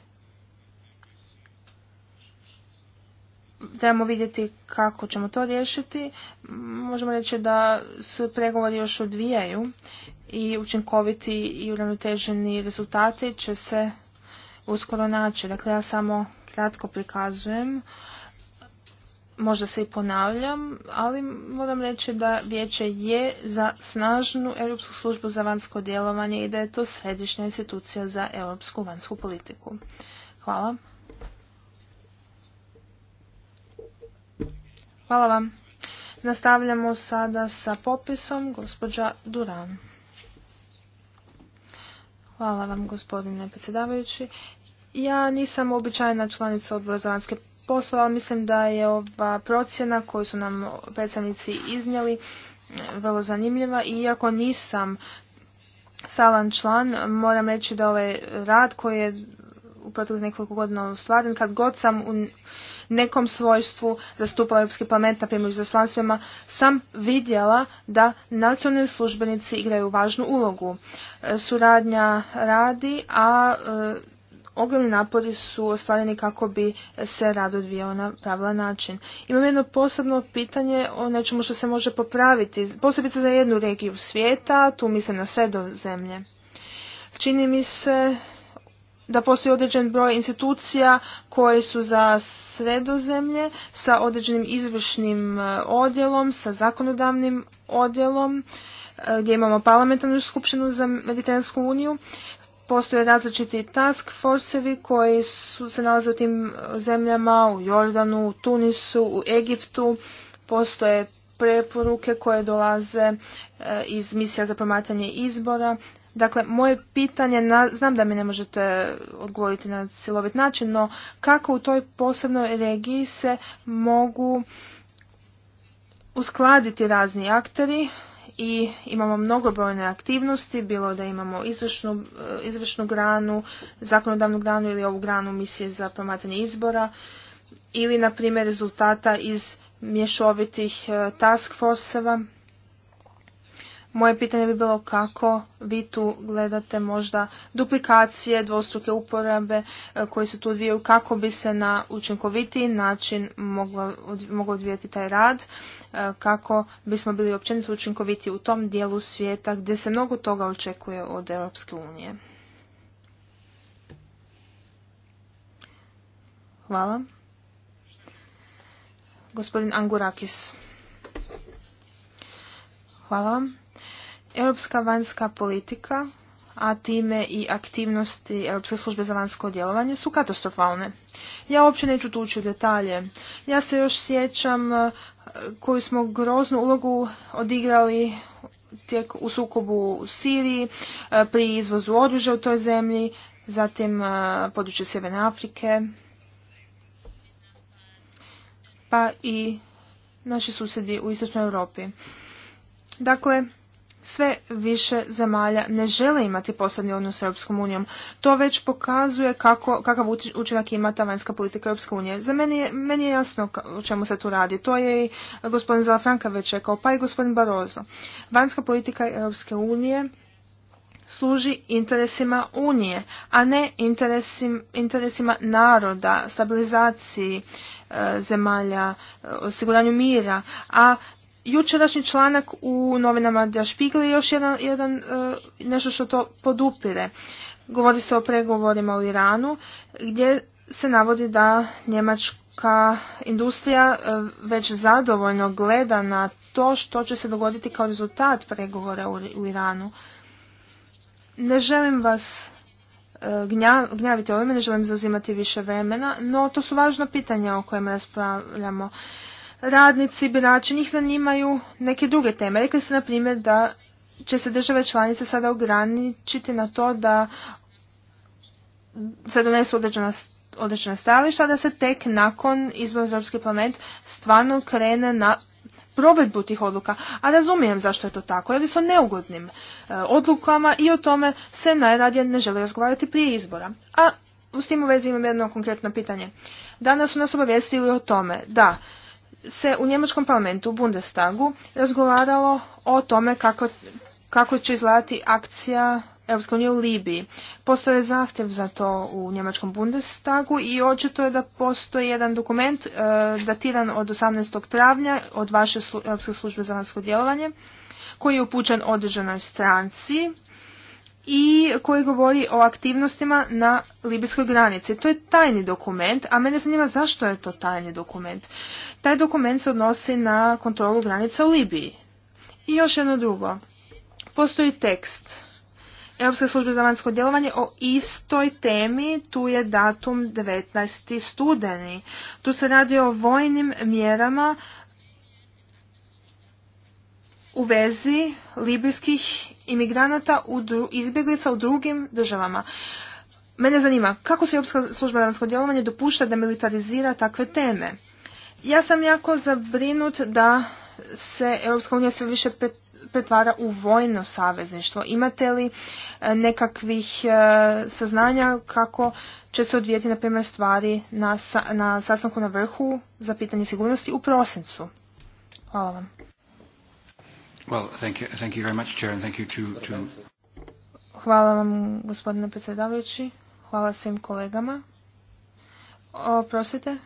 trebamo vidjeti kako ćemo to riješiti. Možemo reći da se pregovori još odvijaju i učinkoviti i uravnoteženi rezultati će se uskoro naći. Dakle, ja samo kratko prikazujem, možda se i ponavljam, ali moram reći da vijeće je za snažnu Europsku službu za vanjsko djelovanje i da je to središnja institucija za europsku vanjsku politiku. Hvala. Hvala vam. Nastavljamo sada sa popisom gospođa Duran. Hvala vam gospodine predsjedavajući. Ja nisam običajna članica odbora za vanjske poslova, ali mislim da je ova procjena koju su nam predstavnici iznijeli eh, vrlo zanimljiva i iako nisam salan član, moram reći da ovaj rad koji je u proteklih nekoliko godina ostvaren, kad god sam u nekom svojstvu zastupala Europski parlament, na primjer u zaslanstvima, sam vidjela da nacionalni službenici igraju važnu ulogu. E, suradnja radi, a e, ogromni napori su ostvareni kako bi se rad odvijao na pravilan način. Imam jedno posebno pitanje o nečemu što se može popraviti, posebice za jednu regiju svijeta, tu mislim na zemlje. Čini mi se da postoji određen broj institucija koje su za sredozemlje sa određenim izvršnim e, odjelom, sa zakonodavnim odjelom, e, gdje imamo parlamentarnu skupštinu za Mediteransku uniju. Postoje različiti task forcevi koji su, se nalaze u tim e, zemljama, u Jordanu, u Tunisu, u Egiptu. Postoje preporuke koje dolaze iz misija za promatranje izbora Dakle, moje pitanje, znam da mi ne možete odgovoriti na cjelovit način, no kako u toj posebnoj regiji se mogu uskladiti razni akteri i imamo mnogo mnogobrojne aktivnosti, bilo da imamo e, izvršnu, granu, zakonodavnu granu ili ovu granu misije za promatranje izbora ili, na primjer, rezultata iz mješovitih e, task forceva moje pitanje bi bilo kako vi tu gledate možda duplikacije, dvostruke uporabe e, koje se tu odvijaju, kako bi se na učinkovitiji način mogao odvijati taj rad, e, kako bismo bili općenito učinkoviti u tom dijelu svijeta gdje se mnogo toga očekuje od Europske unije. Hvala. Gospodin Angurakis. Hvala vam. Europska vanjska politika, a time i aktivnosti Europske službe za vanjsko djelovanje su katastrofalne. Ja uopće neću tući u detalje. Ja se još sjećam e, koju smo groznu ulogu odigrali tijek u sukobu u Siriji, e, pri izvozu oružja u toj zemlji, zatim e, područje Sjeverne Afrike, pa i naši susjedi u Istočnoj Europi. Dakle, sve više zemalja ne žele imati posebni odnos s Europskom unijom. To već pokazuje kako, kakav učinak ima ta vanjska politika Europske unije. Za meni je, meni je jasno o čemu se tu radi. To je i gospodin Zalafranka već rekao, pa i gospodin Barozo. Vanjska politika Europske unije služi interesima Unije, a ne interesima naroda, stabilizaciji eh, zemalja, eh, osiguranju mira, a jučerašnji članak u novinama Der Spiegel je još jedan, jedan, e, nešto što to podupire. Govori se o pregovorima u Iranu gdje se navodi da njemačka industrija e, već zadovoljno gleda na to što će se dogoditi kao rezultat pregovora u, u Iranu. Ne želim vas e, gnjaviti ovime, ne želim zauzimati više vremena, no to su važna pitanja o kojima raspravljamo radnici, birači, njih zanimaju neke druge teme. Rekli ste, na primjer, da će se države članice sada ograničiti na to da se donesu određena određena stajališta, da se tek nakon izbora za Europski parlament stvarno krene na provedbu tih odluka. A razumijem zašto je to tako. jer se o neugodnim e, odlukama i o tome se najradije ne žele razgovarati prije izbora. A s tim u vezi imam jedno konkretno pitanje. Danas su nas obavijestili o tome da se u njemačkom parlamentu, u Bundestagu, razgovaralo o tome kako, kako će izgledati akcija Europske unije u Libiji. Postoje zahtjev za to u njemačkom Bundestagu i očito je da postoji jedan dokument e, datiran od 18. travnja od vaše Europske službe za vanjsko djelovanje koji je upućen određenoj stranci i koji govori o aktivnostima na libijskoj granici. To je tajni dokument, a mene zanima zašto je to tajni dokument. Taj dokument se odnosi na kontrolu granica u Libiji. I još jedno drugo. Postoji tekst Europske službe za vanjsko djelovanje o istoj temi, tu je datum 19. studeni. Tu se radi o vojnim mjerama u vezi libijskih imigranata u izbjeglica u drugim državama. Mene zanima kako se Europska služba danasko djelovanje dopušta da militarizira takve teme. Ja sam jako zabrinut da se Europska unija sve više pretvara u vojno savezništvo. Imate li e, nekakvih e, saznanja kako će se odvijeti na primjer stvari na, na sastanku na vrhu za pitanje sigurnosti u prosincu? Hvala vam. Hvala vam, gospodine predsjedavajući. Hvala svim kolegama. Oprostite,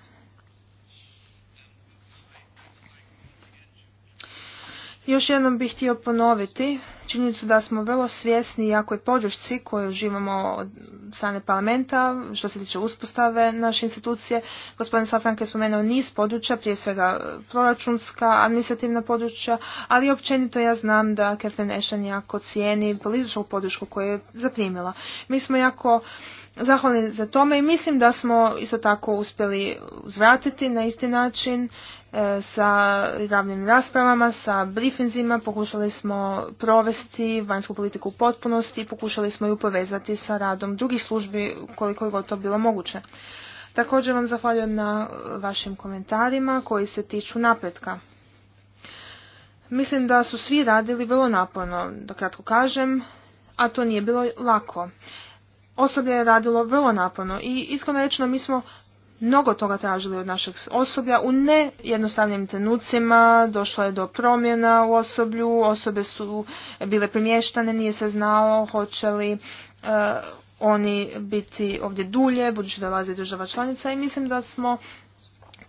Još jednom bih htio ponoviti činjenicu da smo vrlo svjesni jakoj podršci koju živamo od strane parlamenta što se tiče uspostave naše institucije. Gospodin Safranke je spomenuo niz područja, prije svega e, proračunska, administrativna područja, ali općenito ja znam da Catherine Ashton jako cijeni političku podršku koju je zaprimila. Mi smo jako zahvalni za tome i mislim da smo isto tako uspjeli uzvratiti na isti način E, sa javnim raspravama, sa briefinzima, pokušali smo provesti vanjsku politiku u potpunosti i pokušali smo ju povezati sa radom drugih službi koliko je to bilo moguće. Također vam zahvaljujem na vašim komentarima koji se tiču napretka. Mislim da su svi radili vrlo naporno, da kratko kažem, a to nije bilo lako. Osoblje je radilo vrlo naporno i iskreno mi smo mnogo toga tražili od našeg osoblja. U nejednostavnim trenucima došlo je do promjena u osoblju, osobe su bile premještane, nije se znalo hoće li e, oni biti ovdje dulje, budući da dolaze država članica i mislim da smo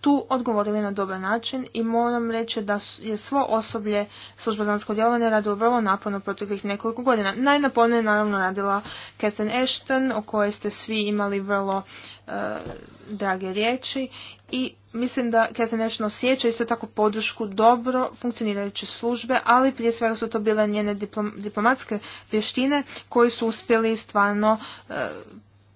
tu odgovorili na dobar način i moram reći da je svo osoblje služba zanatsko djelovanja radilo vrlo naporno proteklih nekoliko godina. Najnapornije je naravno radila Catherine Ashton o kojoj ste svi imali vrlo e, drage riječi i mislim da Catherine Ashton osjeća isto tako podršku dobro funkcionirajuće službe, ali prije svega su to bile njene diplomatske vještine koji su uspjeli stvarno e,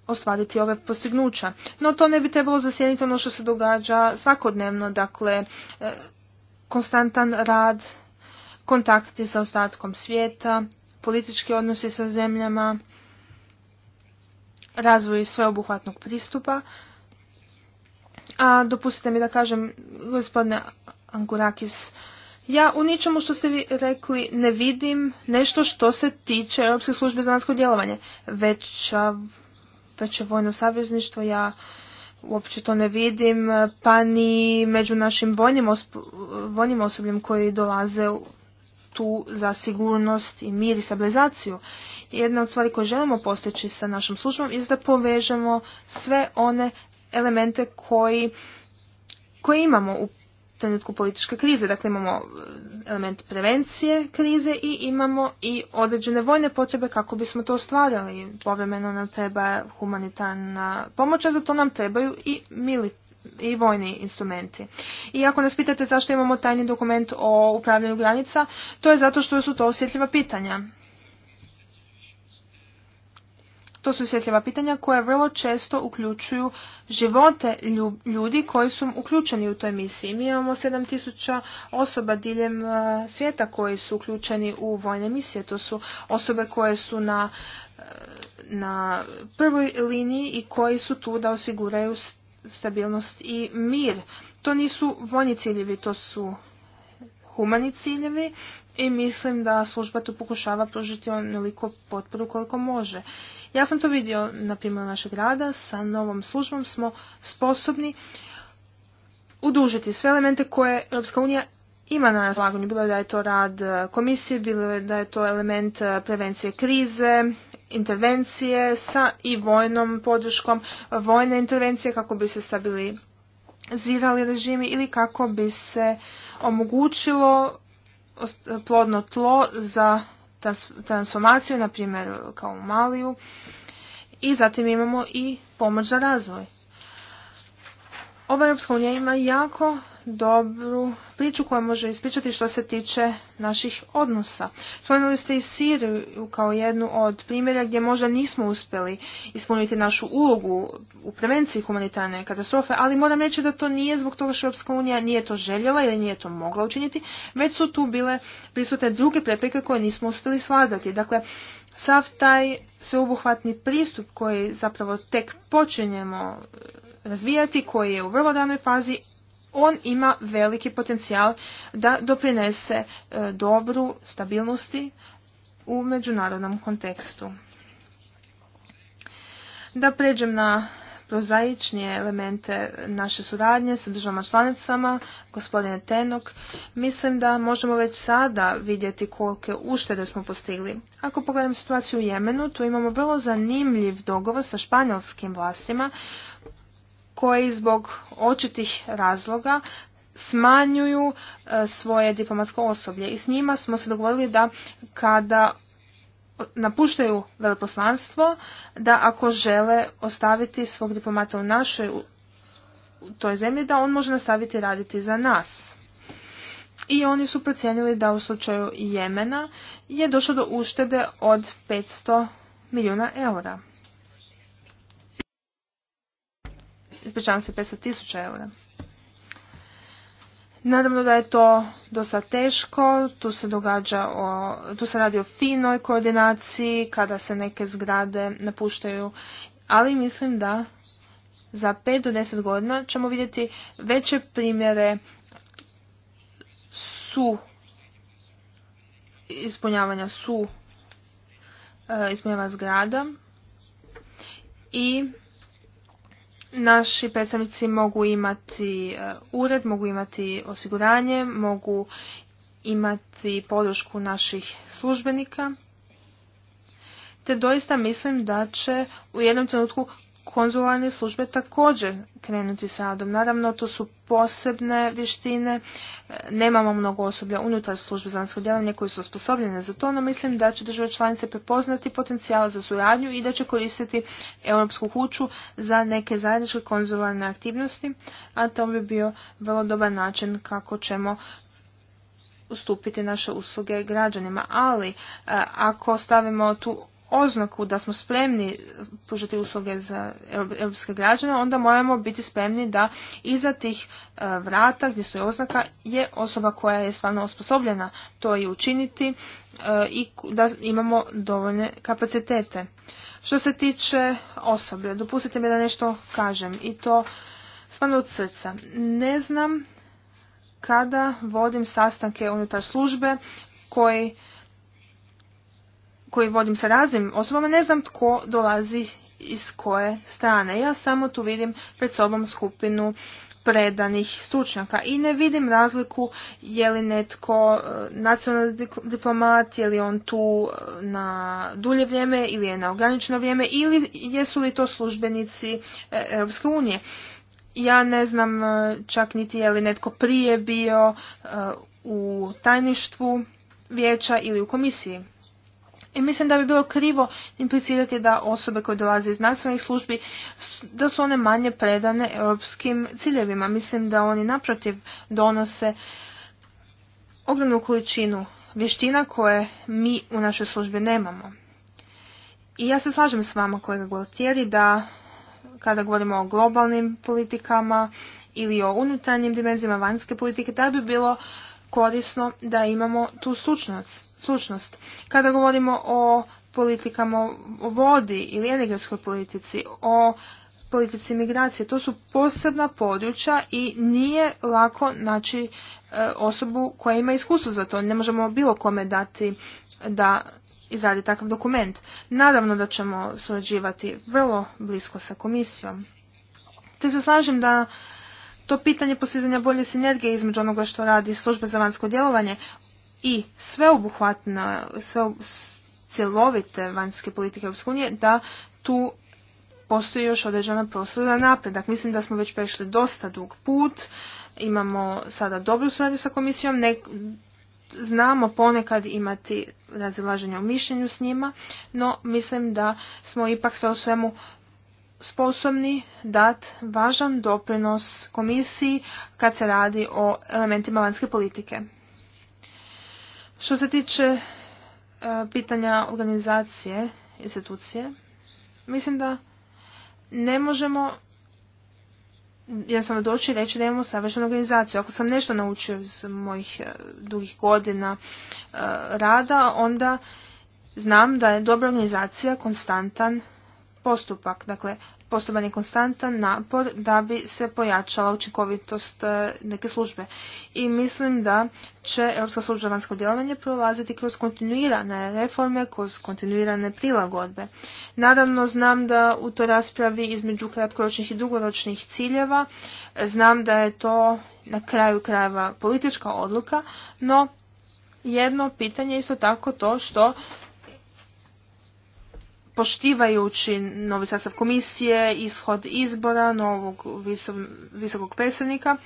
ostvariti ove postignuća. No to ne bi trebalo zasjeniti ono što se događa svakodnevno, dakle e, konstantan rad, kontakti sa ostatkom svijeta, politički odnosi sa zemljama, razvoj sveobuhvatnog pristupa. A dopustite mi da kažem, gospodine Angurakis, ja u ničemu što ste vi rekli ne vidim nešto što se tiče Europske službe za vanjsko djelovanje. Veća veće vojno savezništvo, ja uopće to ne vidim, pa ni među našim vojnim, vojnim osobljem koji dolaze tu za sigurnost i mir i stabilizaciju. Jedna od stvari koje želimo postići sa našom službom je da povežemo sve one elemente koji koje imamo u trenutku političke krize. Dakle, imamo e, element prevencije krize i imamo i određene vojne potrebe kako bismo to ostvarili. Povremeno nam treba humanitarna pomoć, a za to nam trebaju i i vojni instrumenti. I ako nas pitate zašto imamo tajni dokument o upravljanju granica, to je zato što su to osjetljiva pitanja. To su osjetljiva pitanja koja vrlo često uključuju živote ljudi koji su uključeni u toj misiji. Mi imamo 7000 osoba diljem e, svijeta koji su uključeni u vojne misije. To su osobe koje su na, e, na prvoj liniji i koji su tu da osiguraju stabilnost i mir. To nisu vojni ciljevi, to su humani ciljevi i mislim da služba tu pokušava pružiti onoliko potporu koliko može. Ja sam to vidio na primjeru našeg rada, sa novom službom smo sposobni udužiti sve elemente koje Europska unija ima na raspolaganju. Bilo je da je to rad e, komisije, bilo je da je to element e, prevencije krize, intervencije sa i vojnom podrškom, vojne intervencije kako bi se stabilizirali režimi ili kako bi se omogućilo plodno tlo za transformaciju, na primjer kao u Maliju. I zatim imamo i pomoć za razvoj. Ova Europska unija ima jako dobru priču koja može ispričati što se tiče naših odnosa. Spomenuli ste i Siriju kao jednu od primjera gdje možda nismo uspjeli ispuniti našu ulogu u prevenciji humanitarne katastrofe, ali moram reći da to nije zbog toga što Europska unija nije to željela ili nije to mogla učiniti, već su tu bile prisutne druge prepreke koje nismo uspjeli svladati. Dakle, sav taj sveobuhvatni pristup koji zapravo tek počinjemo razvijati, koji je u vrlo danoj fazi, on ima veliki potencijal da doprinese e, dobru stabilnosti u međunarodnom kontekstu. Da pređem na prozaičnije elemente naše suradnje sa državama članicama, gospodine Tenok, mislim da možemo već sada vidjeti kolike uštede smo postigli. Ako pogledam situaciju u Jemenu, tu imamo vrlo zanimljiv dogovor sa španjolskim vlastima koji zbog očitih razloga smanjuju e, svoje diplomatsko osoblje i s njima smo se dogovorili da kada napuštaju veleposlanstvo da ako žele ostaviti svog diplomata u našoj u toj zemlji da on može nastaviti raditi za nas. I oni su procijenili da u slučaju Jemena je došlo do uštede od 500 milijuna eura. ispričavam se, 500 tisuća eura. Naravno da je to dosta teško, tu se događa o, tu se radi o finoj koordinaciji kada se neke zgrade napuštaju, ali mislim da za 5 do 10 godina ćemo vidjeti veće primjere su ispunjavanja su e, ispunjava zgrada i Naši predstavnici mogu imati e, ured, mogu imati osiguranje, mogu imati podršku naših službenika. Te doista mislim da će u jednom trenutku konzularne službe također krenuti s radom. Naravno, to su posebne vještine. E, nemamo mnogo osoblja unutar službe za vanjsko djelovanje koji su osposobljene za to, no mislim da će države članice prepoznati potencijal za suradnju i da će koristiti Europsku kuću za neke zajedničke konzularne aktivnosti, a to bi bio vrlo dobar način kako ćemo ustupiti naše usluge građanima. Ali, e, ako stavimo tu oznaku da smo spremni pružati usluge za europske građane, onda moramo biti spremni da iza tih e, vrata gdje su oznaka je osoba koja je stvarno osposobljena to i učiniti e, i da imamo dovoljne kapacitete. Što se tiče osoblja, dopustite mi da nešto kažem i to stvarno od srca. Ne znam kada vodim sastanke unutar službe koji koji vodim sa raznim osobama, ne znam tko dolazi iz koje strane. Ja samo tu vidim pred sobom skupinu predanih stručnjaka i ne vidim razliku je li netko e, nacionalni diplomat, je li on tu e, na dulje vrijeme ili je na ograničeno vrijeme ili jesu li to službenici e, Europske unije. Ja ne znam čak niti je li netko prije bio u tajništvu vijeća ili u komisiji. I mislim da bi bilo krivo implicirati da osobe koje dolaze iz nacionalnih službi, da su one manje predane europskim ciljevima. Mislim da oni naprotiv donose ogromnu količinu vještina koje mi u našoj službi nemamo. I ja se slažem s vama, kolega Gualtieri, da kada govorimo o globalnim politikama ili o unutarnjim dimenzijama vanjske politike, da bi bilo korisno da imamo tu stručnost kada govorimo o politikama o vodi ili energetskoj politici, o politici migracije, to su posebna područja i nije lako naći e, osobu koja ima iskustvo za to. Ne možemo bilo kome dati da izradi takav dokument. Naravno da ćemo surađivati vrlo blisko sa komisijom. Te se slažem da to pitanje postizanja bolje sinergije između onoga što radi služba za vanjsko djelovanje i sveobuhvatna, sve cjelovite vanjske politike Europske unije, da tu postoji još određena prostora napredak. Mislim da smo već prešli dosta dug put, imamo sada dobru suradnju sa komisijom, ne, znamo ponekad imati razilaženje u mišljenju s njima, no mislim da smo ipak sve u svemu sposobni dat važan doprinos komisiji kad se radi o elementima vanjske politike. Što se tiče e, pitanja organizacije institucije, mislim da ne možemo ja sam doći i reći da imamo savršenu organizaciju. Ako sam nešto naučio iz mojih e, dugih godina e, rada, onda znam da je dobra organizacija konstantan postupak. Dakle, poseban je konstantan napor da bi se pojačala učinkovitost e, neke službe. I mislim da će Europska služba vanjsko djelovanje prolaziti kroz kontinuirane reforme, kroz kontinuirane prilagodbe. Naravno znam da u toj raspravi između kratkoročnih i dugoročnih ciljeva e, znam da je to na kraju krajeva politička odluka, no jedno pitanje je isto tako to što poštivajući novi sastav komisije, ishod izbora, novog visokog predsjednika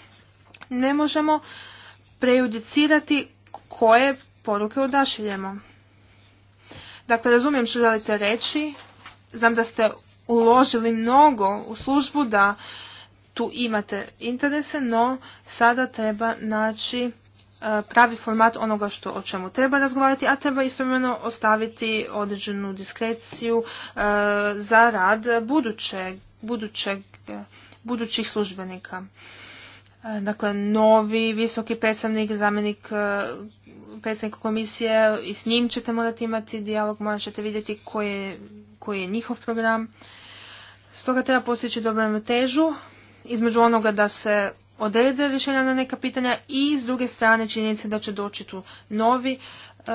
ne možemo prejudicirati koje poruke odašiljemo. Dakle, razumijem što želite reći. Znam da ste uložili mnogo u službu, da tu imate interese, no sada treba naći E, pravi format onoga što, o čemu treba razgovarati, a treba istovremeno ostaviti određenu diskreciju e, za rad budućeg, budućeg, e, budućih službenika. Dakle, novi visoki predstavnik, zamjenik predsjednika komisije i s njim ćete morati imati dijalog, morat ćete vidjeti koji je, njihov program. Stoga treba postići dobru težu između onoga da se odrede rješenja na neka pitanja i s druge strane činjenica da će doći tu novi e,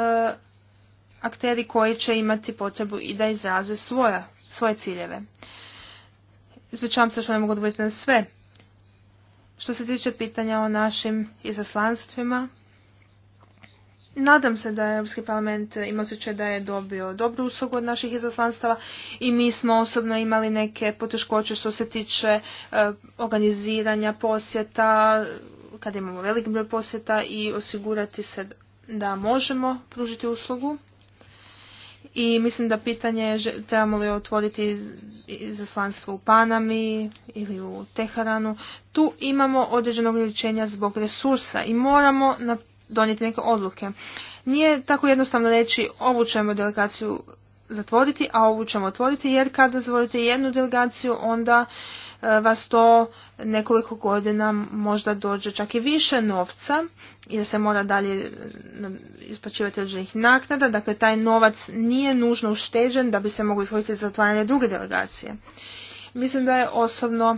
akteri koji će imati potrebu i da izraze svoje ciljeve. Ispričavam se što ne mogu odgovoriti na sve. Što se tiče pitanja o našim izaslanstvima, Nadam se da je Europski parlament ima osjećaj da je dobio dobru uslugu od naših izaslanstava i mi smo osobno imali neke poteškoće što se tiče e, organiziranja posjeta, kada imamo velik broj posjeta i osigurati se da možemo pružiti uslugu. I mislim da pitanje je trebamo li otvoriti izaslanstvo u Panami ili u Teheranu. Tu imamo određeno ograničenja zbog resursa i moramo na donijeti neke odluke. Nije tako jednostavno reći ovu ćemo delegaciju zatvoriti, a ovu ćemo otvoriti, jer kada zvolite jednu delegaciju, onda e, vas to nekoliko godina možda dođe čak i više novca jer se mora dalje isplaćivati određenih naknada. Dakle, taj novac nije nužno ušteđen da bi se mogli iskoristiti za otvaranje druge delegacije. Mislim da je osobno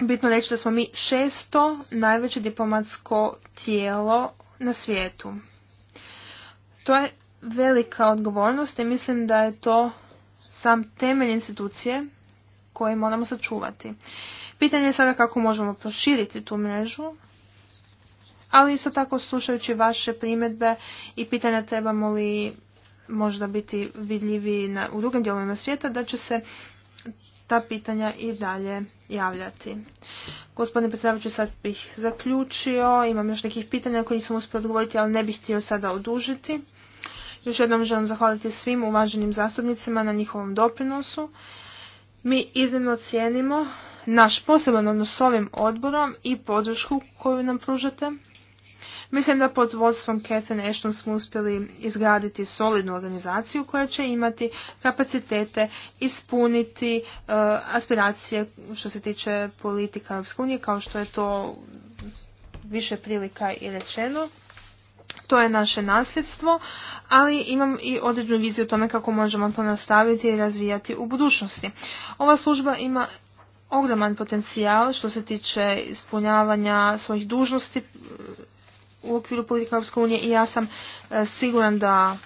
bitno reći da smo mi šesto najveće diplomatsko tijelo na svijetu. To je velika odgovornost i mislim da je to sam temelj institucije koje moramo sačuvati. Pitanje je sada kako možemo proširiti tu mrežu, ali isto tako slušajući vaše primjedbe i pitanja trebamo li možda biti vidljivi na, u drugim dijelovima svijeta, da će se ta pitanja i dalje javljati. Gospodine predsjedavajući, sad bih zaključio. Imam još nekih pitanja koje nisam uspio odgovoriti, ali ne bih htio sada odužiti. Još jednom želim zahvaliti svim uvaženim zastupnicima na njihovom doprinosu. Mi iznimno cijenimo naš poseban odnos s ovim odborom i podršku koju nam pružate Mislim da pod vodstvom Catherine Ashton smo uspjeli izgraditi solidnu organizaciju koja će imati kapacitete ispuniti e, aspiracije što se tiče politika EU, kao što je to više prilika i rečeno. To je naše nasljedstvo, ali imam i određenu viziju o tome kako možemo to nastaviti i razvijati u budućnosti. Ova služba ima ogroman potencijal što se tiče ispunjavanja svojih dužnosti u okviru politika Europske unije i ja sam e, siguran da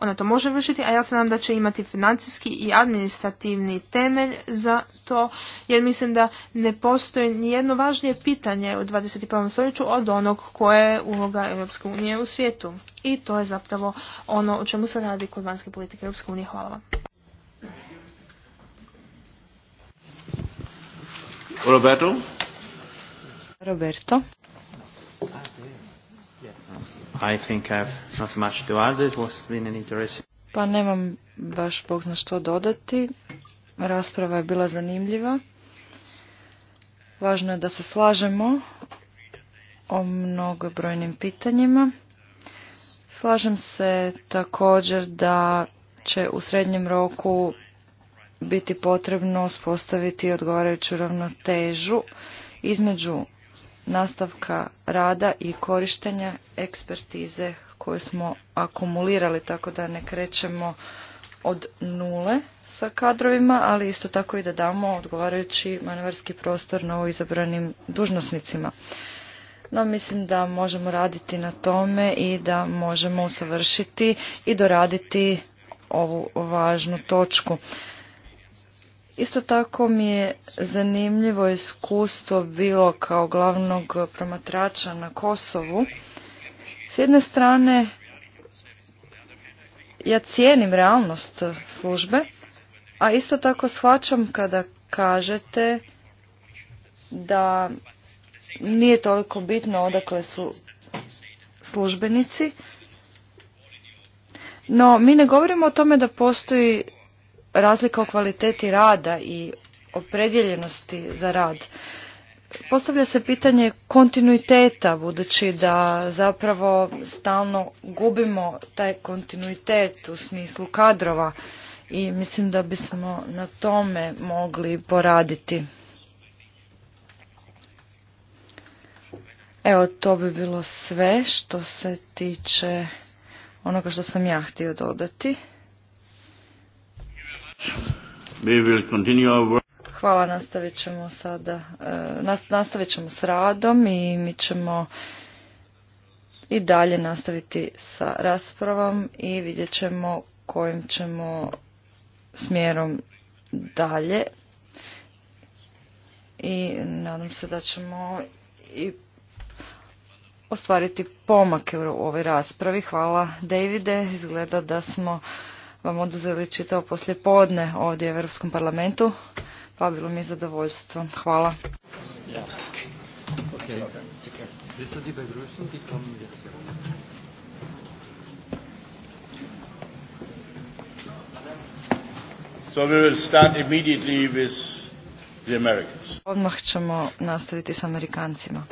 ona to može vršiti, a ja se nadam da će imati financijski i administrativni temelj za to, jer mislim da ne postoji jedno važnije pitanje u 21. stoljeću od onog koje je uloga Europske unije u svijetu. I to je zapravo ono o čemu se radi kod vanjske politike Europske unije. Hvala vam. Roberto? Roberto? I to Pa nemam baš bog zna što dodati. Rasprava je bila zanimljiva. Važno je da se slažemo o mnogobrojnim pitanjima. Slažem se također da će u srednjem roku biti potrebno uspostaviti odgovarajuću ravnotežu između nastavka rada i korištenja ekspertize koju smo akumulirali, tako da ne krećemo od nule sa kadrovima, ali isto tako i da damo odgovarajući manevarski prostor novo izabranim dužnosnicima. No, mislim da možemo raditi na tome i da možemo usavršiti i doraditi ovu važnu točku. Isto tako mi je zanimljivo iskustvo bilo kao glavnog promatrača na Kosovu. S jedne strane, ja cijenim realnost službe, a isto tako shvaćam kada kažete da nije toliko bitno odakle su službenici, no mi ne govorimo o tome da postoji razlika u kvaliteti rada i opredjeljenosti za rad. Postavlja se pitanje kontinuiteta, budući da zapravo stalno gubimo taj kontinuitet u smislu kadrova i mislim da bismo na tome mogli poraditi. Evo, to bi bilo sve što se tiče onoga što sam ja htio dodati. Hvala, nastavit ćemo sada, e, nastavit ćemo s radom i mi ćemo i dalje nastaviti sa raspravom i vidjet ćemo kojim ćemo smjerom dalje i nadam se da ćemo i ostvariti pomake u ovoj raspravi. Hvala Davide, izgleda da smo vam oduzeli poslje poslijepodne ovdje u Europskom parlamentu, pa bilo mi je zadovoljstvo. Hvala. So we will start immediately with the Americans. Odmah ćemo nastaviti s Amerikancima.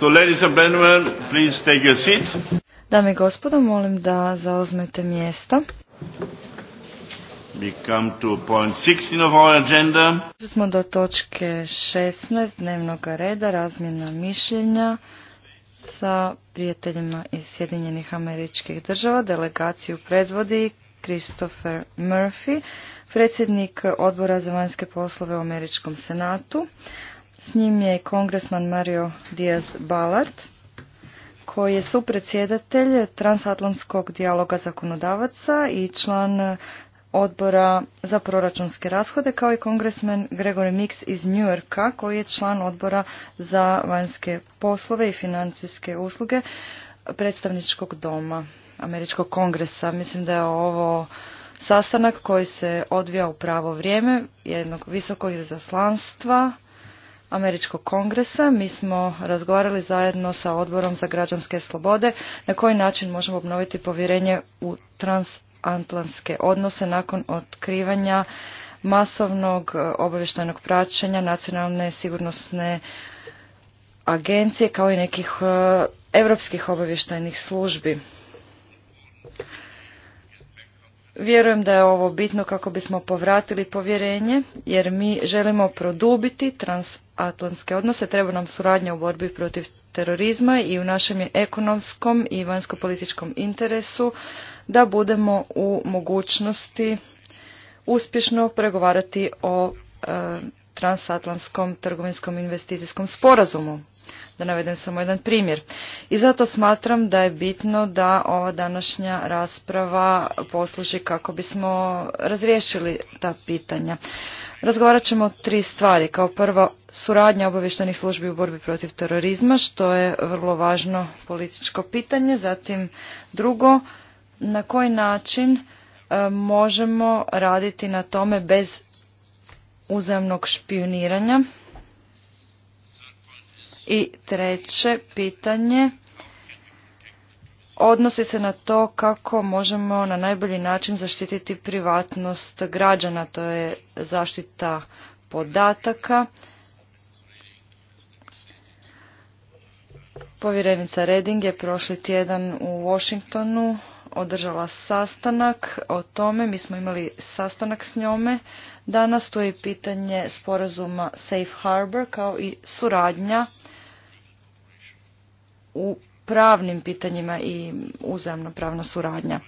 So, ladies and gentlemen, please take your seat. Dame i gospodo, molim da zauzmete mjesta. We come to point 16 of our agenda. Smo do točke 16 dnevnog reda, razmjena mišljenja sa prijateljima iz Sjedinjenih američkih država. Delegaciju predvodi Christopher Murphy, predsjednik odbora za vanjske poslove u Američkom senatu. S njim je kongresman Mario Diaz Balart koji je supredsjedatelj transatlantskog dijaloga zakonodavaca i član odbora za proračunske rashode, kao i kongresman Gregory Mix iz New Yorka, koji je član odbora za vanjske poslove i financijske usluge predstavničkog doma Američkog kongresa. Mislim da je ovo sastanak koji se odvija u pravo vrijeme jednog visokog izaslanstva Američkog kongresa. Mi smo razgovarali zajedno sa odborom za građanske slobode na koji način možemo obnoviti povjerenje u transatlantske odnose nakon otkrivanja masovnog e, obavještajnog praćenja nacionalne sigurnosne agencije kao i nekih europskih obavještajnih službi. Vjerujem da je ovo bitno kako bismo povratili povjerenje, jer mi želimo produbiti transatlantske odnose. Treba nam suradnja u borbi protiv terorizma i u našem je ekonomskom i vanjskopolitičkom interesu da budemo u mogućnosti uspješno pregovarati o e, transatlantskom trgovinskom investicijskom sporazumu da navedem samo jedan primjer. I zato smatram da je bitno da ova današnja rasprava posluži kako bismo razriješili ta pitanja. Razgovarat ćemo o tri stvari. Kao prvo suradnja obavještenih službi u borbi protiv terorizma, što je vrlo važno političko pitanje. Zatim, drugo, na koji način e, možemo raditi na tome bez uzemnog špioniranja i treće pitanje odnosi se na to kako možemo na najbolji način zaštititi privatnost građana, to je zaštita podataka. Povjerenica Reding je prošli tjedan u Washingtonu održala sastanak o tome, mi smo imali sastanak s njome. Danas to je pitanje sporazuma Safe Harbor kao i suradnja u pravnim pitanjima i uzajamno pravna suradnja.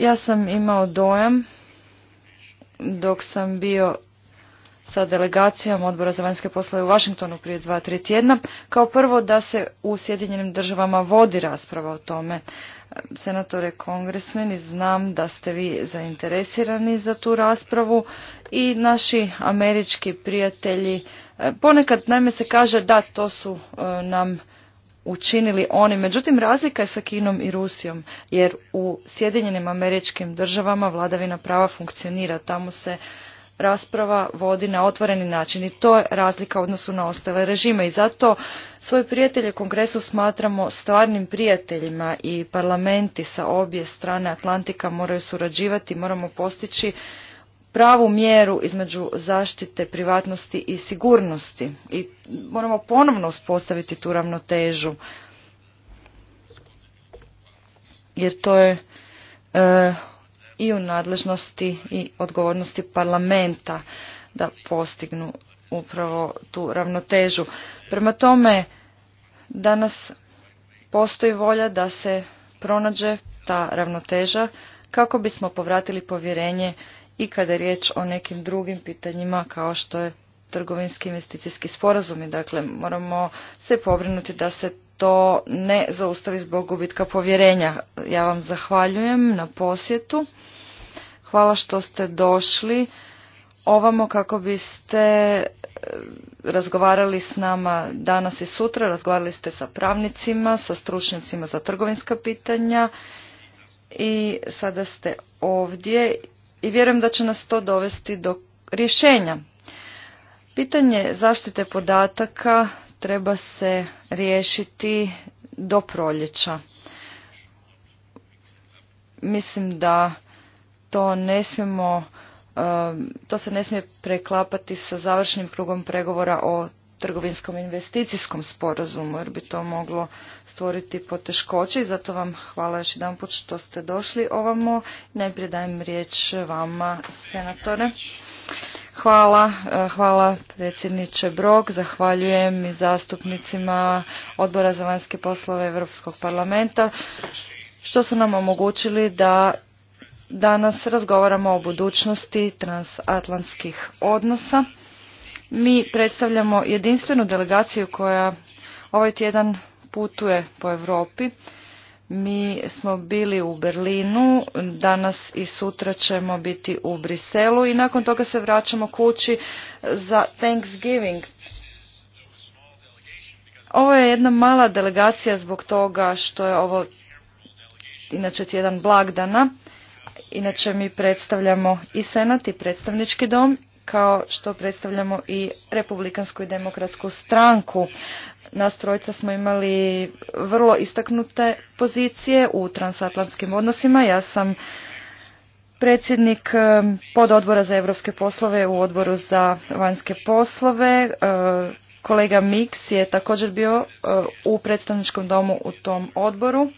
Ja sam imao dojam dok sam bio sa delegacijom odbora za vanjske poslove u Washingtonu prije dva, tri tjedna. Kao prvo da se u Sjedinjenim državama vodi rasprava o tome. Senatore kongresmeni, znam da ste vi zainteresirani za tu raspravu i naši američki prijatelji e, ponekad najme se kaže da to su e, nam učinili oni. Međutim, razlika je sa Kinom i Rusijom, jer u Sjedinjenim američkim državama vladavina prava funkcionira. Tamo se rasprava vodi na otvoreni način i to je razlika u odnosu na ostale režime i zato svoje prijatelje kongresu smatramo stvarnim prijateljima i parlamenti sa obje strane Atlantika moraju surađivati, moramo postići pravu mjeru između zaštite privatnosti i sigurnosti i moramo ponovno uspostaviti tu ravnotežu jer to je e, i u nadležnosti i odgovornosti parlamenta da postignu upravo tu ravnotežu. Prema tome, danas postoji volja da se pronađe ta ravnoteža kako bismo povratili povjerenje i kada je riječ o nekim drugim pitanjima kao što je trgovinski investicijski sporazumi. Dakle, moramo se pobrinuti da se to ne zaustavi zbog gubitka povjerenja. Ja vam zahvaljujem na posjetu. Hvala što ste došli ovamo kako biste eh, razgovarali s nama danas i sutra. Razgovarali ste sa pravnicima, sa stručnjacima za trgovinska pitanja i sada ste ovdje i vjerujem da će nas to dovesti do rješenja. Pitanje zaštite podataka treba se riješiti do proljeća. Mislim da to ne smijemo, um, to se ne smije preklapati sa završnim krugom pregovora o trgovinskom investicijskom sporazumu jer bi to moglo stvoriti poteškoće i zato vam hvala još jedan što ste došli ovamo. Najprije dajem riječ vama, senatore. Hvala, eh, hvala predsjedniče Brok, zahvaljujem i zastupnicima Odbora za vanjske poslove Europskog parlamenta što su nam omogućili da danas razgovaramo o budućnosti transatlantskih odnosa. Mi predstavljamo jedinstvenu delegaciju koja ovaj tjedan putuje po Europi mi smo bili u Berlinu, danas i sutra ćemo biti u Briselu i nakon toga se vraćamo kući za Thanksgiving. Ovo je jedna mala delegacija zbog toga što je ovo inače tjedan blagdana. Inače mi predstavljamo i senat i predstavnički dom kao što predstavljamo i Republikansku i demokratsku stranku. Nas smo imali vrlo istaknute pozicije u transatlantskim odnosima. Ja sam predsjednik pododbora za europske poslove u odboru za vanjske poslove. E, kolega Mix je također bio e, u predstavničkom domu u tom odboru.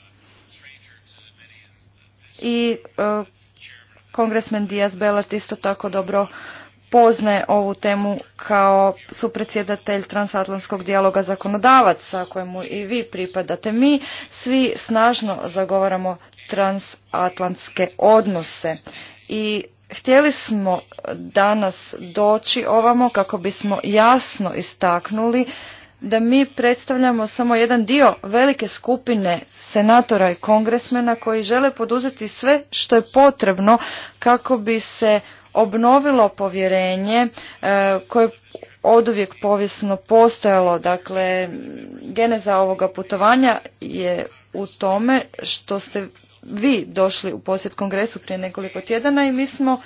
I e, kongresmen Diaz Belat isto tako dobro poznaje ovu temu kao supredsjedatelj transatlantskog dijaloga zakonodavaca kojemu i vi pripadate. Mi svi snažno zagovaramo transatlantske odnose i htjeli smo danas doći ovamo kako bismo jasno istaknuli da mi predstavljamo samo jedan dio velike skupine senatora i kongresmena koji žele poduzeti sve što je potrebno kako bi se obnovilo povjerenje e, koje oduvijek povijesno postojalo. Dakle, geneza ovoga putovanja je u tome što ste vi došli u posjet kongresu prije nekoliko tjedana i mi smo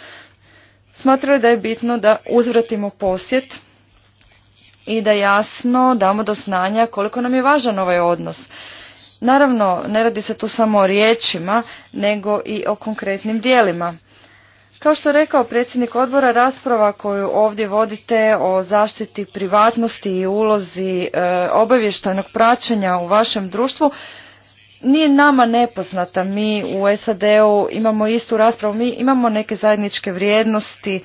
smatrali da je bitno da uzvratimo posjet i da jasno damo do znanja koliko nam je važan ovaj odnos. Naravno, ne radi se tu samo o riječima, nego i o konkretnim dijelima. Kao što je rekao predsjednik odbora, rasprava koju ovdje vodite o zaštiti privatnosti i ulozi e, obavještajnog praćenja u vašem društvu nije nama nepoznata. Mi u SAD-u imamo istu raspravu, mi imamo neke zajedničke vrijednosti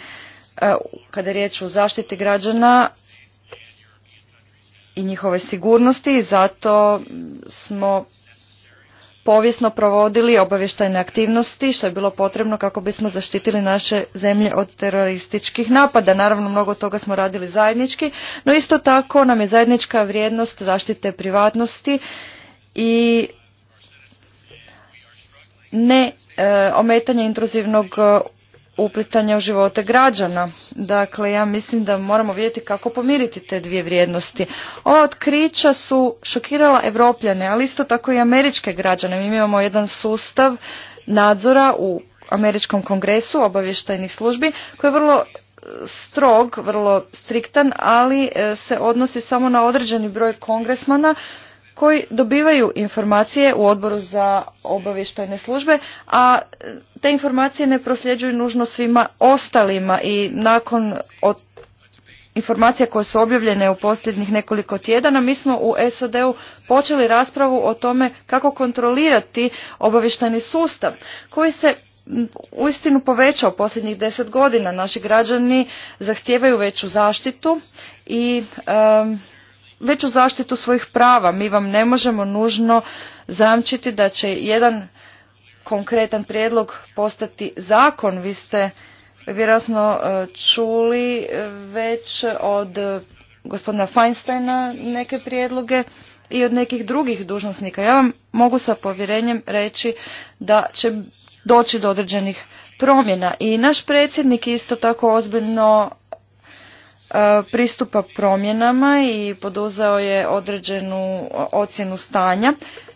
e, kada je riječ o zaštiti građana i njihove sigurnosti, zato smo povijesno provodili obavještajne aktivnosti što je bilo potrebno kako bismo zaštitili naše zemlje od terorističkih napada. Naravno mnogo toga smo radili zajednički, no isto tako nam je zajednička vrijednost zaštite privatnosti i ne e, ometanje intruzivnog uplitanja u živote građana. Dakle, ja mislim da moramo vidjeti kako pomiriti te dvije vrijednosti. Ova otkrića su šokirala evropljane, ali isto tako i američke građane. Mi imamo jedan sustav nadzora u američkom kongresu obavještajnih službi koji je vrlo e, strog, vrlo striktan, ali e, se odnosi samo na određeni broj kongresmana koji dobivaju informacije u odboru za obavještajne službe, a te informacije ne prosljeđuju nužno svima ostalima i nakon od informacija koje su objavljene u posljednjih nekoliko tjedana, mi smo u SAD-u počeli raspravu o tome kako kontrolirati obavještajni sustav koji se uistinu povećao posljednjih deset godina. Naši građani zahtijevaju veću zaštitu i veću zaštitu svojih prava. Mi vam ne možemo nužno zamčiti da će jedan konkretan prijedlog postati zakon. Vi ste vjerojatno e, čuli već od gospodina Feinsteina neke prijedloge i od nekih drugih dužnosnika. Ja vam mogu sa povjerenjem reći da će doći do određenih promjena i naš predsjednik isto tako ozbiljno pristupa promjenama i poduzeo je određenu ocjenu stanja.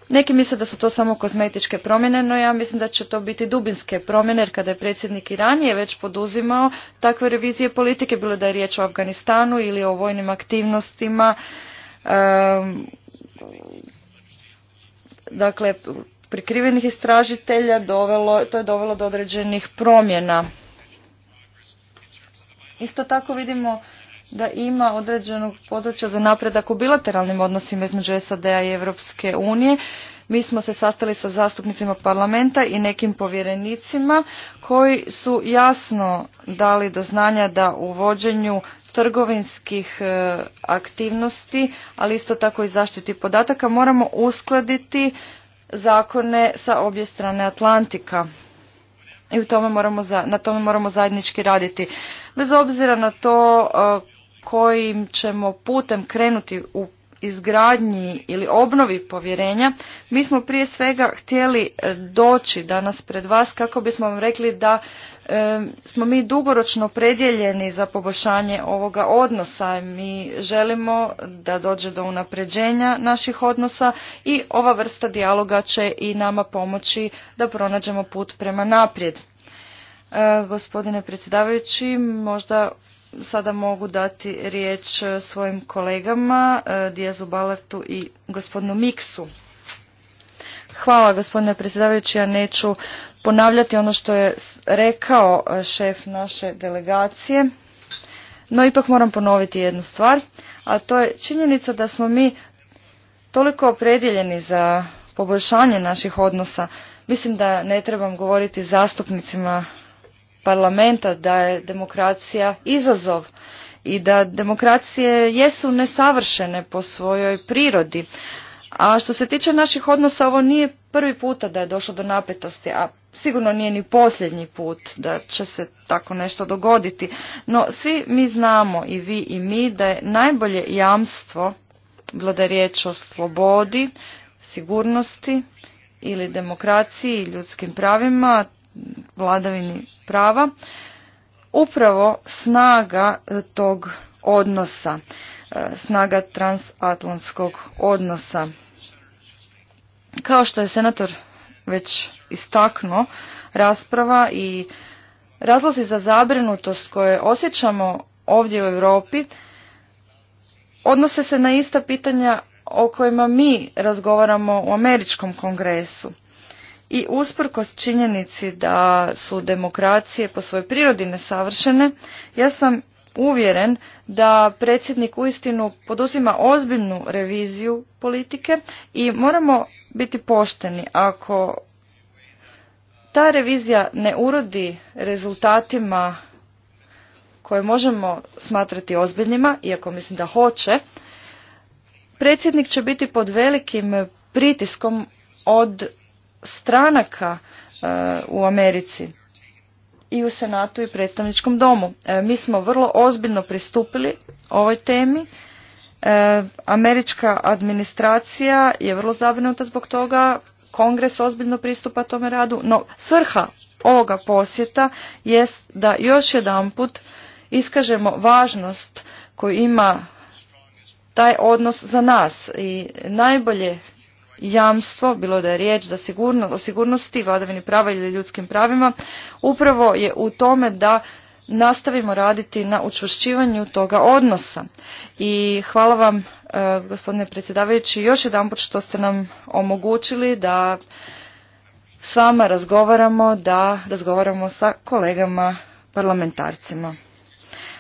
Neki misle da su to samo kozmetičke promjene, no ja mislim da će to biti dubinske promjene, jer kada je predsjednik i ranije već poduzimao takve revizije politike, bilo da je riječ o Afganistanu ili o vojnim aktivnostima, dakle, prikrivenih istražitelja, dovelo, to je dovelo do određenih promjena. Isto tako vidimo da ima određenog područja za napredak u bilateralnim odnosima između SAD-a i Europske unije. Mi smo se sastali sa zastupnicima parlamenta i nekim povjerenicima koji su jasno dali do znanja da u vođenju trgovinskih e, aktivnosti, ali isto tako i zaštiti podataka, moramo uskladiti zakone sa obje strane Atlantika. I u tome moramo, na tome moramo zajednički raditi. Bez obzira na to e, kojim ćemo putem krenuti u izgradnji ili obnovi povjerenja, mi smo prije svega htjeli e, doći danas pred vas kako bismo vam rekli da e, smo mi dugoročno predjeljeni za poboljšanje ovoga odnosa. Mi želimo da dođe do unapređenja naših odnosa i ova vrsta dijaloga će i nama pomoći da pronađemo put prema naprijed. E, gospodine predsjedavajući, možda sada mogu dati riječ e, svojim kolegama e, Dijezu Balertu i gospodinu Miksu. Hvala gospodine predsjedavajući, ja neću ponavljati ono što je rekao e, šef naše delegacije, no ipak moram ponoviti jednu stvar, a to je činjenica da smo mi toliko opredjeljeni za poboljšanje naših odnosa. Mislim da ne trebam govoriti zastupnicima parlamenta da je demokracija izazov i da demokracije jesu nesavršene po svojoj prirodi. A što se tiče naših odnosa, ovo nije prvi puta da je došlo do napetosti, a sigurno nije ni posljednji put da će se tako nešto dogoditi. No svi mi znamo i vi i mi da je najbolje jamstvo, bilo da je riječ o slobodi, sigurnosti ili demokraciji i ljudskim pravima, vladavini prava upravo snaga e, tog odnosa, e, snaga transatlantskog odnosa. Kao što je senator već istaknuo, rasprava i razlozi za zabrinutost koje osjećamo ovdje u Europi odnose se na ista pitanja o kojima mi razgovaramo u američkom kongresu i usprkos činjenici da su demokracije po svojoj prirodi nesavršene, ja sam uvjeren da predsjednik uistinu poduzima ozbiljnu reviziju politike i moramo biti pošteni ako ta revizija ne urodi rezultatima koje možemo smatrati ozbiljnima, iako mislim da hoće, predsjednik će biti pod velikim pritiskom od stranaka e, u Americi i u Senatu i predstavničkom domu. E, mi smo vrlo ozbiljno pristupili ovoj temi. E, američka administracija je vrlo zabrinuta zbog toga. Kongres ozbiljno pristupa tome radu. No, svrha ovoga posjeta jest da još jedanput iskažemo važnost koju ima taj odnos za nas i najbolje jamstvo, bilo da je riječ za sigurno, o sigurnosti, vladavini prava ili ljudskim pravima, upravo je u tome da nastavimo raditi na učvršćivanju toga odnosa. I hvala vam, e, gospodine predsjedavajući, još jedanput što ste nam omogućili da s vama razgovaramo, da razgovaramo sa kolegama parlamentarcima.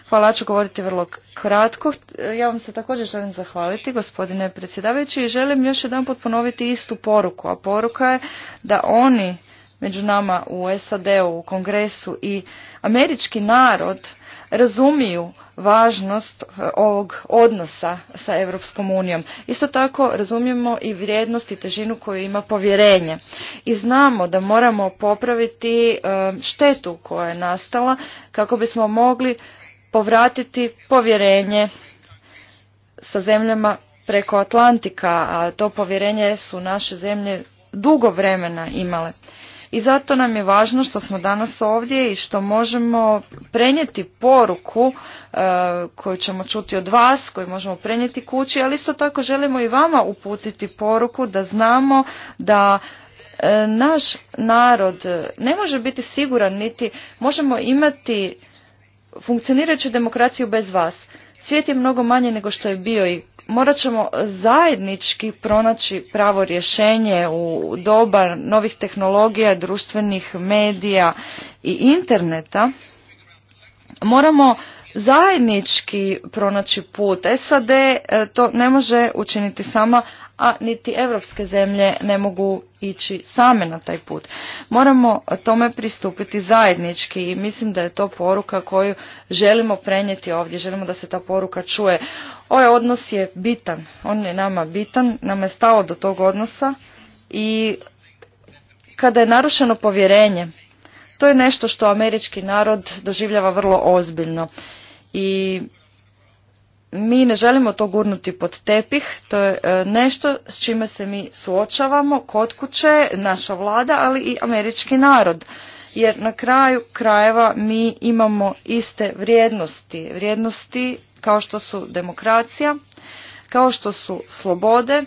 Hvala, ću govoriti vrlo kratko. Ja vam se također želim zahvaliti, gospodine predsjedavajući, i želim još jedan pot ponoviti istu poruku, a poruka je da oni među nama u SAD-u, u kongresu i američki narod razumiju važnost e, ovog odnosa sa Evropskom unijom. Isto tako razumijemo i vrijednost i težinu koju ima povjerenje. I znamo da moramo popraviti e, štetu koja je nastala kako bismo mogli povratiti povjerenje sa zemljama preko Atlantika, a to povjerenje su naše zemlje dugo vremena imale. I zato nam je važno što smo danas ovdje i što možemo prenijeti poruku e, koju ćemo čuti od vas, koju možemo prenijeti kući, ali isto tako želimo i vama uputiti poruku da znamo da e, naš narod ne može biti siguran niti možemo imati Funkcionirat će demokraciju bez vas. Svijet je mnogo manje nego što je bio i morat ćemo zajednički pronaći pravo rješenje u doba novih tehnologija, društvenih medija i interneta. Moramo zajednički pronaći put. SAD e, to ne može učiniti sama, a niti evropske zemlje ne mogu ići same na taj put. Moramo tome pristupiti zajednički i mislim da je to poruka koju želimo prenijeti ovdje, želimo da se ta poruka čuje. Ovaj odnos je bitan, on je nama bitan, nam je stalo do tog odnosa i kada je narušeno povjerenje, to je nešto što američki narod doživljava vrlo ozbiljno i mi ne želimo to gurnuti pod tepih, to je e, nešto s čime se mi suočavamo kod kuće, naša vlada, ali i američki narod. Jer na kraju krajeva mi imamo iste vrijednosti, vrijednosti kao što su demokracija, kao što su slobode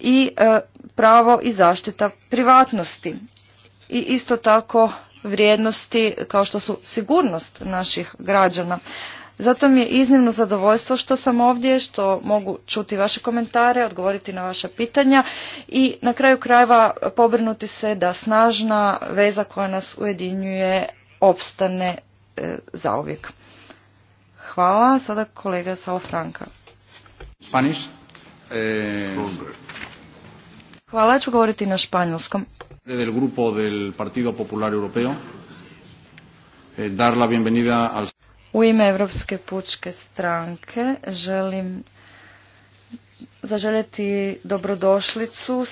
i e, pravo i zaštita privatnosti. I isto tako vrijednosti kao što su sigurnost naših građana. Zato mi je iznimno zadovoljstvo što sam ovdje, što mogu čuti vaše komentare, odgovoriti na vaša pitanja i na kraju krajeva pobrinuti se da snažna veza koja nas ujedinjuje opstane e, zauvijek. Hvala. Sada kolega Salafranka. Spaniš? E, Hvala, ću govoriti na španjolskom. Del grupo del Partido Popular Europeo, e, dar u ime Europske pučke stranke želim zaželjeti dobrodošlicu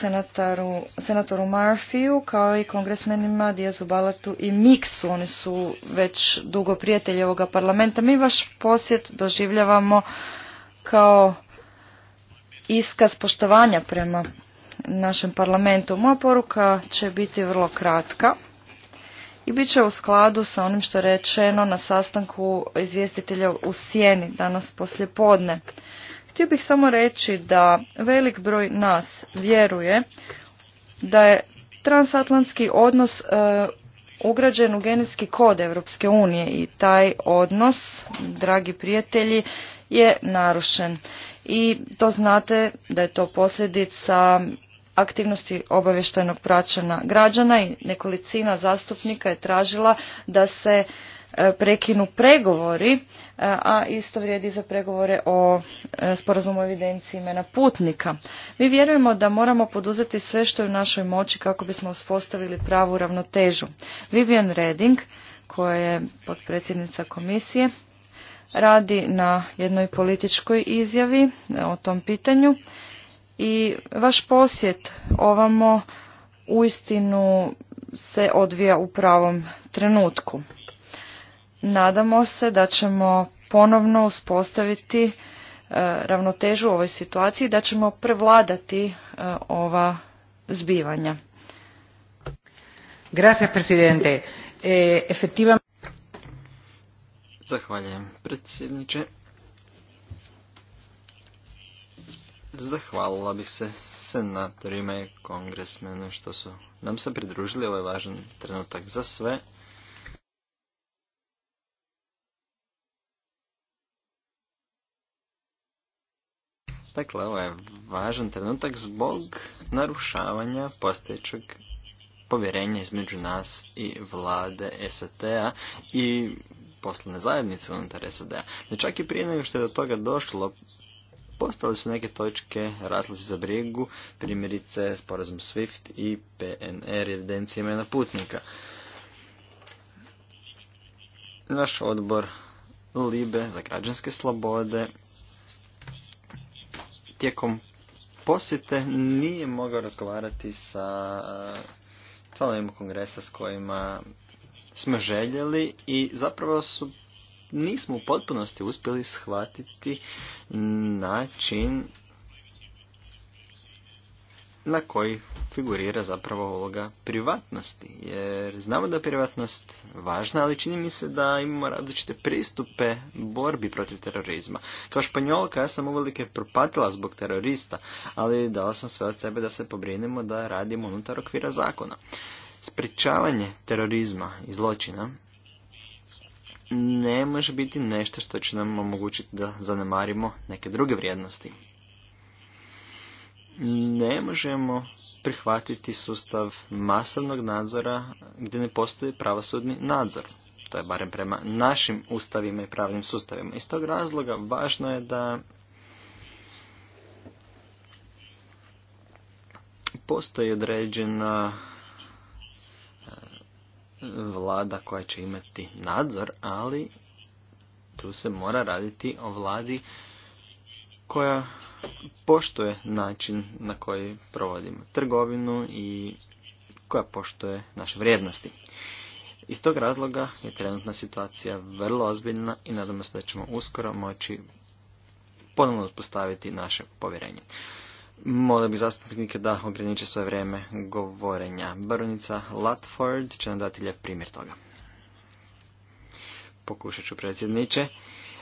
senatoru Murphyu kao i kongresmenima Diazu Balatu i Miksu. Oni su već dugo prijatelji ovoga parlamenta. Mi vaš posjet doživljavamo kao iskaz poštovanja prema našem parlamentu. Moja poruka će biti vrlo kratka i bit će u skladu sa onim što je rečeno na sastanku izvjestitelja u Sjeni danas poslje podne. Htio bih samo reći da velik broj nas vjeruje da je transatlantski odnos e, ugrađen u genetski kod Europske unije i taj odnos, dragi prijatelji, je narušen. I to znate da je to posljedica aktivnosti obavještajnog praćena građana i nekolicina zastupnika je tražila da se e, prekinu pregovori, e, a isto vrijedi za pregovore o e, sporazumu evidenciji imena putnika. Mi vjerujemo da moramo poduzeti sve što je u našoj moći kako bismo uspostavili pravu ravnotežu. Vivian Reding, koja je potpredsjednica komisije, radi na jednoj političkoj izjavi o tom pitanju i vaš posjet ovamo uistinu se odvija u pravom trenutku. Nadamo se da ćemo ponovno uspostaviti e, ravnotežu u ovoj situaciji, i da ćemo prevladati e, ova zbivanja. Grazie, presidente. Eh, Efektivam... Zahvaljujem, predsjedniče. Zahvalila bih se senatorima i kongresmenu što su nam se pridružili. Ovo je važan trenutak za sve. Dakle, ovo je važan trenutak zbog narušavanja postojećeg povjerenja između nas i vlade SAT-a i poslovne zajednice unutar SAD-a. čak i prije nego što je do toga došlo, Postali su neke točke razlazi za brigu, primjerice sporazum SWIFT i PNR evidencije imena putnika. Naš odbor Libe za građanske slobode tijekom posjete nije mogao razgovarati sa članovima kongresa s kojima smo željeli i zapravo su nismo u potpunosti uspjeli shvatiti način na koji figurira zapravo ovoga privatnosti. Jer znamo da je privatnost važna, ali čini mi se da imamo različite pristupe borbi protiv terorizma. Kao španjolka ja sam uvelike propatila zbog terorista, ali dala sam sve od sebe da se pobrinemo da radimo unutar okvira zakona. Sprečavanje terorizma i zločina ne može biti nešto što će nam omogućiti da zanemarimo neke druge vrijednosti. Ne možemo prihvatiti sustav masovnog nadzora gdje ne postoji pravosudni nadzor. To je barem prema našim ustavima i pravnim sustavima. Iz tog razloga važno je da postoji određena vlada koja će imati nadzor, ali tu se mora raditi o vladi koja poštuje način na koji provodimo trgovinu i koja poštuje naše vrijednosti. Iz tog razloga je trenutna situacija vrlo ozbiljna i nadamo se da ćemo uskoro moći ponovno uspostaviti naše povjerenje. Molim bih zastupnike da ograniče svoje vrijeme govorenja. Baronica Latford će nam dati lijep primjer toga. Pokušat ću predsjedniče.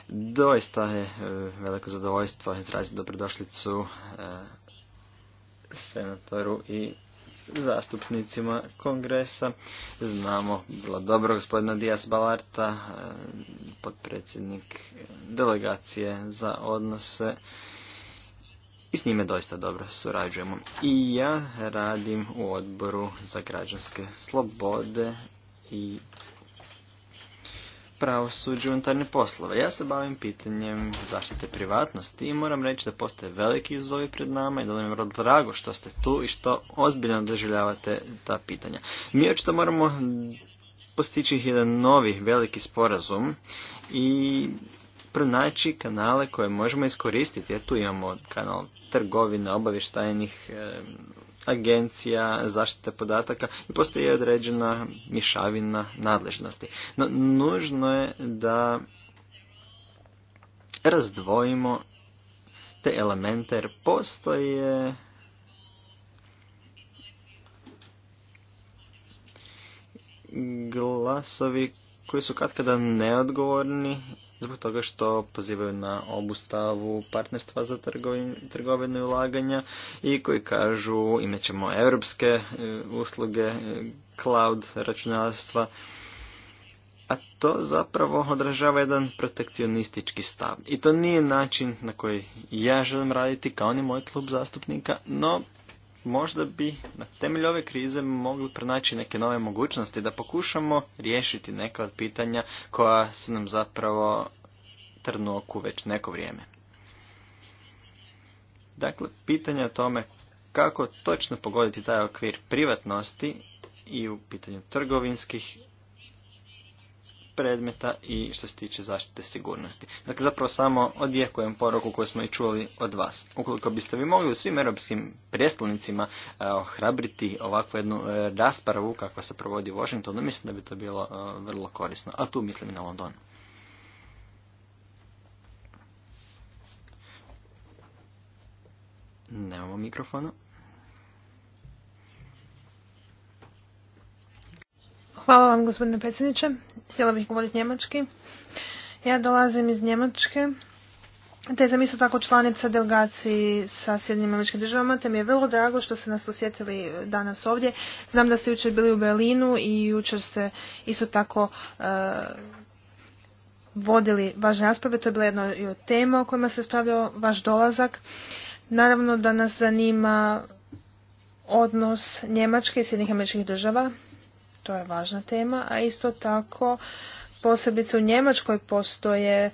Doista je e, veliko zadovoljstvo izraziti dobrodošlicu e, senatoru i zastupnicima kongresa. Znamo vrlo dobro gospodina Dias Balarta, e, potpredsjednik delegacije za odnose i s njime doista dobro surađujemo. I ja radim u odboru za građanske slobode i pravosuđu unutarnje poslove. Ja se bavim pitanjem zaštite privatnosti i moram reći da postoje veliki izazovi pred nama i da nam je vrlo drago što ste tu i što ozbiljno doživljavate ta pitanja. Mi očito moramo postići jedan novi veliki sporazum i pronaći kanale koje možemo iskoristiti. Jer tu imamo kanal trgovine, obavještajnih agencija, zaštite podataka i postoji određena mišavina nadležnosti. No, nužno je da razdvojimo te elemente jer postoje glasovi koji su katkada neodgovorni zbog toga što pozivaju na obustavu partnerstva za trgovinu i ulaganja i koji kažu imat ćemo europske e, usluge e, cloud računalstva, a to zapravo odražava jedan protekcionistički stav. I to nije način na koji ja želim raditi kao ni moj klub zastupnika, no možda bi na temelju ove krize mogli pronaći neke nove mogućnosti da pokušamo riješiti neka od pitanja koja su nam zapravo oku već neko vrijeme. Dakle, pitanje o tome kako točno pogoditi taj okvir privatnosti i u pitanju trgovinskih predmeta i što se tiče zaštite sigurnosti. Dakle, zapravo samo odjekujem poruku koju smo i čuli od vas. Ukoliko biste vi mogli u svim europskim prijestolnicima e, ohrabriti ovakvu jednu e, raspravu kakva se provodi u Washingtonu, mislim da bi to bilo e, vrlo korisno. A tu mislim i na Londonu. Nemamo mikrofona. Hvala vam gospodine predsjedniče. Htjela bih govoriti njemački. Ja dolazim iz Njemačke, te sam isto tako članica delegaciji sa Sjedinim američkim državama, te mi je vrlo drago što ste nas posjetili danas ovdje. Znam da ste jučer bili u Berlinu i jučer ste isto tako e, vodili važne rasprave, to je bila jedna od tema o kojima se spravio vaš dolazak. Naravno da nas zanima odnos Njemačke i Sjedinih američkih država. To je važna tema, a isto tako posebice u Njemačkoj postoje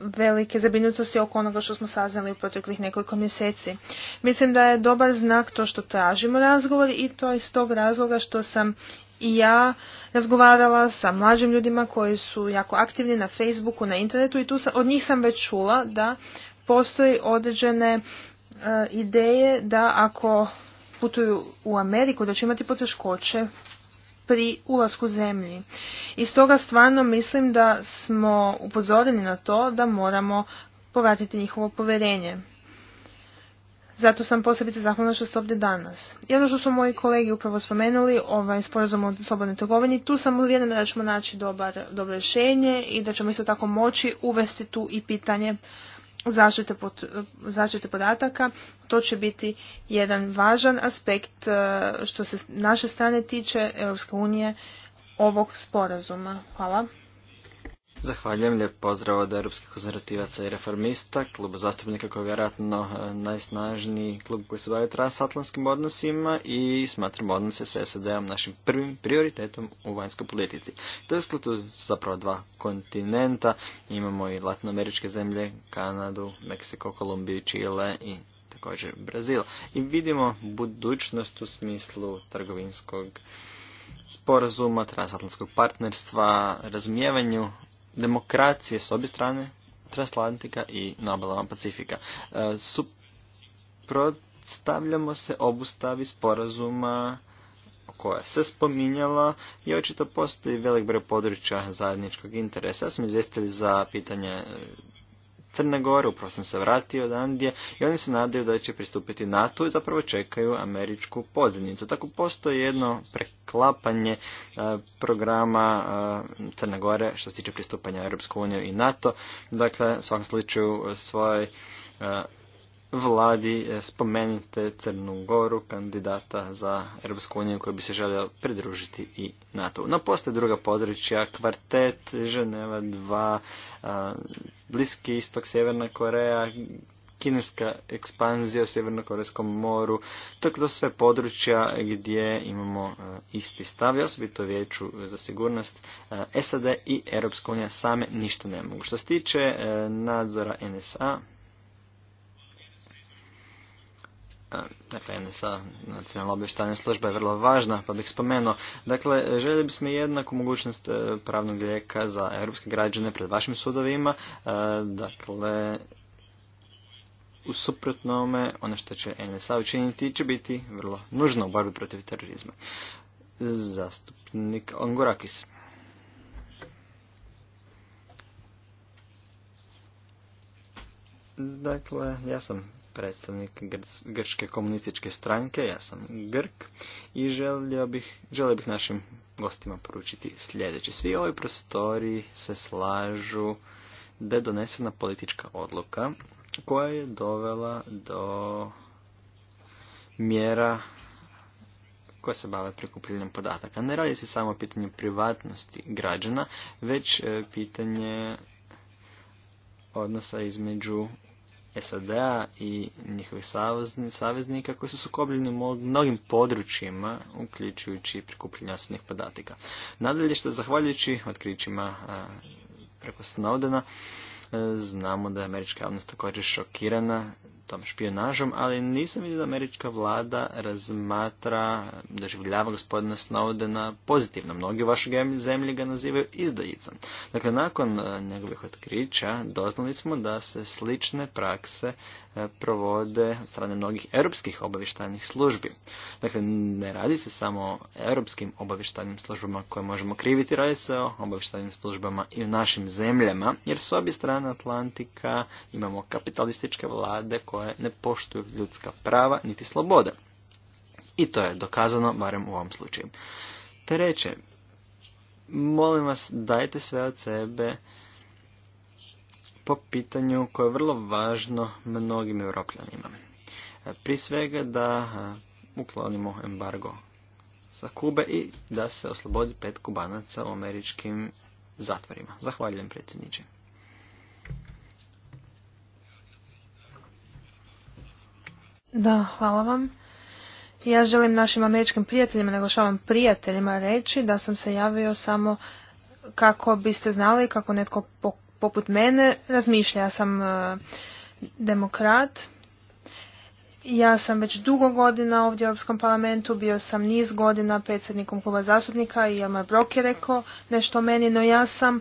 velike zabinutosti oko onoga što smo saznali u proteklih nekoliko mjeseci. Mislim da je dobar znak to što tražimo razgovor i to iz tog razloga što sam i ja razgovarala sa mlađim ljudima koji su jako aktivni na Facebooku, na internetu i tu sam, od njih sam već čula da postoji određene e, ideje da ako putuju u Ameriku da će imati poteškoće pri ulasku zemlji. I stoga stvarno mislim da smo upozoreni na to da moramo povratiti njihovo povjerenje. Zato sam posebice zahvalna što ste ovdje danas. Jedno što su moji kolegi upravo spomenuli, ovaj sporazum o slobodnoj trgovini, tu sam uvjerena da ćemo naći dobar, dobro rješenje i da ćemo isto tako moći uvesti tu i pitanje zaštite, podataka, to će biti jedan važan aspekt e, što se naše strane tiče Europske unije ovog sporazuma. Hvala. Zahvaljujem lijep pozdrav od Europskih konzervativaca i reformista, kluba zastupnika koji je vjerojatno e, najsnažniji klub koji se bavi transatlantskim odnosima i smatram odnose sa SAD-om našim prvim prioritetom u vanjskoj politici. To je sklutu zapravo dva kontinenta, imamo i latinoameričke zemlje, Kanadu, Meksiko, Kolumbiju, Čile i također Brazil. I vidimo budućnost u smislu trgovinskog sporazuma, transatlantskog partnerstva, razmijevanju demokracije s obje strane Transatlantika i na obalama Pacifika. E, suprotstavljamo se obustavi sporazuma koja se spominjala i očito postoji velik broj područja zajedničkog interesa. Ja sam izvjestili za pitanje Crne Gore, upravo sam se vratio Andije i oni se nadaju da će pristupiti NATO i zapravo čekaju američku pozivnicu. Tako postoji jedno preklapanje e, programa e, Crne Gore što se tiče pristupanja Europsku uniju i NATO. Dakle, u svakom slučaju svoj e, vladi e, spomenite Crnu Goru, kandidata za Europsku uniju koji bi se želio pridružiti i NATO. No postoje druga područja, kvartet, Ženeva 2, e, Bliski istok, Sjeverna Koreja, kineska ekspanzija u Sjevernokorejskom moru, tako da sve područja gdje imamo e, isti stav, osobito vijeću za sigurnost, SAD i Europska unija same ništa ne mogu. Što se tiče nadzora NSA, Dakle, NSA, nacionalna obještajna služba je vrlo važna, pa bih spomenuo. Dakle, željeli bismo jednaku mogućnost e, pravnog lijeka za europske građane pred vašim sudovima. E, dakle, u suprotnome, ono što će NSA učiniti će biti vrlo nužno u borbi protiv terorizma. Zastupnik Ongorakis. Dakle, ja sam predstavnik Grčke komunističke stranke, ja sam Grk i želio bih, našim gostima poručiti sljedeće. Svi ovi ovoj se slažu da je donesena politička odluka koja je dovela do mjera koje se bave prikupljenjem podataka. Ne radi se samo o pitanju privatnosti građana, već e, pitanje odnosa između SAD-a i njihovih saveznika koji su sukobljeni u mnogim područjima, uključujući prikupljanje osobnih podataka. Nadalje što zahvaljujući otkrićima preko Snowdena, e, znamo da je američka javnost također šokirana tom špionažom, ali nisam vidio da američka vlada razmatra, doživljava gospodina Snowdena pozitivno. Mnogi u vašoj zemlji ga nazivaju izdajicom. Dakle, nakon e, njegovih otkrića doznali smo da se slične prakse e, provode od strane mnogih europskih obavještajnih službi. Dakle, ne radi se samo o europskim obavještajnim službama koje možemo kriviti, radi se o obavještajnim službama i u našim zemljama, jer s obje strane Atlantika imamo kapitalističke vlade koje koje ne poštuju ljudska prava niti slobode. I to je dokazano, barem u ovom slučaju. Treće, molim vas dajte sve od sebe po pitanju koje je vrlo važno mnogim europljanima. Pri svega da uklonimo embargo sa Kube i da se oslobodi pet kubanaca u američkim zatvorima. Zahvaljujem predsjedniče. Da, hvala vam. Ja želim našim američkim prijateljima, naglašavam prijateljima, reći da sam se javio samo kako biste znali kako netko poput mene razmišlja. Ja sam e, demokrat. Ja sam već dugo godina ovdje u Europskom parlamentu, bio sam niz godina predsjednikom kluba zastupnika i Elmar Brok je rekao nešto o meni, no ja sam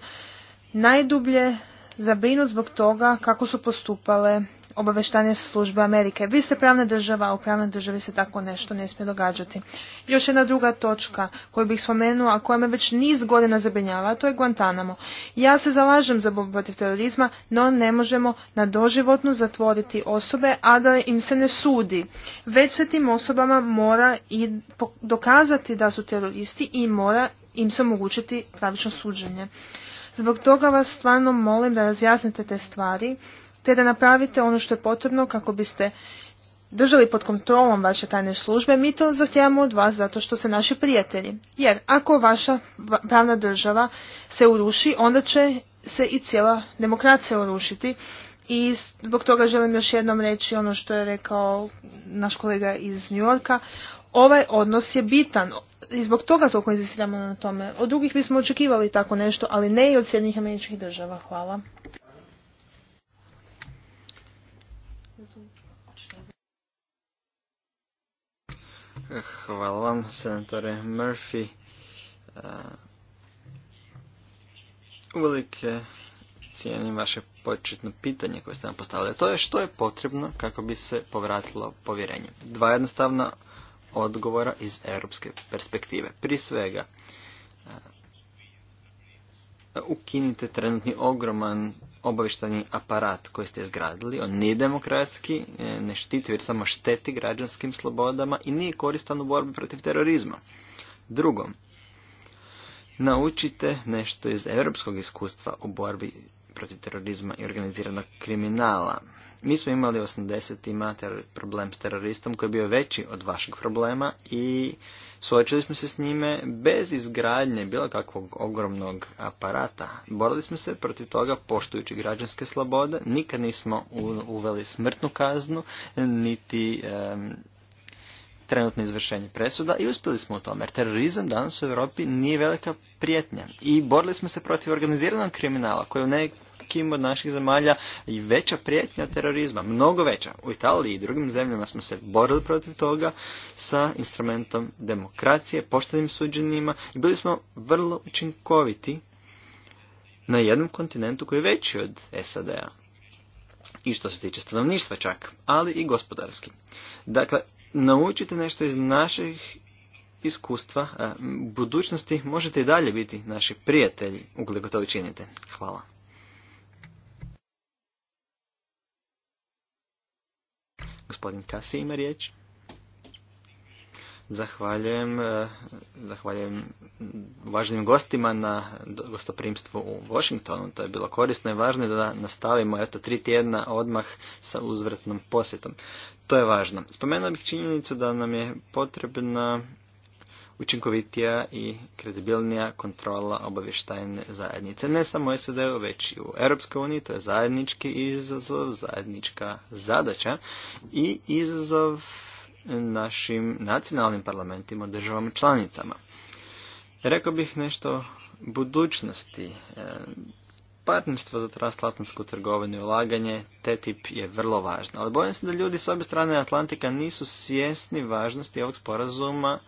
najdublje zabrinut zbog toga kako su postupale obavještanje službe Amerike. Vi ste pravna država, a u pravnoj državi se tako nešto ne smije događati. Još jedna druga točka koju bih spomenula, a koja me već niz godina zabrinjava, to je Guantanamo. Ja se zalažem za borbu protiv terorizma, no ne možemo na doživotno zatvoriti osobe, a da im se ne sudi. Već se tim osobama mora i dokazati da su teroristi i mora im se omogućiti pravično suđenje. Zbog toga vas stvarno molim da razjasnite te stvari te da napravite ono što je potrebno kako biste držali pod kontrolom vaše tajne službe, mi to zahtijevamo od vas zato što ste naši prijatelji. Jer ako vaša pravna država se uruši, onda će se i cijela demokracija urušiti. I zbog toga želim još jednom reći ono što je rekao naš kolega iz New Yorka. Ovaj odnos je bitan i zbog toga toliko inzistiramo na tome. Od drugih bismo očekivali tako nešto, ali ne i od Sjednih američkih država. Hvala. Hvala vam, senatore Murphy. E, uvelike cijenim vaše početno pitanje koje ste nam postavili. To je što je potrebno kako bi se povratilo povjerenje. Dva jednostavna odgovora iz europske perspektive. Prije svega, e, ukinite trenutni ogroman obavištani aparat koji ste izgradili, on nije demokratski, e, ne štiti već samo šteti građanskim slobodama i nije koristan u borbi protiv terorizma. Drugo, naučite nešto iz europskog iskustva u borbi protiv terorizma i organiziranog kriminala. Mi smo imali u 80-ima problem s teroristom koji je bio veći od vašeg problema i suočili smo se s njime bez izgradnje bilo kakvog ogromnog aparata. Borili smo se protiv toga poštujući građanske slobode, nikad nismo uveli smrtnu kaznu, niti trenutno izvršenje presuda i uspjeli smo u tome. Jer terorizam danas u Europi nije velika prijetnja. I borili smo se protiv organiziranog kriminala koji u kim od naših zemalja i veća prijetnja terorizma, mnogo veća. U Italiji i drugim zemljama smo se borili protiv toga sa instrumentom demokracije, poštenim suđenima i bili smo vrlo učinkoviti na jednom kontinentu koji je veći od SAD-a. I što se tiče stanovništva čak, ali i gospodarski. Dakle, naučite nešto iz naših iskustva budućnosti možete i dalje biti naši prijatelji ukoliko to učinite. Hvala. Gospodin Kasi ima riječ. Zahvaljujem, eh, zahvaljujem važnim gostima na gostoprimstvu u Washingtonu. To je bilo korisno i važno da nastavimo eto, tri tjedna odmah sa uzvratnom posjetom. To je važno. Spomenuo bih činjenicu da nam je potrebna učinkovitija i kredibilnija kontrola obavještajne zajednice. Ne samo SAD-u, već i u Europskoj uniji, to je zajednički izazov, zajednička zadaća i izazov našim nacionalnim parlamentima, državama članicama. Rekao bih nešto o budućnosti. E, partnerstvo za transatlantsku trgovinu i ulaganje, tip je vrlo važno. Ali bojim se da ljudi s obje strane Atlantika nisu svjesni važnosti ovog sporazuma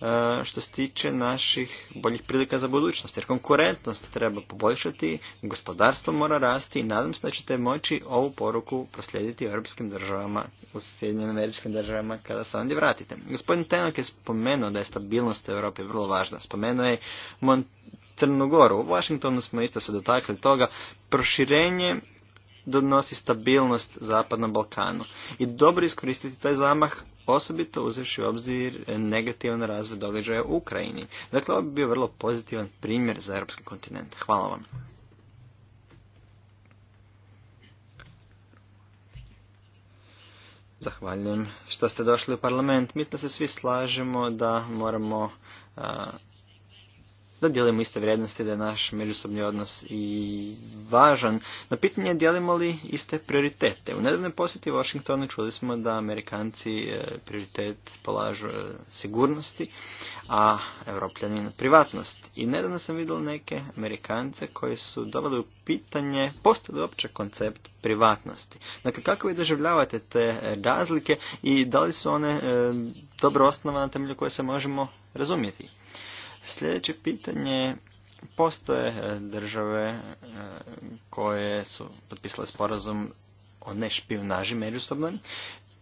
E, što se tiče naših boljih prilika za budućnost. Jer konkurentnost treba poboljšati, gospodarstvo mora rasti i nadam se da ćete moći ovu poruku proslijediti europskim državama, u Sjedinjenim američkim državama kada se ondje vratite. Gospodin Tenok je spomenuo da je stabilnost u Europi vrlo važna. Spomenuo je Mont Goru. U Washingtonu smo isto se dotakli toga. Proširenje donosi stabilnost Zapadnom Balkanu. I dobro iskoristiti taj zamah osobito uzevši u obzir negativan razvoj događaja u Ukrajini. Dakle, ovo bi bio vrlo pozitivan primjer za europski kontinent. Hvala vam. Zahvaljujem što ste došli u parlament. Mi se svi slažemo da moramo da dijelimo iste vrijednosti, da je naš međusobni odnos i važan. No pitanje je dijelimo li iste prioritete. U nedavnoj posjeti Washingtonu čuli smo da Amerikanci e, prioritet polažu e, sigurnosti, a Europljani na privatnost. I nedavno sam vidjela neke Amerikance koji su doveli u pitanje, postali uopće koncept privatnosti. Dakle, kako vi doživljavate te razlike i da li su one e, dobro osnova na temelju koje se možemo razumjeti? Sljedeće pitanje postoje e, države e, koje su potpisale sporazum o nešpionaži međusobnoj,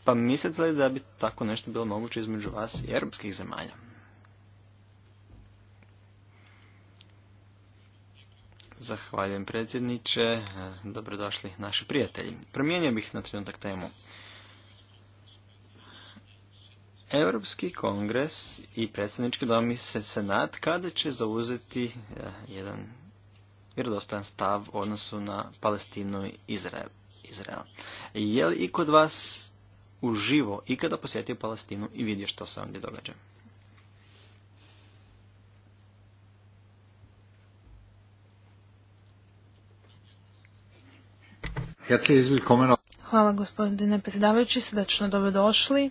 pa mislite li da bi tako nešto bilo moguće između vas i europskih zemalja? Zahvaljujem predsjedniče, e, dobrodošli naši prijatelji. Promijenio bih na trenutak temu. Europski kongres i predsjednički dom i senat kada će zauzeti eh, jedan vjerodostojan stav u odnosu na Palestinu i Izrael. Je li i kod vas uživo ikada posjetio Palestinu i vidio što se ondje događa? Hvala gospodine predsjedavajući, srdačno dobrodošli. došli.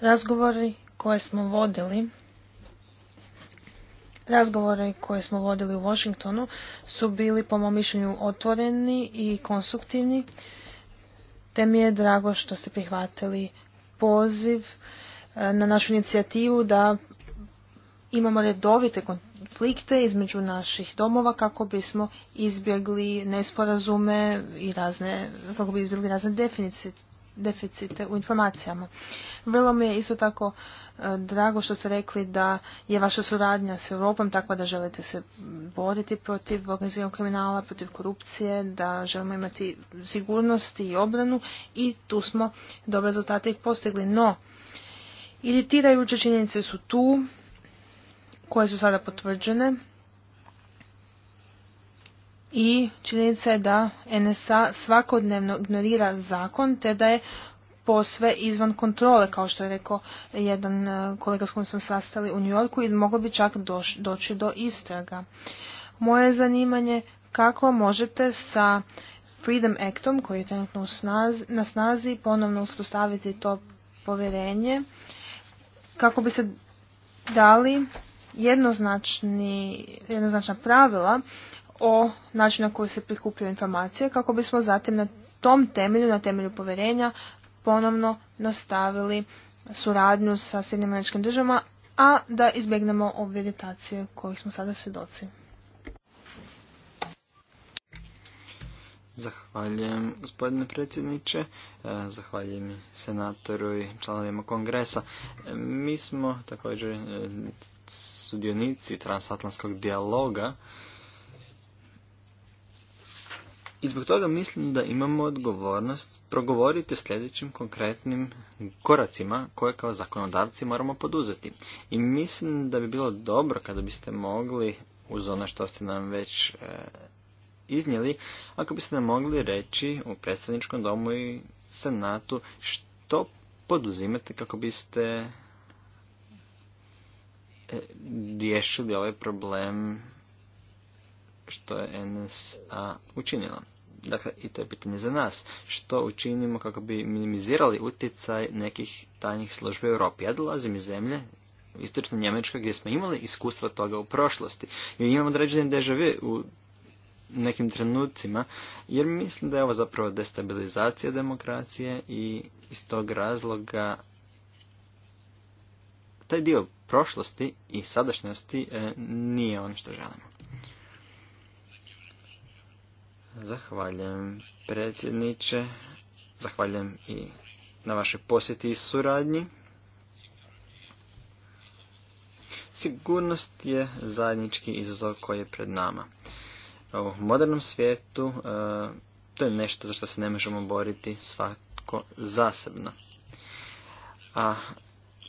Razgovori koje smo vodili Razgovori koje smo vodili u Washingtonu su bili po mom mišljenju otvoreni i konstruktivni, te mi je drago što ste prihvatili poziv e, na našu inicijativu da imamo redovite konflikte između naših domova kako bismo izbjegli nesporazume i razne, kako bi izbjegli razne deficite deficite u informacijama. Vrlo mi je isto tako e, drago što ste rekli da je vaša suradnja s Europom takva da želite se boriti protiv organiziranog kriminala, protiv korupcije, da želimo imati sigurnost i obranu i tu smo dobre rezultate ih postigli. No, iritirajuće činjenice su tu koje su sada potvrđene i činjenica je da NSA svakodnevno ignorira zakon te da je posve izvan kontrole, kao što je rekao jedan e, kolega s kojim smo sastali u New Yorku i moglo bi čak doći do istraga. Moje zanimanje kako možete sa Freedom Actom koji je trenutno na snazi ponovno uspostaviti to povjerenje kako bi se dali jednoznačni, jednoznačna pravila o načinu na koji se prikupljaju informacije kako bismo zatim na tom temelju, na temelju povjerenja ponovno nastavili suradnju sa Sjedinim američkim državama, a da izbjegnemo ove kojih smo sada svjedoci. Zahvaljujem gospodine predsjedniče, e, zahvaljujem senatoru i članovima kongresa. E, mi smo također e, sudionici transatlantskog dijaloga i zbog toga mislim da imamo odgovornost progovoriti o sljedećim konkretnim koracima koje kao zakonodavci moramo poduzeti. I mislim da bi bilo dobro kada biste mogli, uz ono što ste nam već e, iznijeli, ako biste nam mogli reći u predstavničkom domu i senatu što poduzimate kako biste e, riješili ovaj problem što je NSA učinila. Dakle, i to je pitanje za nas. Što učinimo kako bi minimizirali utjecaj nekih tajnih službi u Europi? Ja dolazim iz zemlje, istočno Njemačka, gdje smo imali iskustva toga u prošlosti. I imamo određeni dežavi u nekim trenucima, jer mislim da je ovo zapravo destabilizacija demokracije i iz tog razloga taj dio prošlosti i sadašnjosti e, nije ono što želimo. Zahvaljujem predsjedniče, zahvaljujem i na vašoj posjeti i suradnji. Sigurnost je zajednički izazov koji je pred nama. U modernom svijetu e, to je nešto za što se ne možemo boriti svatko zasebno. A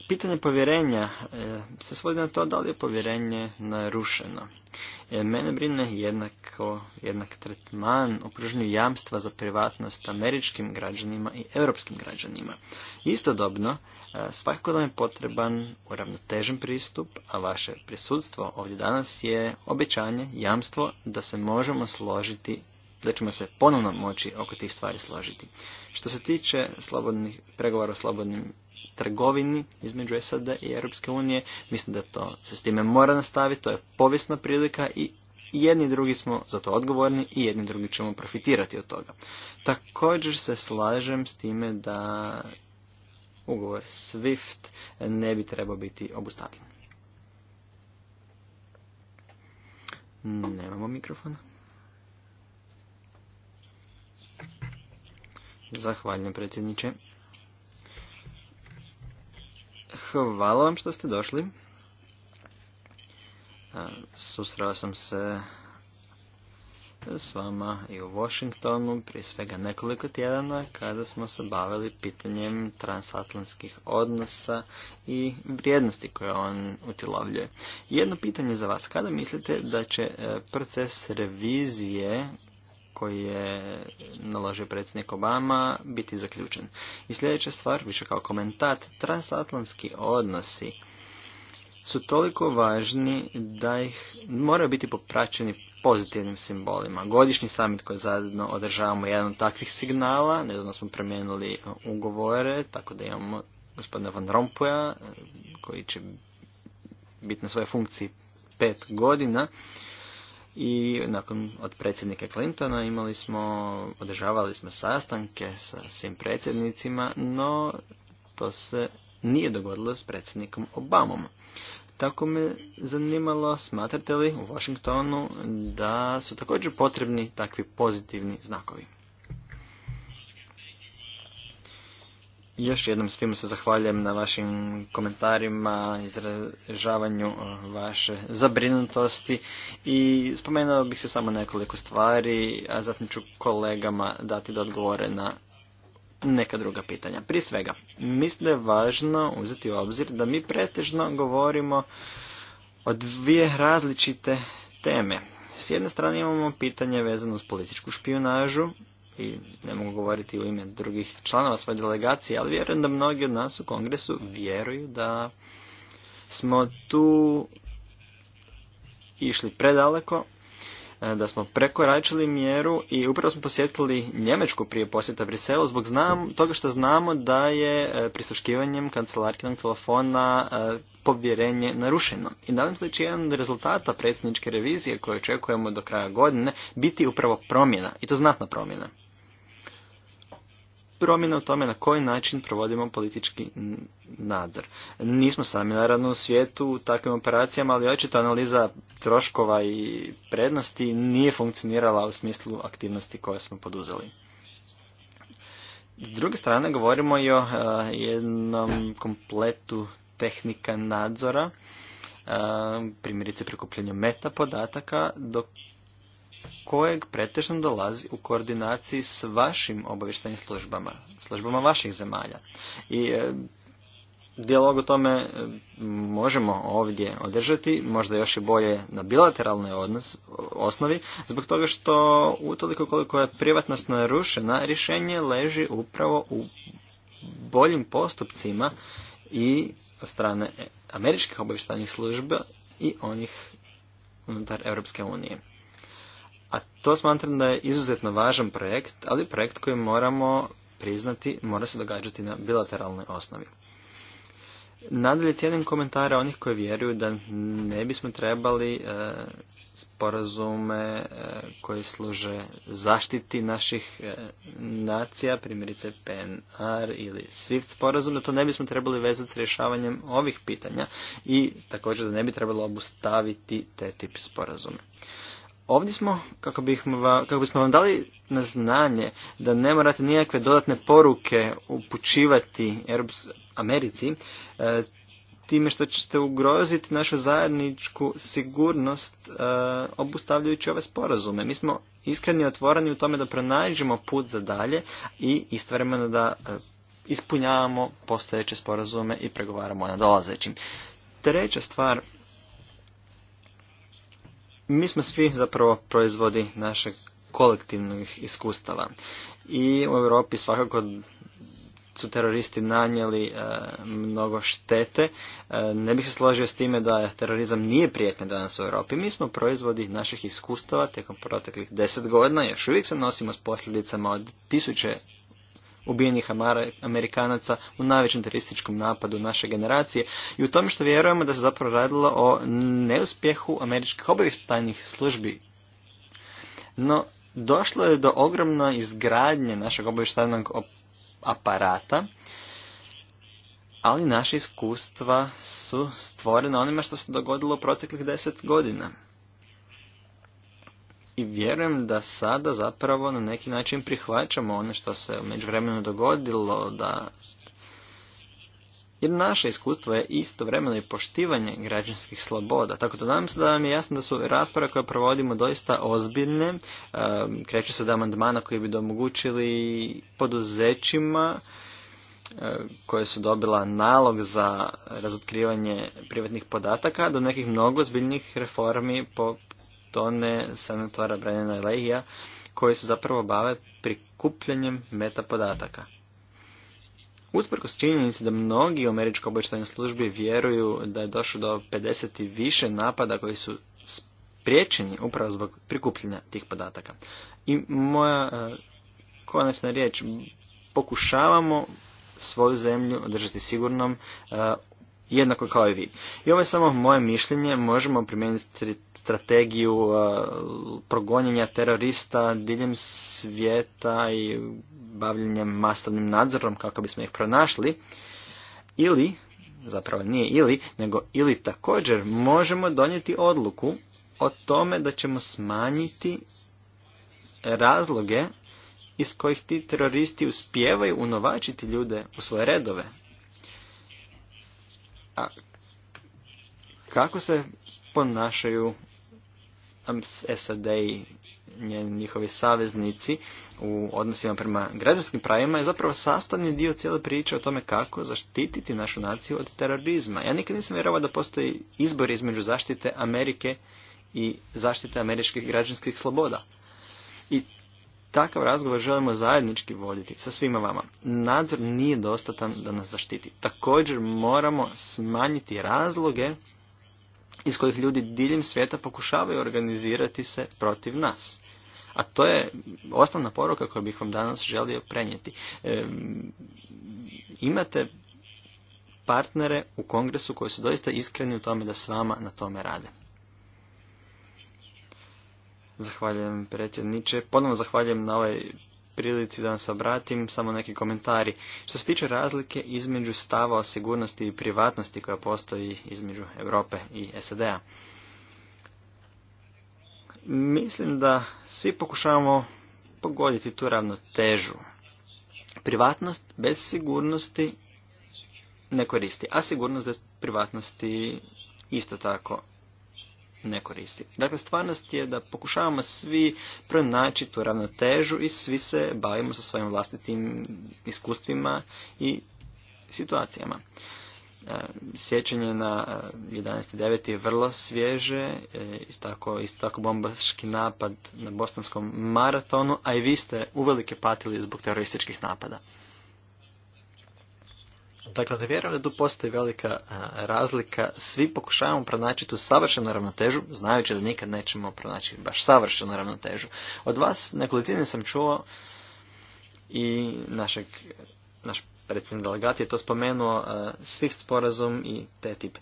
pitanje povjerenja e, se svodi na to da li je povjerenje narušeno mene brine jednako, jednak tretman u pružnju jamstva za privatnost američkim građanima i europskim građanima. Istodobno, e, svakako nam je potreban uravnotežen pristup, a vaše prisutstvo ovdje danas je obećanje, jamstvo da se možemo složiti da ćemo se ponovno moći oko tih stvari složiti. Što se tiče slobodnih, pregovora o slobodnim trgovini između SAD i Europske unije. Mislim da to se s time mora nastaviti, to je povijesna prilika i jedni i drugi smo za to odgovorni i jedni drugi ćemo profitirati od toga. Također se slažem s time da ugovor SWIFT ne bi trebao biti obustavljen. Nemamo mikrofona. Zahvaljujem predsjedniče. Hvala vam što ste došli. Susreo sam se s vama i u Washingtonu prije svega nekoliko tjedana kada smo se bavili pitanjem transatlantskih odnosa i vrijednosti koje on utilovljuje. Jedno pitanje za vas, kada mislite da će e, proces revizije koji je naložio predsjednik Obama biti zaključen. I sljedeća stvar, više kao komentat, transatlantski odnosi su toliko važni da ih moraju biti popraćeni pozitivnim simbolima. Godišnji summit koji zajedno održavamo je jedan od takvih signala, nedavno smo promijenili ugovore, tako da imamo gospodina Van Rompuja koji će biti na svojoj funkciji pet godina i nakon od predsjednika Clintona imali smo, održavali smo sastanke sa svim predsjednicima, no to se nije dogodilo s predsjednikom Obamom. Tako me zanimalo, smatrate li u Washingtonu da su također potrebni takvi pozitivni znakovi? Još jednom svima se zahvaljujem na vašim komentarima, izražavanju e, vaše zabrinutosti i spomenuo bih se samo nekoliko stvari, a zatim ću kolegama dati da odgovore na neka druga pitanja. Prije svega, mislim da je važno uzeti u obzir da mi pretežno govorimo o dvije različite teme. S jedne strane imamo pitanje vezano uz političku špionažu i ne mogu govoriti u ime drugih članova svoje delegacije, ali vjerujem da mnogi od nas u kongresu vjeruju da smo tu išli predaleko, e, da smo prekoračili mjeru i upravo smo posjetili Njemačku prije posjeta Briselu zbog znam, toga što znamo da je e, prisluškivanjem kancelarkinog telefona e, povjerenje narušeno. I nadam se da će jedan od rezultata predsjedničke revizije koje očekujemo do kraja godine biti upravo promjena i to znatna promjena promjena u tome na koji način provodimo politički nadzor. Nismo sami naravno u svijetu u takvim operacijama, ali očito analiza troškova i prednosti nije funkcionirala u smislu aktivnosti koje smo poduzeli. S druge strane govorimo i o e, jednom kompletu tehnika nadzora, e, primjerice prikupljenju meta podataka, dok kojeg pretežno dolazi u koordinaciji s vašim obavještajnim službama, službama vaših zemalja. I e, dijalog o tome e, možemo ovdje održati, možda još i bolje na bilateralnoj odnos, osnovi, zbog toga što utoliko koliko je privatnost narušena, rješenje leži upravo u boljim postupcima i od strane američkih obavještajnih služba i onih unutar Europske unije. A to smatram da je izuzetno važan projekt, ali projekt koji moramo priznati mora se događati na bilateralnoj osnovi. Nadalje cijenim komentara onih koji vjeruju da ne bismo trebali e, sporazume e, koji služe zaštiti naših e, nacija, primjerice PNR ili SWIFT sporazume, da to ne bismo trebali vezati s rješavanjem ovih pitanja i također da ne bi trebalo obustaviti te tip sporazume. Ovdje smo kako, bih kako bismo vam dali na znanje da ne morate nijakve dodatne poruke upućivati Americi e, time što ćete ugroziti našu zajedničku sigurnost e, obustavljajući ove sporazume. Mi smo iskreni otvoreni u tome da pronađemo put za dalje i istovremeno da e, ispunjavamo postojeće sporazume i pregovaramo o nadolazećim. Treća stvar mi smo svi zapravo proizvodi našeg kolektivnih iskustava. I u Europi svakako su teroristi nanijeli e, mnogo štete. E, ne bih se složio s time da terorizam nije prijetnja danas u Europi. Mi smo proizvodi naših iskustava tijekom proteklih deset godina. Još uvijek se nosimo s posljedicama od tisuće ubijenih Amerikanaca u najvećem terorističkom napadu naše generacije i u tome što vjerujemo da se zapravo radilo o neuspjehu američkih obavještajnih službi. No, došlo je do ogromno izgradnje našeg obavještajnog aparata, ali naše iskustva su stvorena onima što se dogodilo u proteklih deset godina i vjerujem da sada zapravo na neki način prihvaćamo ono što se među međuvremenu dogodilo, da jer naše iskustvo je istovremeno i poštivanje građanskih sloboda. Tako da nadam se da vam je jasno da su rasprave koje provodimo doista ozbiljne. E, kreću se da amandmana koji bi domogućili poduzećima e, koje su dobila nalog za razotkrivanje privatnih podataka do nekih mnogo ozbiljnih reformi po tone sanatora Brennana Legija koji se zapravo bave prikupljanjem metapodataka. s činjenici da mnogi u američkoj službe službi vjeruju da je došlo do 50 i više napada koji su spriječeni upravo zbog prikupljanja tih podataka. I moja e, konačna riječ, pokušavamo svoju zemlju održati sigurnom e, jednako kao i vi. I ovo je samo moje mišljenje, možemo primijeniti strategiju uh, progonjenja terorista diljem svijeta i bavljenjem masovnim nadzorom kako bismo ih pronašli. Ili, zapravo nije ili, nego ili također možemo donijeti odluku o tome da ćemo smanjiti razloge iz kojih ti teroristi uspijevaju unovačiti ljude u svoje redove kako se ponašaju SAD i njihovi saveznici u odnosima prema građanskim pravima je zapravo sastavni dio cijele priče o tome kako zaštititi našu naciju od terorizma. Ja nikad nisam vjerovao da postoji izbor između zaštite Amerike i zaštite američkih građanskih sloboda. I takav razgovor želimo zajednički voditi sa svima vama. Nadzor nije dostatan da nas zaštiti. Također moramo smanjiti razloge iz kojih ljudi diljem svijeta pokušavaju organizirati se protiv nas. A to je osnovna poruka koju bih vam danas želio prenijeti. E, imate partnere u kongresu koji su doista iskreni u tome da s vama na tome rade. Zahvaljujem predsjedniče. Ponovno zahvaljujem na ovoj prilici da vam se obratim, samo neki komentari. Što se tiče razlike između stava o sigurnosti i privatnosti koja postoji između Europe i SAD-a. Mislim da svi pokušavamo pogoditi tu ravnotežu. Privatnost bez sigurnosti ne koristi, a sigurnost bez privatnosti isto tako ne koristi. Dakle, stvarnost je da pokušavamo svi pronaći tu ravnotežu i svi se bavimo sa svojim vlastitim iskustvima i situacijama. E, sjećanje na 11.9. E, je vrlo svježe, e, isto tako, isto tako bombaški napad na bostanskom maratonu, a i vi ste uvelike patili zbog terorističkih napada. Dakle, ne vjerujem da tu postoji velika e, razlika. Svi pokušavamo pronaći tu savršenu ravnotežu, znajući da nikad nećemo pronaći baš savršenu ravnotežu. Od vas nekolicine sam čuo i našeg, naš predsjednik delegat je to spomenuo, e, svih sporazum i te tip.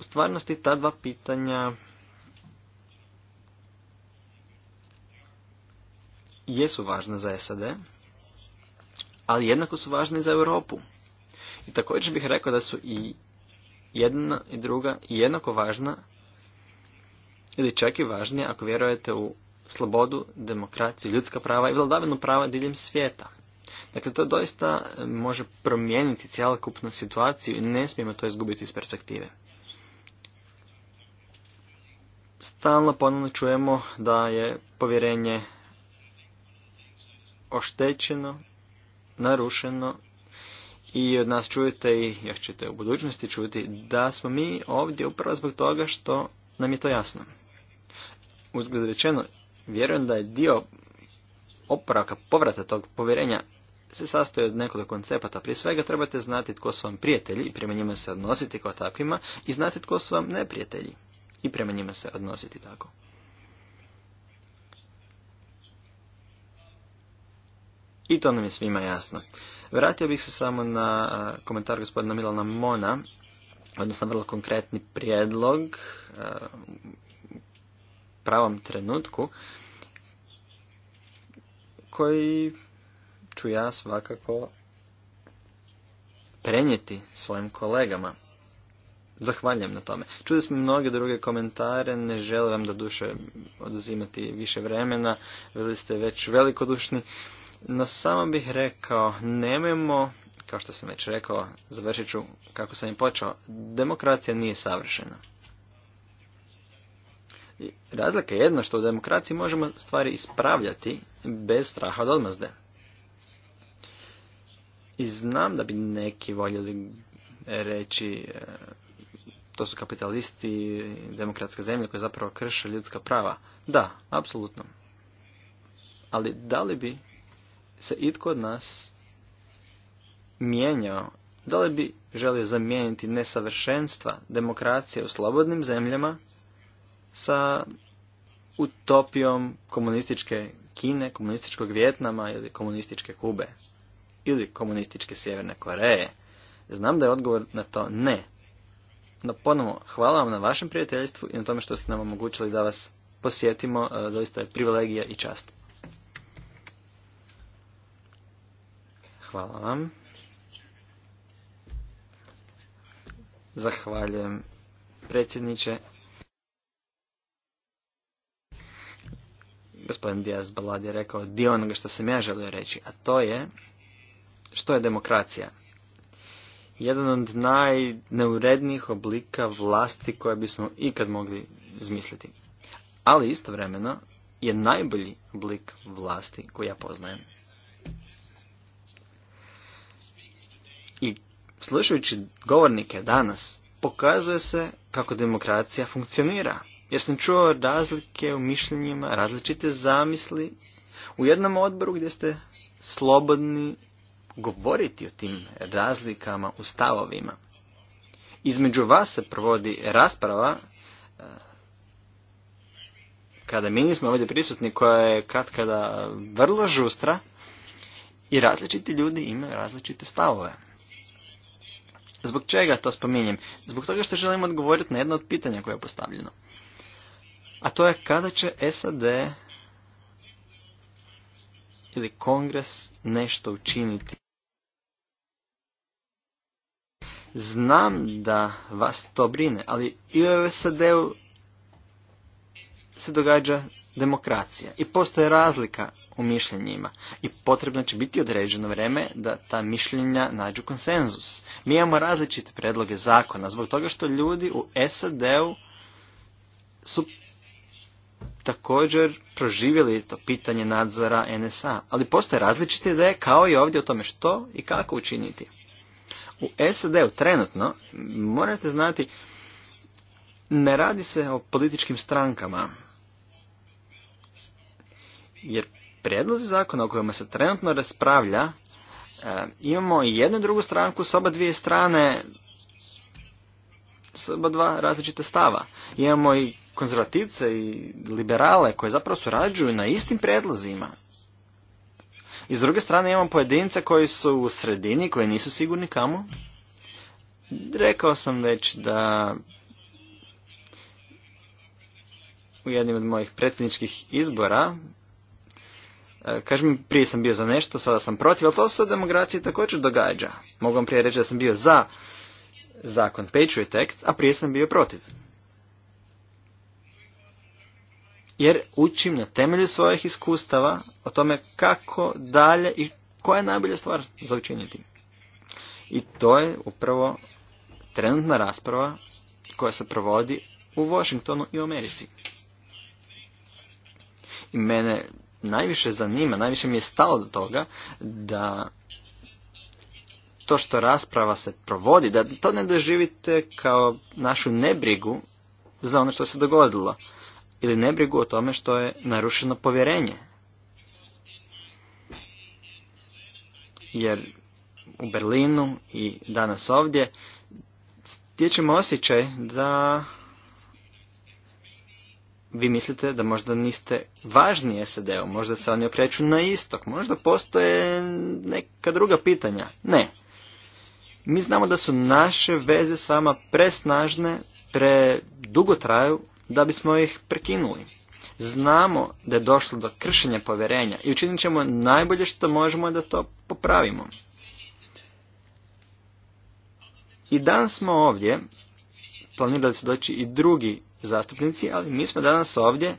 U stvarnosti ta dva pitanja jesu važna za SAD, ali jednako su važne i za Europu. I također bih rekao da su i jedna i druga jednako važna ili čak i važnije ako vjerujete u slobodu, demokraciju, ljudska prava i vladavinu prava diljem svijeta. Dakle, to doista e, može promijeniti cjelokupnu situaciju i ne smijemo to izgubiti iz perspektive. Stalno ponovno čujemo da je povjerenje oštećeno, narušeno i od nas čujete i još ćete u budućnosti čuti da smo mi ovdje upravo zbog toga što nam je to jasno. Uzgled rečeno, vjerujem da je dio oporaka povrata tog povjerenja se sastoji od nekoliko koncepata. Prije svega trebate znati tko su vam prijatelji i prema njima se odnositi kao takvima i znati tko su vam neprijatelji i prema njima se odnositi tako. I to nam je svima jasno. Vratio bih se samo na komentar gospodina Milana Mona, odnosno vrlo konkretni prijedlog u pravom trenutku koji ću ja svakako prenijeti svojim kolegama. Zahvaljujem na tome. Čuli smo mnoge druge komentare, ne želim vam da duše oduzimati više vremena, bili ste već velikodušni na samo bih rekao, nemojmo, kao što sam već rekao, završit ću kako sam i počeo, demokracija nije savršena. razlika je jedna što u demokraciji možemo stvari ispravljati bez straha od odmazde. I znam da bi neki voljeli reći e, to su kapitalisti, demokratske zemlje koje zapravo krše ljudska prava. Da, apsolutno. Ali da li bi se itko od nas mijenjao, da li bi želio zamijeniti nesavršenstva demokracije u slobodnim zemljama sa utopijom komunističke Kine, komunističkog Vjetnama ili komunističke Kube ili komunističke Sjeverne Koreje. Znam da je odgovor na to ne. No ponovno, hvala vam na vašem prijateljstvu i na tome što ste nam omogućili da vas posjetimo. E, doista je privilegija i čast. Hvala vam. Zahvaljujem predsjedniče. Gospodin Diaz Balad je rekao dio onoga što sam ja želio reći, a to je što je demokracija. Jedan od najneurednijih oblika vlasti koje bismo ikad mogli izmisliti. Ali istovremeno je najbolji oblik vlasti koji ja poznajem. Slušajući govornike danas, pokazuje se kako demokracija funkcionira. Ja sam čuo razlike u mišljenjima, različite zamisli. U jednom odboru gdje ste slobodni govoriti o tim razlikama u stavovima. Između vas se provodi rasprava e, kada mi nismo ovdje prisutni koja je kad kada vrlo žustra i različiti ljudi imaju različite stavove. Zbog čega to spominjem? Zbog toga što želim odgovoriti na jedno od pitanja koje je postavljeno. A to je kada će SAD ili kongres nešto učiniti. Znam da vas to brine, ali i u SAD-u se događa demokracija i postoje razlika u mišljenjima i potrebno će biti određeno vrijeme da ta mišljenja nađu konsenzus. Mi imamo različite predloge zakona zbog toga što ljudi u SAD-u su također proživjeli to pitanje nadzora NSA, ali postoje različite ideje kao i ovdje o tome što i kako učiniti. U SAD-u trenutno morate znati ne radi se o političkim strankama jer predlozi zakona o kojima se trenutno raspravlja, e, imamo i jednu i drugu stranku s oba dvije strane s oba dva različita stava. Imamo i konzervativce i liberale koje zapravo surađuju na istim predlozima. I s druge strane imamo pojedince koji su u sredini, koji nisu sigurni kamo. Rekao sam već da u jednim od mojih predsjedničkih izbora E, kažem, prije sam bio za nešto, sada sam protiv, ali to se u demokraciji također događa. Mogu vam prije reći da sam bio za zakon Patriot Act, a prije sam bio protiv. Jer učim na temelju svojih iskustava o tome kako dalje i koja je najbolja stvar za učiniti. I to je upravo trenutna rasprava koja se provodi u Washingtonu i u Americi. I mene najviše zanima, najviše mi je stalo do toga da to što rasprava se provodi, da to ne doživite kao našu nebrigu za ono što se dogodilo ili nebrigu o tome što je narušeno povjerenje. Jer u Berlinu i danas ovdje stječemo osjećaj da vi mislite da možda niste važni SAD-u, možda se oni okreću na istok, možda postoje neka druga pitanja. Ne. Mi znamo da su naše veze s vama presnažne, pre dugo traju da bismo ih prekinuli. Znamo da je došlo do kršenja povjerenja i učinit ćemo najbolje što možemo da to popravimo. I dan smo ovdje, planirali su doći i drugi zastupnici, ali mi smo danas ovdje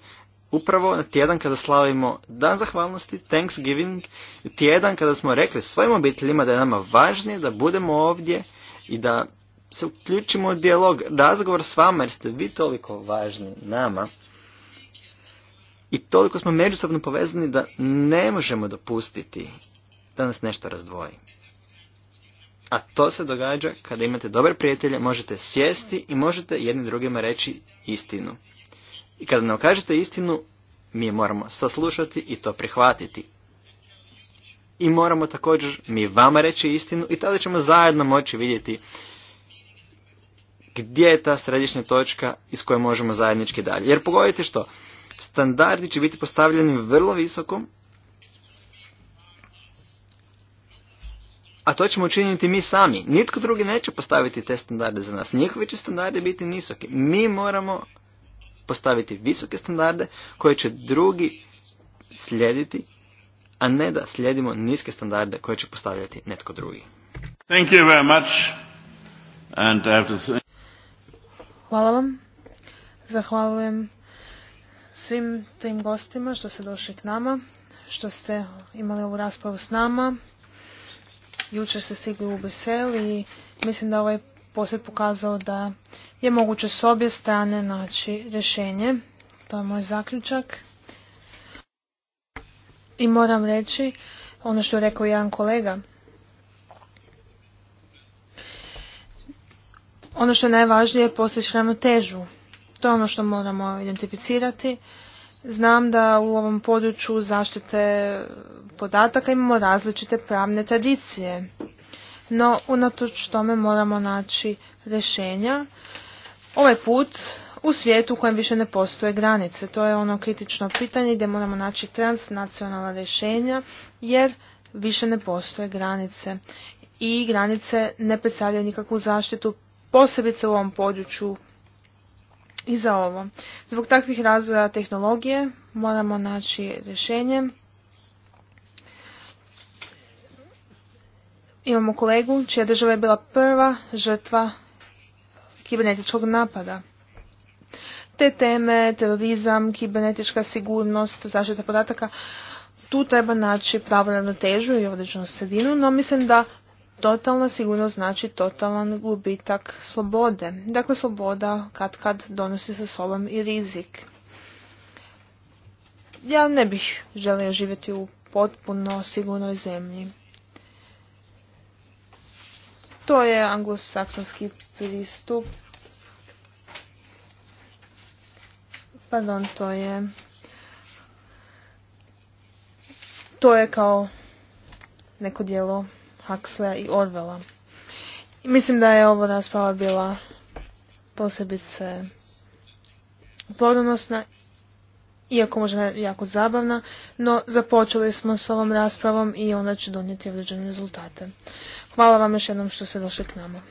upravo na tjedan kada slavimo Dan zahvalnosti, Thanksgiving, tjedan kada smo rekli svojim obiteljima da je nama važnije da budemo ovdje i da se uključimo u dijalog, razgovor s vama jer ste vi toliko važni nama. I toliko smo međusobno povezani da ne možemo dopustiti da nas nešto razdvoji. A to se događa kada imate dobre prijatelje, možete sjesti i možete jednim drugima reći istinu. I kada nam kažete istinu, mi je moramo saslušati i to prihvatiti. I moramo također mi vama reći istinu i tada ćemo zajedno moći vidjeti gdje je ta središnja točka iz koje možemo zajednički dalje. Jer pogodite što, standardi će biti postavljeni vrlo visoko A to ćemo učiniti mi sami. Nitko drugi neće postaviti te standarde za nas. Njihovi će standarde biti nisoki. Mi moramo postaviti visoke standarde koje će drugi slijediti, a ne da slijedimo niske standarde koje će postavljati netko drugi. Thank you very much. And Hvala vam. Zahvaljujem svim tim gostima što ste došli k nama, što ste imali ovu raspravu s nama jučer ste stigli u Brisel i mislim da ovaj posjet pokazao da je moguće s obje strane naći rješenje. To je moj zaključak. I moram reći ono što je rekao jedan kolega. Ono što je najvažnije je postići ravnotežu. To je ono što moramo identificirati Znam da u ovom području zaštite podataka imamo različite pravne tradicije, no unatoč tome moramo naći rješenja. Ovaj put u svijetu u kojem više ne postoje granice. To je ono kritično pitanje gdje moramo naći transnacionalna rješenja jer više ne postoje granice. I granice ne predstavljaju nikakvu zaštitu posebice u ovom području i za ovo. Zbog takvih razvoja tehnologije moramo naći rješenje. Imamo kolegu čija država je bila prva žrtva kibernetičkog napada. Te teme, terorizam, kibernetička sigurnost, zaštita podataka, tu treba naći pravo ravnotežu i određenu sredinu, no mislim da Totalna sigurnost znači totalan gubitak slobode. Dakle, sloboda kad kad donosi sa sobom i rizik. Ja ne bih želio živjeti u potpuno sigurnoj zemlji. To je anglosaksonski pristup. Pardon, to je... To je kao neko dijelo Huxleya i Orvela. Mislim da je ovo rasprava bila posebice plodonosna, iako možda jako zabavna, no započeli smo s ovom raspravom i ona će donijeti određene rezultate. Hvala vam još jednom što ste došli k nama.